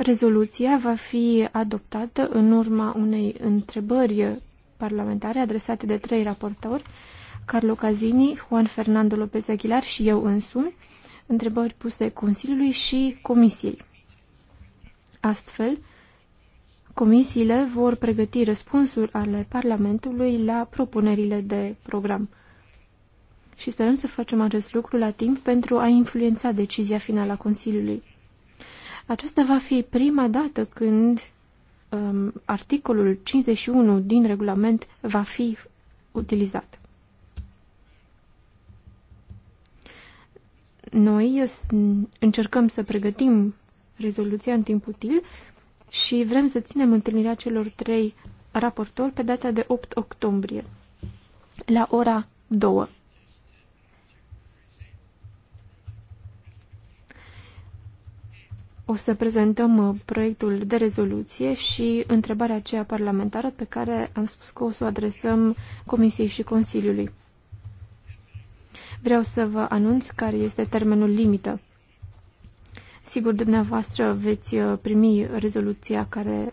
Rezoluția va fi adoptată în urma unei întrebări parlamentare adresate de trei raportori, Carlo Casini, Juan Fernando Lopez Aguilar și eu însumi, întrebări puse Consiliului și Comisiei. Astfel, comisiile vor pregăti răspunsuri ale Parlamentului la propunerile de program. Și sperăm să facem acest lucru la timp pentru a influența decizia finală a Consiliului. Aceasta va fi prima dată când um, articolul 51 din regulament va fi utilizat. Noi încercăm să pregătim rezoluția în timp util și vrem să ținem întâlnirea celor trei raportori pe data de 8 octombrie la ora 2. o să prezentăm uh, proiectul de rezoluție și întrebarea aceea parlamentară pe care am spus că o să o adresăm Comisiei și Consiliului. Vreau să vă anunț care este termenul limită. Sigur, dumneavoastră veți uh, primi rezoluția care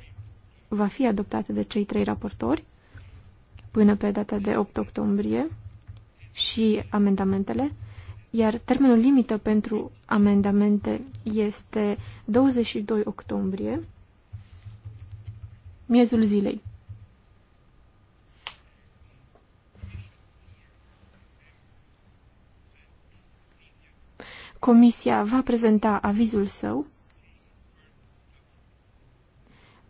va fi adoptată de cei trei raportori până pe data de 8 octombrie și amendamentele iar termenul limită pentru amendamente este 22 octombrie, miezul zilei. Comisia va prezenta avizul său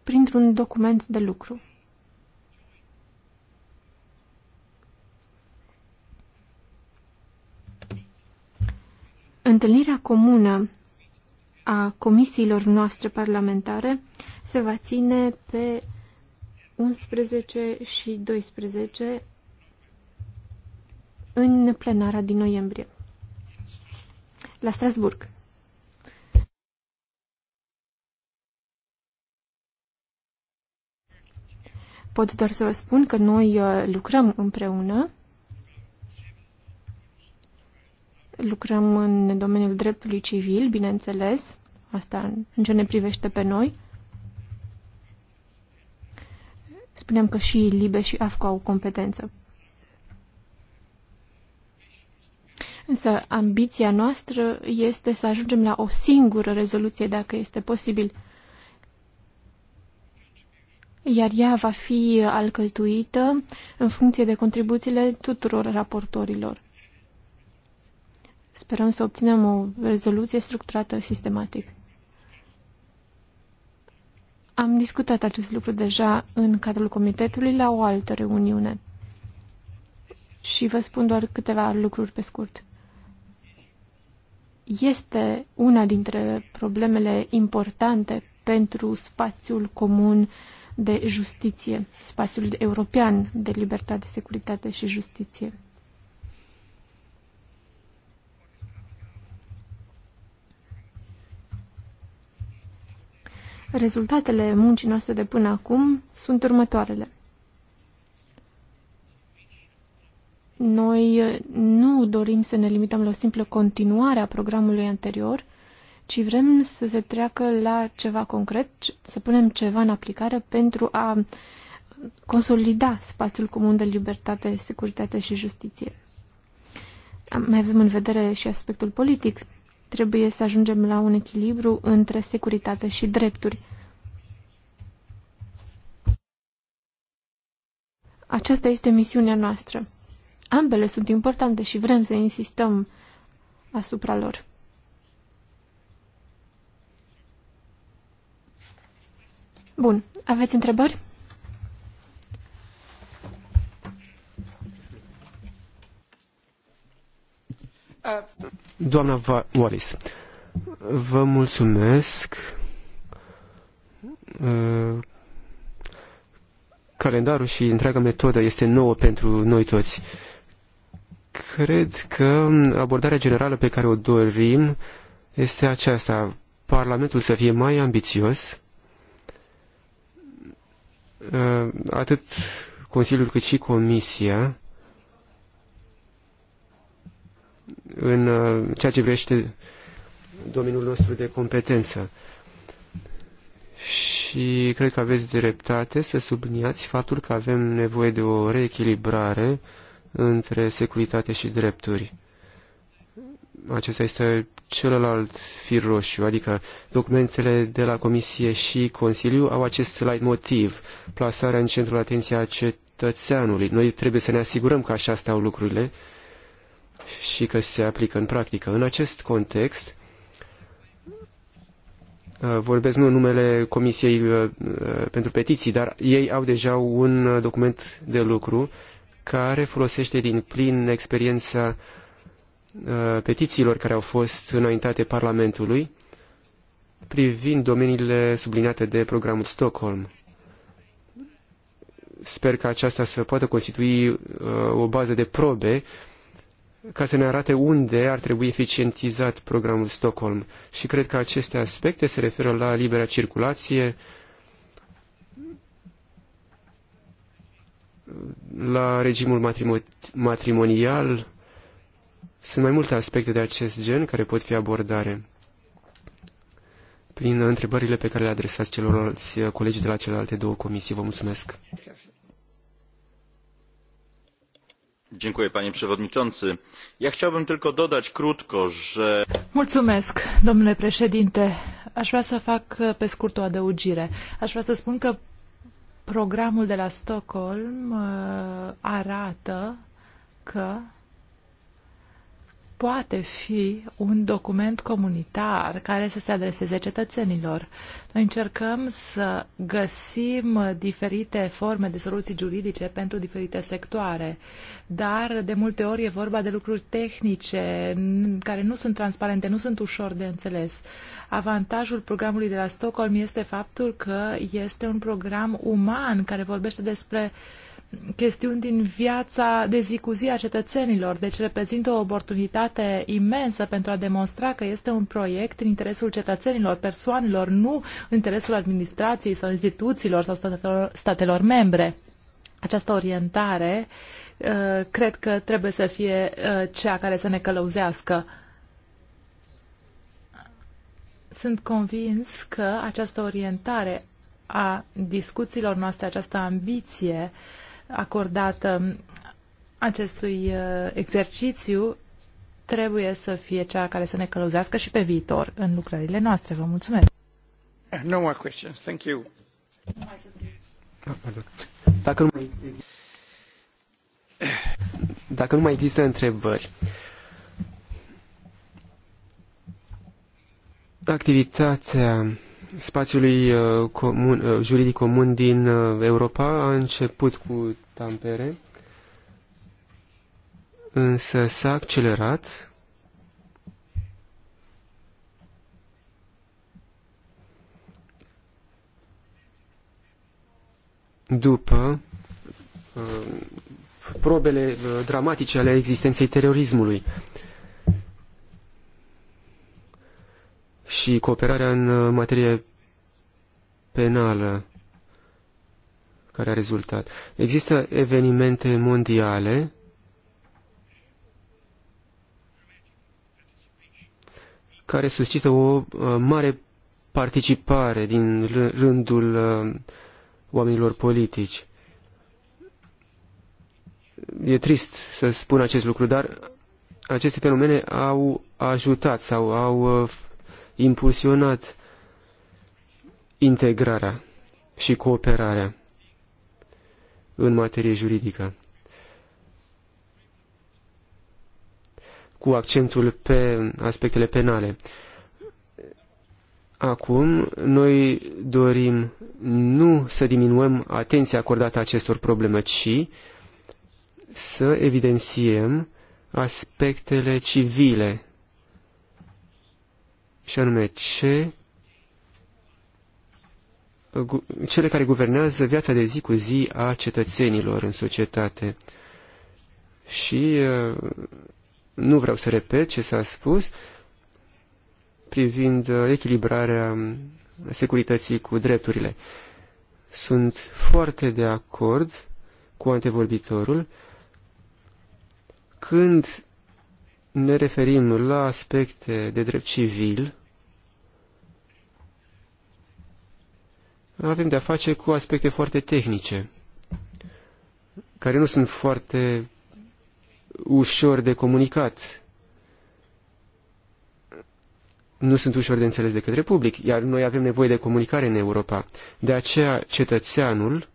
printr-un document de lucru. Întâlnirea comună a comisiilor noastre parlamentare se va ține pe 11 și 12 în plenara din noiembrie la Strasburg. Pot doar să vă spun că noi uh, lucrăm împreună Lucrăm în domeniul dreptului civil, bineînțeles, asta în ce ne privește pe noi. Spuneam că și Libe și AFCO au competență. Însă ambiția noastră este să ajungem la o singură rezoluție, dacă este posibil. Iar ea va fi alcătuită în funcție de contribuțiile tuturor raportorilor. Sperăm să obținem o rezoluție structurată sistematic. Am discutat acest lucru deja în cadrul comitetului la o altă reuniune. Și vă spun doar câteva lucruri pe scurt. Este una dintre problemele importante pentru spațiul comun de justiție, spațiul european de libertate, securitate și justiție. Rezultatele muncii noastre de până acum sunt următoarele. Noi nu dorim să ne limităm la o simplă continuare a programului anterior, ci vrem să se treacă la ceva concret, să punem ceva în aplicare pentru a consolida spațiul comun de libertate, securitate și justiție. Mai avem în vedere și aspectul politic. Trebuie să ajungem la un echilibru între securitate și drepturi. Aceasta este misiunea noastră. Ambele sunt importante și vrem să insistăm asupra lor. Bun, aveți întrebări? Doamna Wallis, vă mulțumesc. Uh, calendarul și întreaga metodă este nouă pentru noi toți. Cred că abordarea generală pe care o dorim este aceasta. Parlamentul să fie mai ambițios, uh, atât Consiliul cât și Comisia, în uh, ceea ce privește domeniul nostru de competență. Și cred că aveți dreptate să subliniați faptul că avem nevoie de o reechilibrare între securitate și drepturi. Acesta este celălalt fir roșu, adică documentele de la Comisie și Consiliu au acest slide motiv, plasarea în centrul atenției a cetățeanului. Noi trebuie să ne asigurăm că așa stau lucrurile, uh, și că se aplică în practică. În acest context, uh, vorbesc nu în numele Comisiei uh, uh, pentru Petiții, dar ei au deja un document de lucru care folosește din plin experiența petițiilor care au fost înaintate Parlamentului privind domeniile subliniate de programul Stockholm. Sper că aceasta să poată constitui o bază de probe ca să ne arate unde ar trebui eficientizat programul Stockholm. Și cred că aceste aspecte se referă la libera circulație, la regimul matrimo matrimonial. Sunt mai multe aspecte de acest gen care pot fi abordare prin întrebările pe care le adresați celorlalți uh, colegi de la celelalte două comisii. Vă mulțumesc! panie przewodniczący! ja chciałbym tylko dodać krótko że. mulțumesc domnule președinte aș vrea să fac uh, pe scurt o adăugire aș vrea să spun că programul de la stockholm uh, arată că poate fi un document comunitar care să se adreseze cetățenilor. Noi încercăm să găsim diferite forme de soluții juridice pentru diferite sectoare, dar de multe ori e vorba de lucruri tehnice care nu sunt transparente, nu sunt ușor de înțeles. Avantajul programului de la Stockholm este faptul că este un program uman care vorbește despre uh, chestiuni din viața de zi cu zi a cetățenilor, deci reprezintă o oportunitate imensă pentru a demonstra că este un proiect în interesul cetățenilor, persoanelor, nu în interesul administrației sau instituțiilor sau statelor, statelor membre. Această orientare uh, cred că trebuie să fie uh, cea care să ne călăuzească. Sunt convins că această orientare a discuțiilor noastre, această ambiție uh, acordată acestui uh, exercițiu trebuie să fie cea care să ne călăuzească și pe viitor în lucrările noastre. Vă mulțumesc. No more questions. Thank you. Dacă nu mai, dacă nu mai există întrebări, activitatea spațiului uh, comun, uh, juridic comun din uh, Europa a început cu Tampere, însă s-a accelerat după probele dramatice ale existenței terorismului. Uh, și cooperarea în uh, materie penală care a rezultat. Există evenimente mondiale care suscită o uh, mare participare din rândul uh, oamenilor politici. E trist să spun acest lucru, dar aceste fenomene au ajutat sau au impulsionat integrarea și cooperarea în materie juridică. cu accentul pe aspectele penale. Acum, noi dorim nu să diminuăm atenția acordată acestor probleme, ci să evidențiem aspectele civile și anume ce cele care guvernează viața de zi cu zi a cetățenilor în societate. Și uh, nu vreau să repet ce s-a spus privind uh, echilibrarea um, securității cu drepturile. Sunt foarte de acord cu antevorbitorul când ne referim la aspecte de drept civil, avem de-a face cu aspecte foarte tehnice, care nu sunt foarte ușor de comunicat, nu sunt ușor de înțeles de către public, iar noi avem nevoie de comunicare în Europa. De aceea, cetățeanul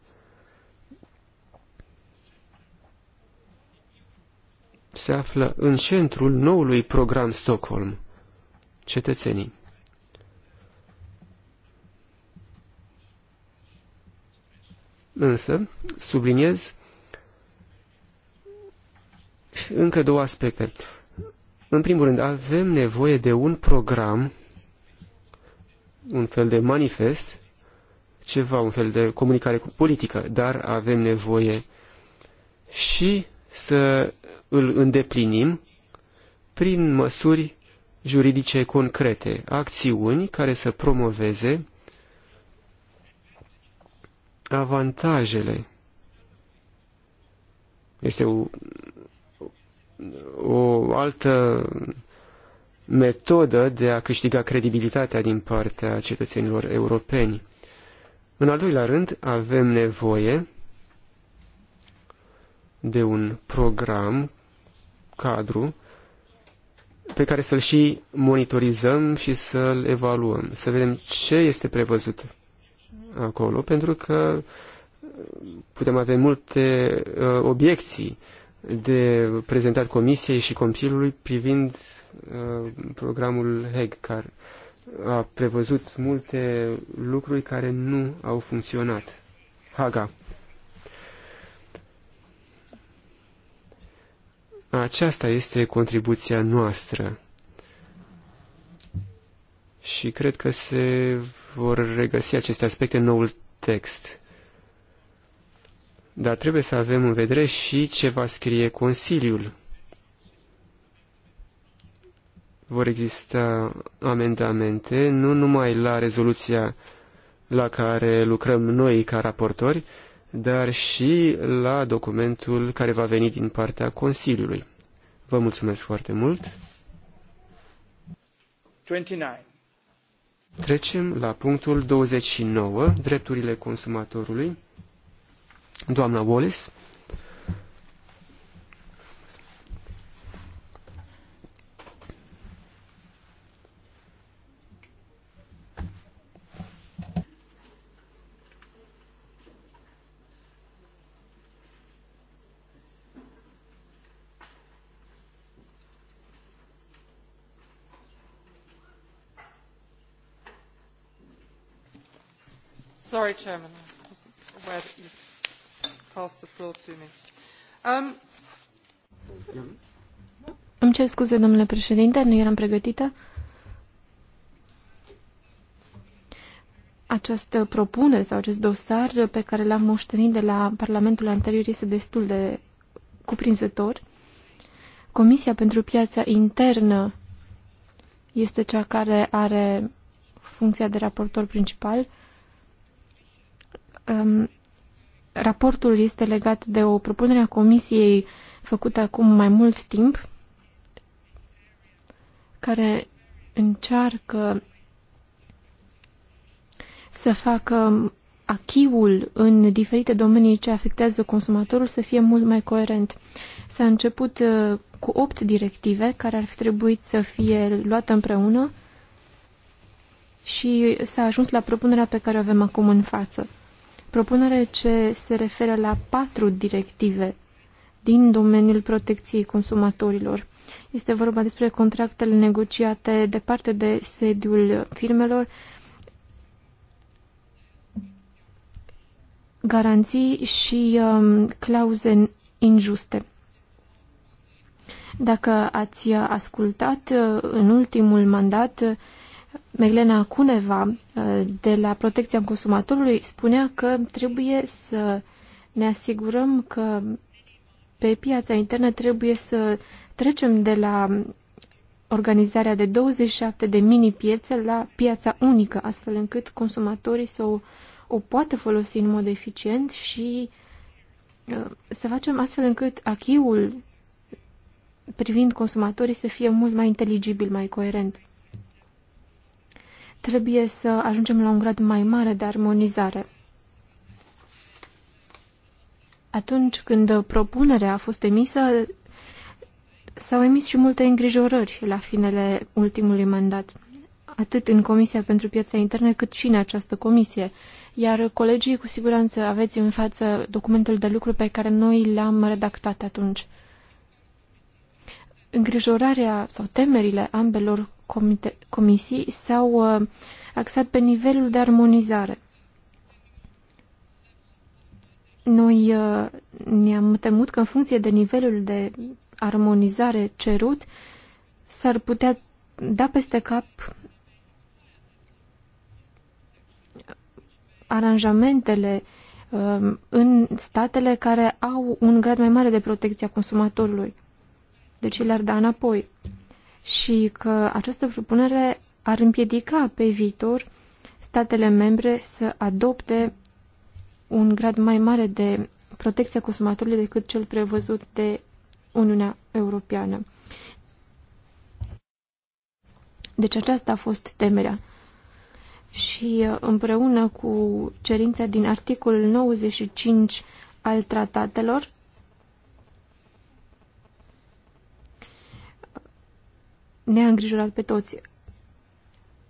se află în centrul noului program Stockholm, cetățenii. Însă, subliniez încă două aspecte. În primul rând, avem nevoie de un program, un fel de manifest, ceva, un fel de comunicare politică, dar avem nevoie și să îl îndeplinim prin măsuri juridice concrete, acțiuni care să promoveze avantajele. Este o, o altă metodă de a câștiga credibilitatea din partea cetățenilor europeni. În al doilea rând, avem nevoie de un program, cadru, pe care să-l și monitorizăm și să-l evaluăm, să vedem ce este prevăzut acolo, pentru că putem avea multe uh, obiecții de prezentat comisiei și Consiliului privind uh, programul HEG, care a prevăzut multe lucruri care nu au funcționat. Haga. Aceasta este contribuția noastră. Și cred că se vor regăsi aceste aspecte în noul text. Dar trebuie să avem în vedere și ce va scrie Consiliul. Vor exista amendamente, nu numai la rezoluția la care lucrăm noi ca raportori, dar și la documentul care va veni din partea Consiliului. Vă mulțumesc foarte mult! 29. Trecem la punctul 29, drepturile consumatorului. Doamna Wallace. Sorry, Chairman. you passed the floor to me. Um... Îmi cer scuze, domnule președinte, nu eram pregătită. Această propunere sau acest dosar pe care l-am moștenit de la Parlamentul anterior este destul de cuprinzător. Comisia pentru piața internă este cea care are funcția de raportor principal um, raportul este legat de o propunere a Comisiei făcută acum mai mult timp, care încearcă să facă achiul în diferite domenii ce afectează consumatorul să fie mult mai coerent. S-a început uh, cu opt directive care ar fi trebuit să fie luate împreună și s-a ajuns la propunerea pe care o avem acum în față propunere ce se referă la patru directive din domeniul protecției consumatorilor. Este vorba despre contractele negociate departe de sediul firmelor, garanții și um, clauze injuste. Dacă ați ascultat uh, în ultimul mandat, Meglena Cuneva de la Protecția Consumatorului spunea că trebuie să ne asigurăm că pe piața internă trebuie să trecem de la organizarea de 27 de mini-piețe la piața unică, astfel încât consumatorii să o, o poată folosi în mod eficient și uh, să facem astfel încât achiul privind consumatorii să fie mult mai inteligibil, mai coerent. Trebuie să ajungem la un grad mai mare de armonizare. Atunci când propunerea a fost emisă, s-au emis și multe îngrijorări la finele ultimului mandat, atât în Comisia pentru Piața Interne, cât și în această comisie. Iar colegii, cu siguranță, aveți în față documentul de lucru pe care noi l-am redactat atunci. Îngrijorarea sau temerile ambelor comisii s-au uh, axat pe nivelul de armonizare. Noi uh, ne-am temut că în funcție de nivelul de armonizare cerut, s-ar putea da peste cap aranjamentele um, în statele care au un grad mai mare de protecție a consumatorului. Deci le-ar da înapoi și că această propunere ar împiedica pe viitor statele membre să adopte un grad mai mare de protecție a consumatorului decât cel prevăzut de Uniunea Europeană. Deci aceasta a fost temerea. Și uh, împreună cu cerința din articolul 95 al tratatelor, ne-a îngrijorat pe toți,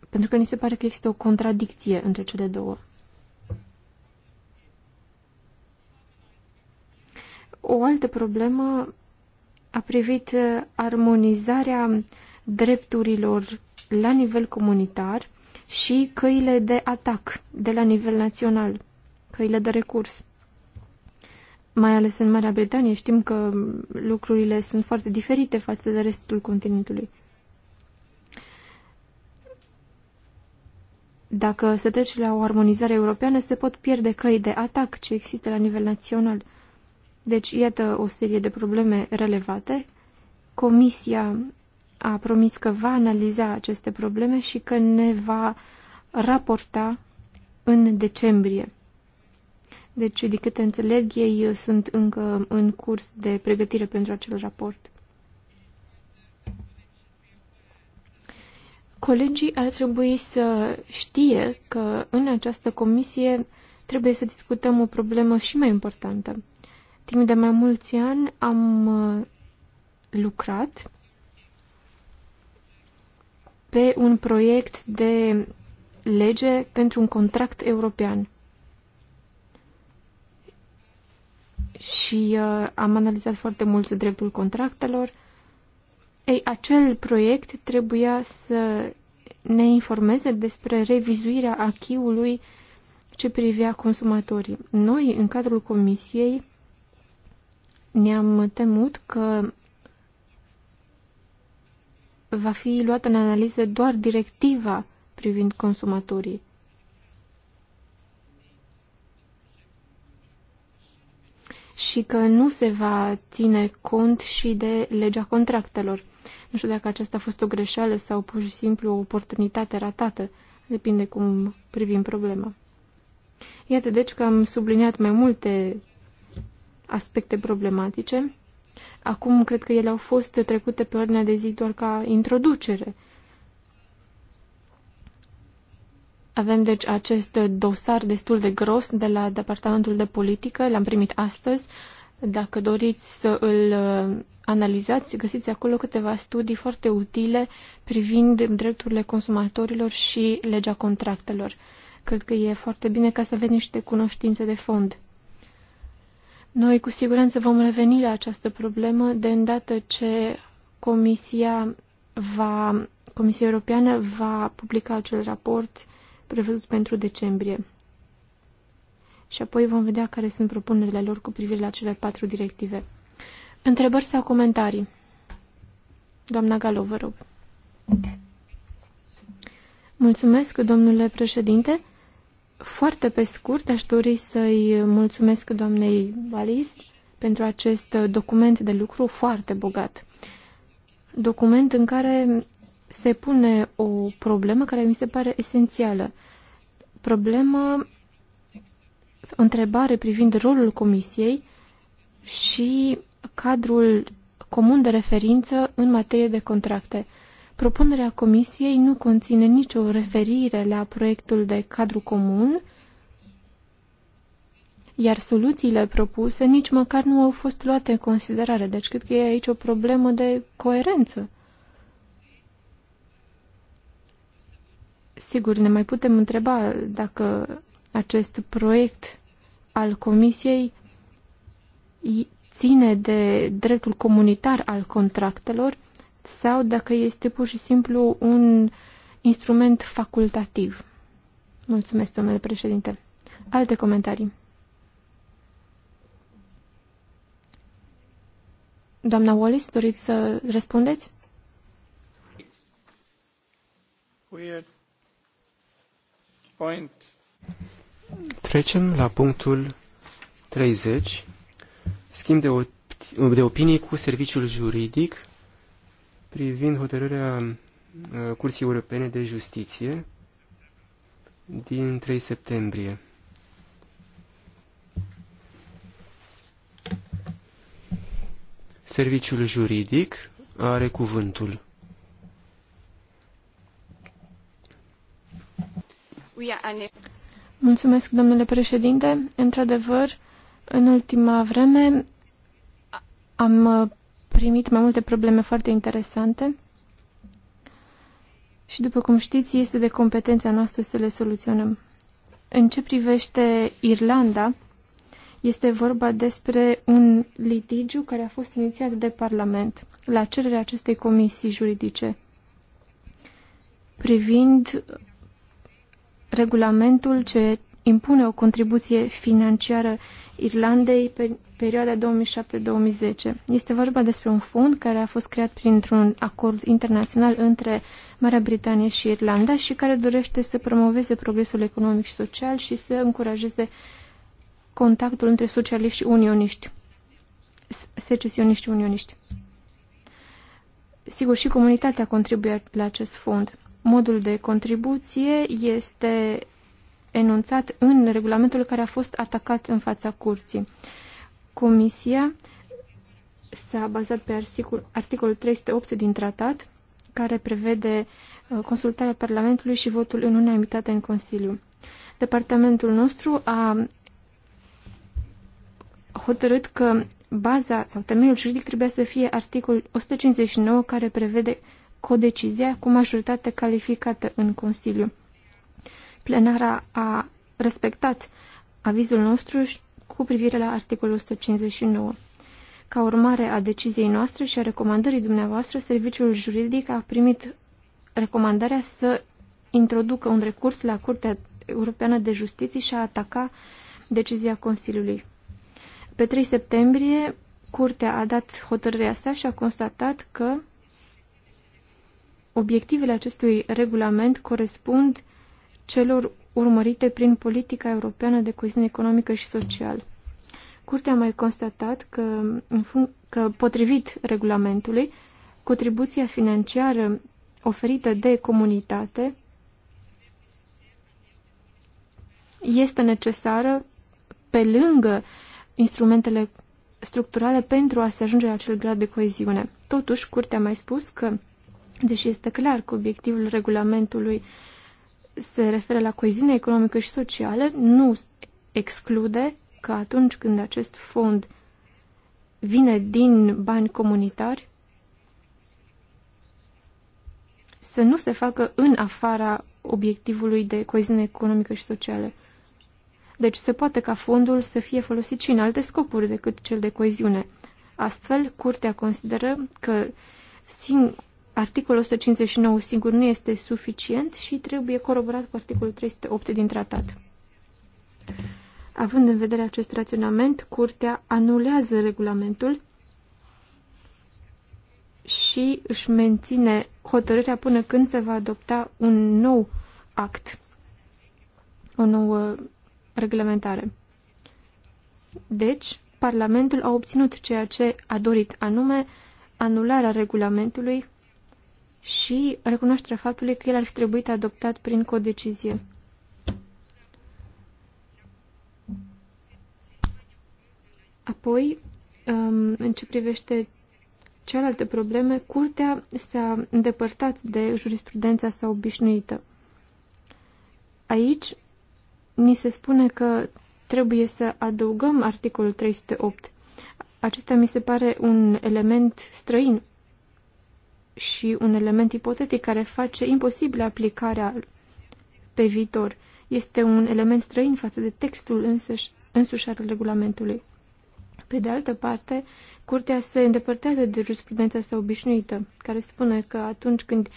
pentru că ni se pare că există o contradicție între cele două. O altă problemă a privit armonizarea drepturilor la nivel comunitar și căile de atac de la nivel național, căile de recurs. Mai ales în Marea Britanie știm că lucrurile sunt foarte diferite față de restul continentului. Dacă se trece la o armonizare europeană, se pot pierde căi de atac ce există la nivel național. Deci, iată o serie de probleme relevate. Comisia a promis că va analiza aceste probleme și că ne va raporta în decembrie. Deci, de câte înțeleg, ei sunt încă în curs de pregătire pentru acel raport. Colegii ar trebui să știe că în această comisie trebuie să discutăm o problemă și mai importantă. Timp de mai mulți ani am uh, lucrat pe un proiect de lege pentru un contract european. Și uh, am analizat foarte mult dreptul contractelor ei, acel proiect trebuia să ne informeze despre revizuirea achiului ce privea consumatorii. Noi, în cadrul comisiei, ne-am temut că va fi luată în analiză doar directiva privind consumatorii. și că nu se va ține cont și de legea contractelor. Nu știu dacă aceasta a fost o greșeală sau pur și simplu o oportunitate ratată. Depinde cum privim problema. Iată deci că am subliniat mai multe aspecte problematice. Acum cred că ele au fost trecute pe ordinea de zi doar ca introducere. Avem deci acest dosar destul de gros de la Departamentul de Politică, l-am primit astăzi, dacă doriți să îl uh, analizați, găsiți acolo câteva studii foarte utile privind drepturile consumatorilor și legea contractelor. Cred că e foarte bine ca să aveți niște cunoștințe de fond. Noi cu siguranță vom reveni la această problemă de îndată ce Comisia, va, Comisia Europeană va publica acel raport prevăzut pentru decembrie și apoi vom vedea care sunt propunerile lor cu privire la cele patru directive. Întrebări sau comentarii? Doamna Galo, vă rog. Mulțumesc, domnule președinte. Foarte pe scurt, aș dori să-i mulțumesc doamnei Valiz pentru acest document de lucru foarte bogat. Document în care se pune o problemă care mi se pare esențială. Problema întrebare privind rolul Comisiei și cadrul comun de referință în materie de contracte. Propunerea Comisiei nu conține nicio referire la proiectul de cadru comun, iar soluțiile propuse nici măcar nu au fost luate în considerare, deci cred că e aici o problemă de coerență. Sigur, ne mai putem întreba dacă acest proiect al Comisiei ține de dreptul comunitar al contractelor sau dacă este pur și simplu un instrument facultativ. Mulțumesc, domnule președinte. Alte comentarii? Doamna Wallis, doriți să răspundeți? Weird point. Trecem la punctul 30. Schimb de, op- de opinii cu serviciul juridic privind hotărârea uh, Curții Europene de Justiție din 3 septembrie. Serviciul juridic are cuvântul. Mulțumesc, domnule președinte. Într-adevăr, în ultima vreme am uh, primit mai multe probleme foarte interesante și, după cum știți, este de competența noastră să le soluționăm. În ce privește Irlanda, este vorba despre un litigiu care a fost inițiat de Parlament la cererea acestei comisii juridice privind regulamentul ce impune o contribuție financiară Irlandei pe perioada 2007-2010. Este vorba despre un fond care a fost creat printr-un acord internațional între Marea Britanie și Irlanda și care dorește să promoveze progresul economic și social și să încurajeze contactul între socialiști și unioniști, secesioniști și unioniști. Sigur, și comunitatea contribuie la acest fond. Modul de contribuție este enunțat în regulamentul care a fost atacat în fața curții. Comisia s-a bazat pe articol, articolul 308 din tratat, care prevede uh, consultarea Parlamentului și votul în unanimitate în Consiliu. Departamentul nostru a hotărât că baza sau temeiul juridic trebuia să fie articolul 159 care prevede codecizia cu majoritate calificată în Consiliu. Plenara a respectat avizul nostru cu privire la articolul 159. Ca urmare a deciziei noastre și a recomandării dumneavoastră, serviciul juridic a primit recomandarea să introducă un recurs la Curtea Europeană de Justiție și a ataca decizia Consiliului. Pe 3 septembrie, Curtea a dat hotărârea sa și a constatat că obiectivele acestui regulament corespund celor urmărite prin politica europeană de coeziune economică și social. Curtea a mai constatat că, în că potrivit regulamentului, contribuția financiară oferită de comunitate este necesară pe lângă instrumentele structurale pentru a se ajunge la acel grad de coeziune. Totuși, Curtea a mai spus că Deși este clar că obiectivul regulamentului se referă la coeziune economică și socială, nu exclude că atunci când acest fond vine din bani comunitari, să nu se facă în afara obiectivului de coeziune economică și socială. Deci se poate ca fondul să fie folosit și în alte scopuri decât cel de coeziune. Astfel, Curtea consideră că sing articolul 159 singur nu este suficient și trebuie coroborat cu articolul 308 din tratat. Având în vedere acest raționament, Curtea anulează regulamentul și își menține hotărârea până când se va adopta un nou act, o nouă reglementare. Deci, Parlamentul a obținut ceea ce a dorit, anume anularea regulamentului și recunoașterea faptului că el ar fi trebuit adoptat prin codecizie. Apoi, um, în ce privește cealaltă probleme, curtea s-a îndepărtat de jurisprudența sa obișnuită. Aici ni se spune că trebuie să adăugăm articolul 308. Acesta mi se pare un element străin și un element ipotetic care face imposibilă aplicarea pe viitor. Este un element străin față de textul însuși, însuși al regulamentului. Pe de altă parte, curtea se îndepărtează de jurisprudența sa obișnuită, care spune că atunci când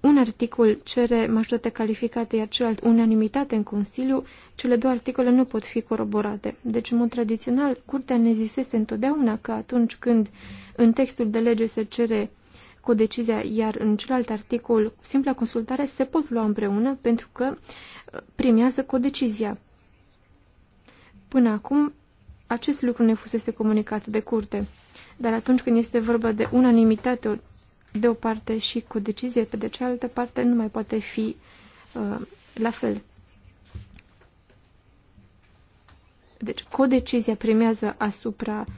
un articol cere majoritate calificată, iar celălalt unanimitate în Consiliu, cele două articole nu pot fi coroborate. Deci, în mod tradițional, curtea ne zisese întotdeauna că atunci când în textul de lege se cere cu decizia, iar în celălalt articol, simpla consultare se pot lua împreună pentru că uh, primează decizia. Până acum, acest lucru ne fusese comunicat de curte, dar atunci când este vorba de unanimitate de o parte și cu decizie pe de cealaltă parte, nu mai poate fi uh, la fel. Deci, codecizia primează asupra uh,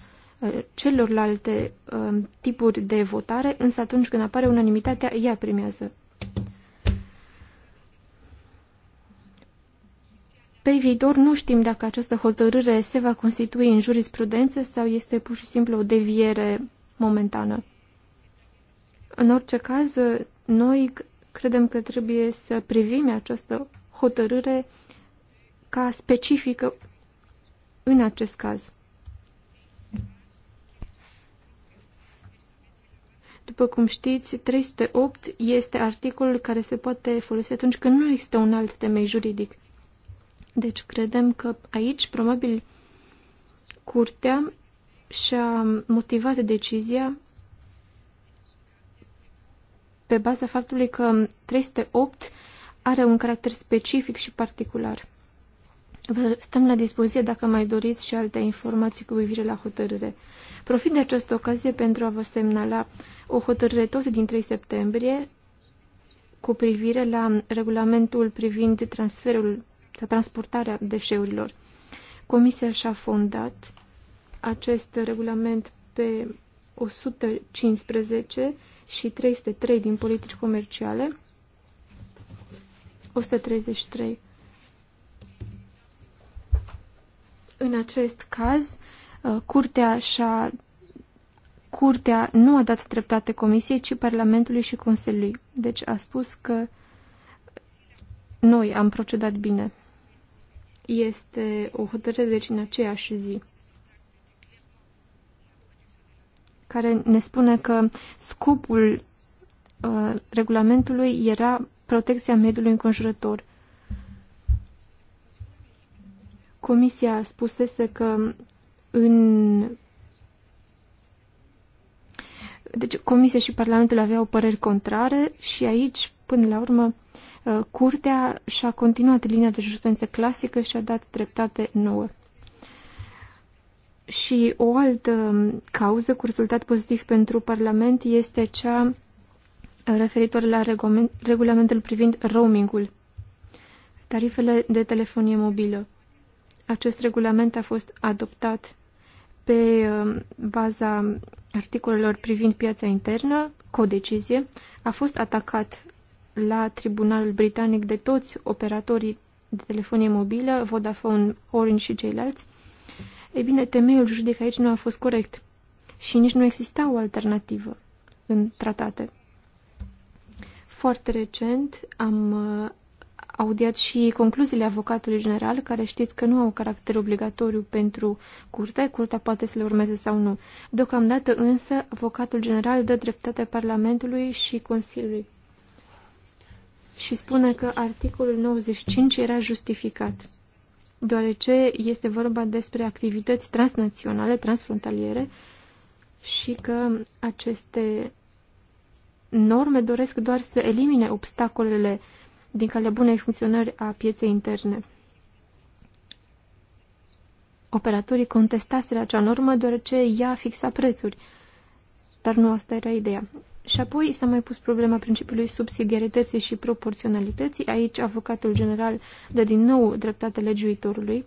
celorlalte um, tipuri de votare, însă atunci când apare unanimitatea, ea primează. Pe viitor nu știm dacă această hotărâre se va constitui în jurisprudență sau este pur și simplu o deviere momentană. În orice caz, noi credem că trebuie să privim această hotărâre ca specifică în acest caz. După cum știți, 308 este articolul care se poate folosi atunci când nu există un alt temei juridic. Deci credem că aici, probabil, curtea și-a motivat decizia pe baza faptului că 308 are un caracter specific și particular. Vă stăm la dispoziție dacă mai doriți și alte informații cu privire la hotărâre. Profit de această ocazie pentru a vă semnala o hotărâre tot din 3 septembrie cu privire la regulamentul privind transferul sau transportarea deșeurilor. Comisia și-a fondat acest regulament pe 115 și 303 din politici comerciale, 133 în acest caz, uh, curtea, și-a, curtea nu a dat dreptate Comisiei, ci Parlamentului și Consiliului. Deci a spus că noi am procedat bine. Este o hotărâre deci în aceeași zi care ne spune că scopul uh, regulamentului era protecția mediului înconjurător. Comisia spusese că în... Deci Comisia și Parlamentul aveau păreri contrare și aici, până la urmă, uh, Curtea și-a continuat linia de jurisprudență clasică și a dat dreptate nouă. Și o altă um, cauză cu rezultat pozitiv pentru Parlament este cea referitor la regulamentul privind roamingul, tarifele de telefonie mobilă. Acest regulament a fost adoptat pe um, baza articolelor privind piața internă, codecizie, a fost atacat la Tribunalul Britanic de toți operatorii de telefonie mobilă, Vodafone, Orange și ceilalți. Ei bine, temeiul juridic aici nu a fost corect și nici nu exista o alternativă în tratate. Foarte recent am uh, audiat și concluziile avocatului general, care știți că nu au caracter obligatoriu pentru curte, curtea poate să le urmeze sau nu. Deocamdată însă, avocatul general dă dreptate Parlamentului și Consiliului și spune că articolul 95 era justificat, deoarece este vorba despre activități transnaționale, transfrontaliere și că aceste norme doresc doar să elimine obstacolele din calea bunei funcționări a pieței interne. Operatorii contestaseră acea normă deoarece ea fixa prețuri, dar nu asta era ideea. Și apoi s-a mai pus problema principiului subsidiarității și proporționalității. Aici avocatul general dă din nou dreptate legiuitorului.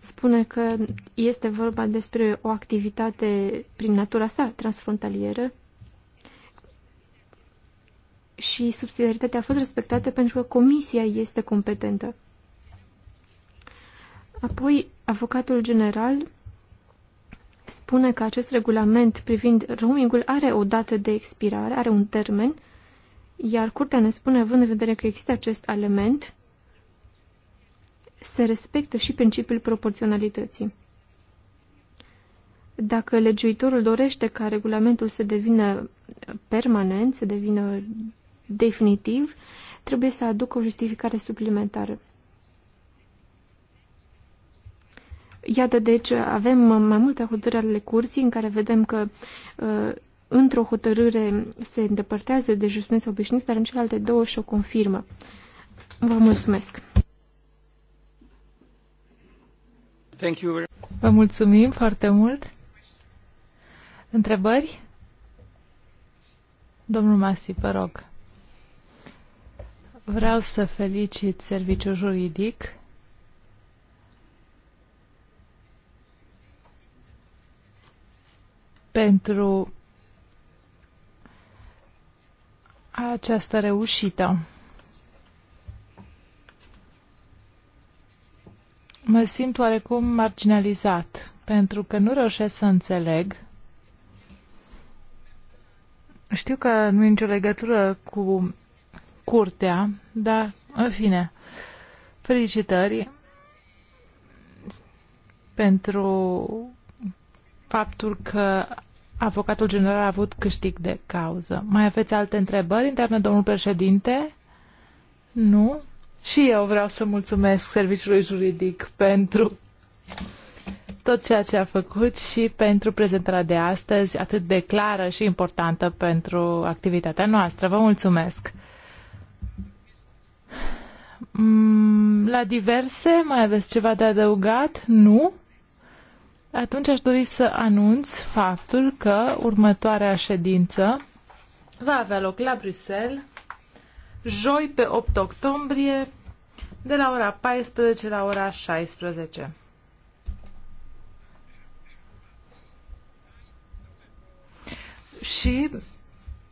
Spune că este vorba despre o activitate prin natura sa transfrontalieră, și subsidiaritatea a fost respectată pentru că comisia este competentă. Apoi, avocatul general spune că acest regulament privind roamingul are o dată de expirare, are un termen, iar curtea ne spune, având în vedere că există acest element, se respectă și principiul proporționalității. Dacă legiuitorul dorește ca regulamentul să devină permanent, să devină definitiv, trebuie să aducă o justificare suplimentară. Iată, deci, avem mai multe hotărâri ale curții în care vedem că uh, într-o hotărâre se îndepărtează de justiția obișnuită, dar în celelalte două și o confirmă. Vă mulțumesc! Thank you. Vă mulțumim foarte mult! Întrebări? Domnul Masi, vă rog. Vreau să felicit serviciul juridic pentru această reușită. Mă simt oarecum marginalizat, pentru că nu reușesc să înțeleg. Știu că nu e nicio legătură cu curtea, dar, în fine, felicitări pentru faptul că avocatul general a avut câștig de cauză. Mai aveți alte întrebări? Întreabă domnul președinte? Nu? Și eu vreau să mulțumesc serviciului juridic pentru tot ceea ce a făcut și pentru prezentarea de astăzi, atât de clară și importantă pentru activitatea noastră. Vă mulțumesc! Mm, la diverse, mai aveți ceva de adăugat? Nu? Atunci aș dori să anunț faptul că următoarea ședință va avea loc la Bruxelles, joi pe 8 octombrie, de la ora 14 la ora 16. Și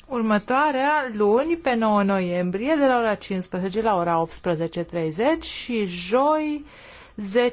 Următoarea luni, pe 9 noiembrie, de la ora 15 la ora 18.30 și joi 10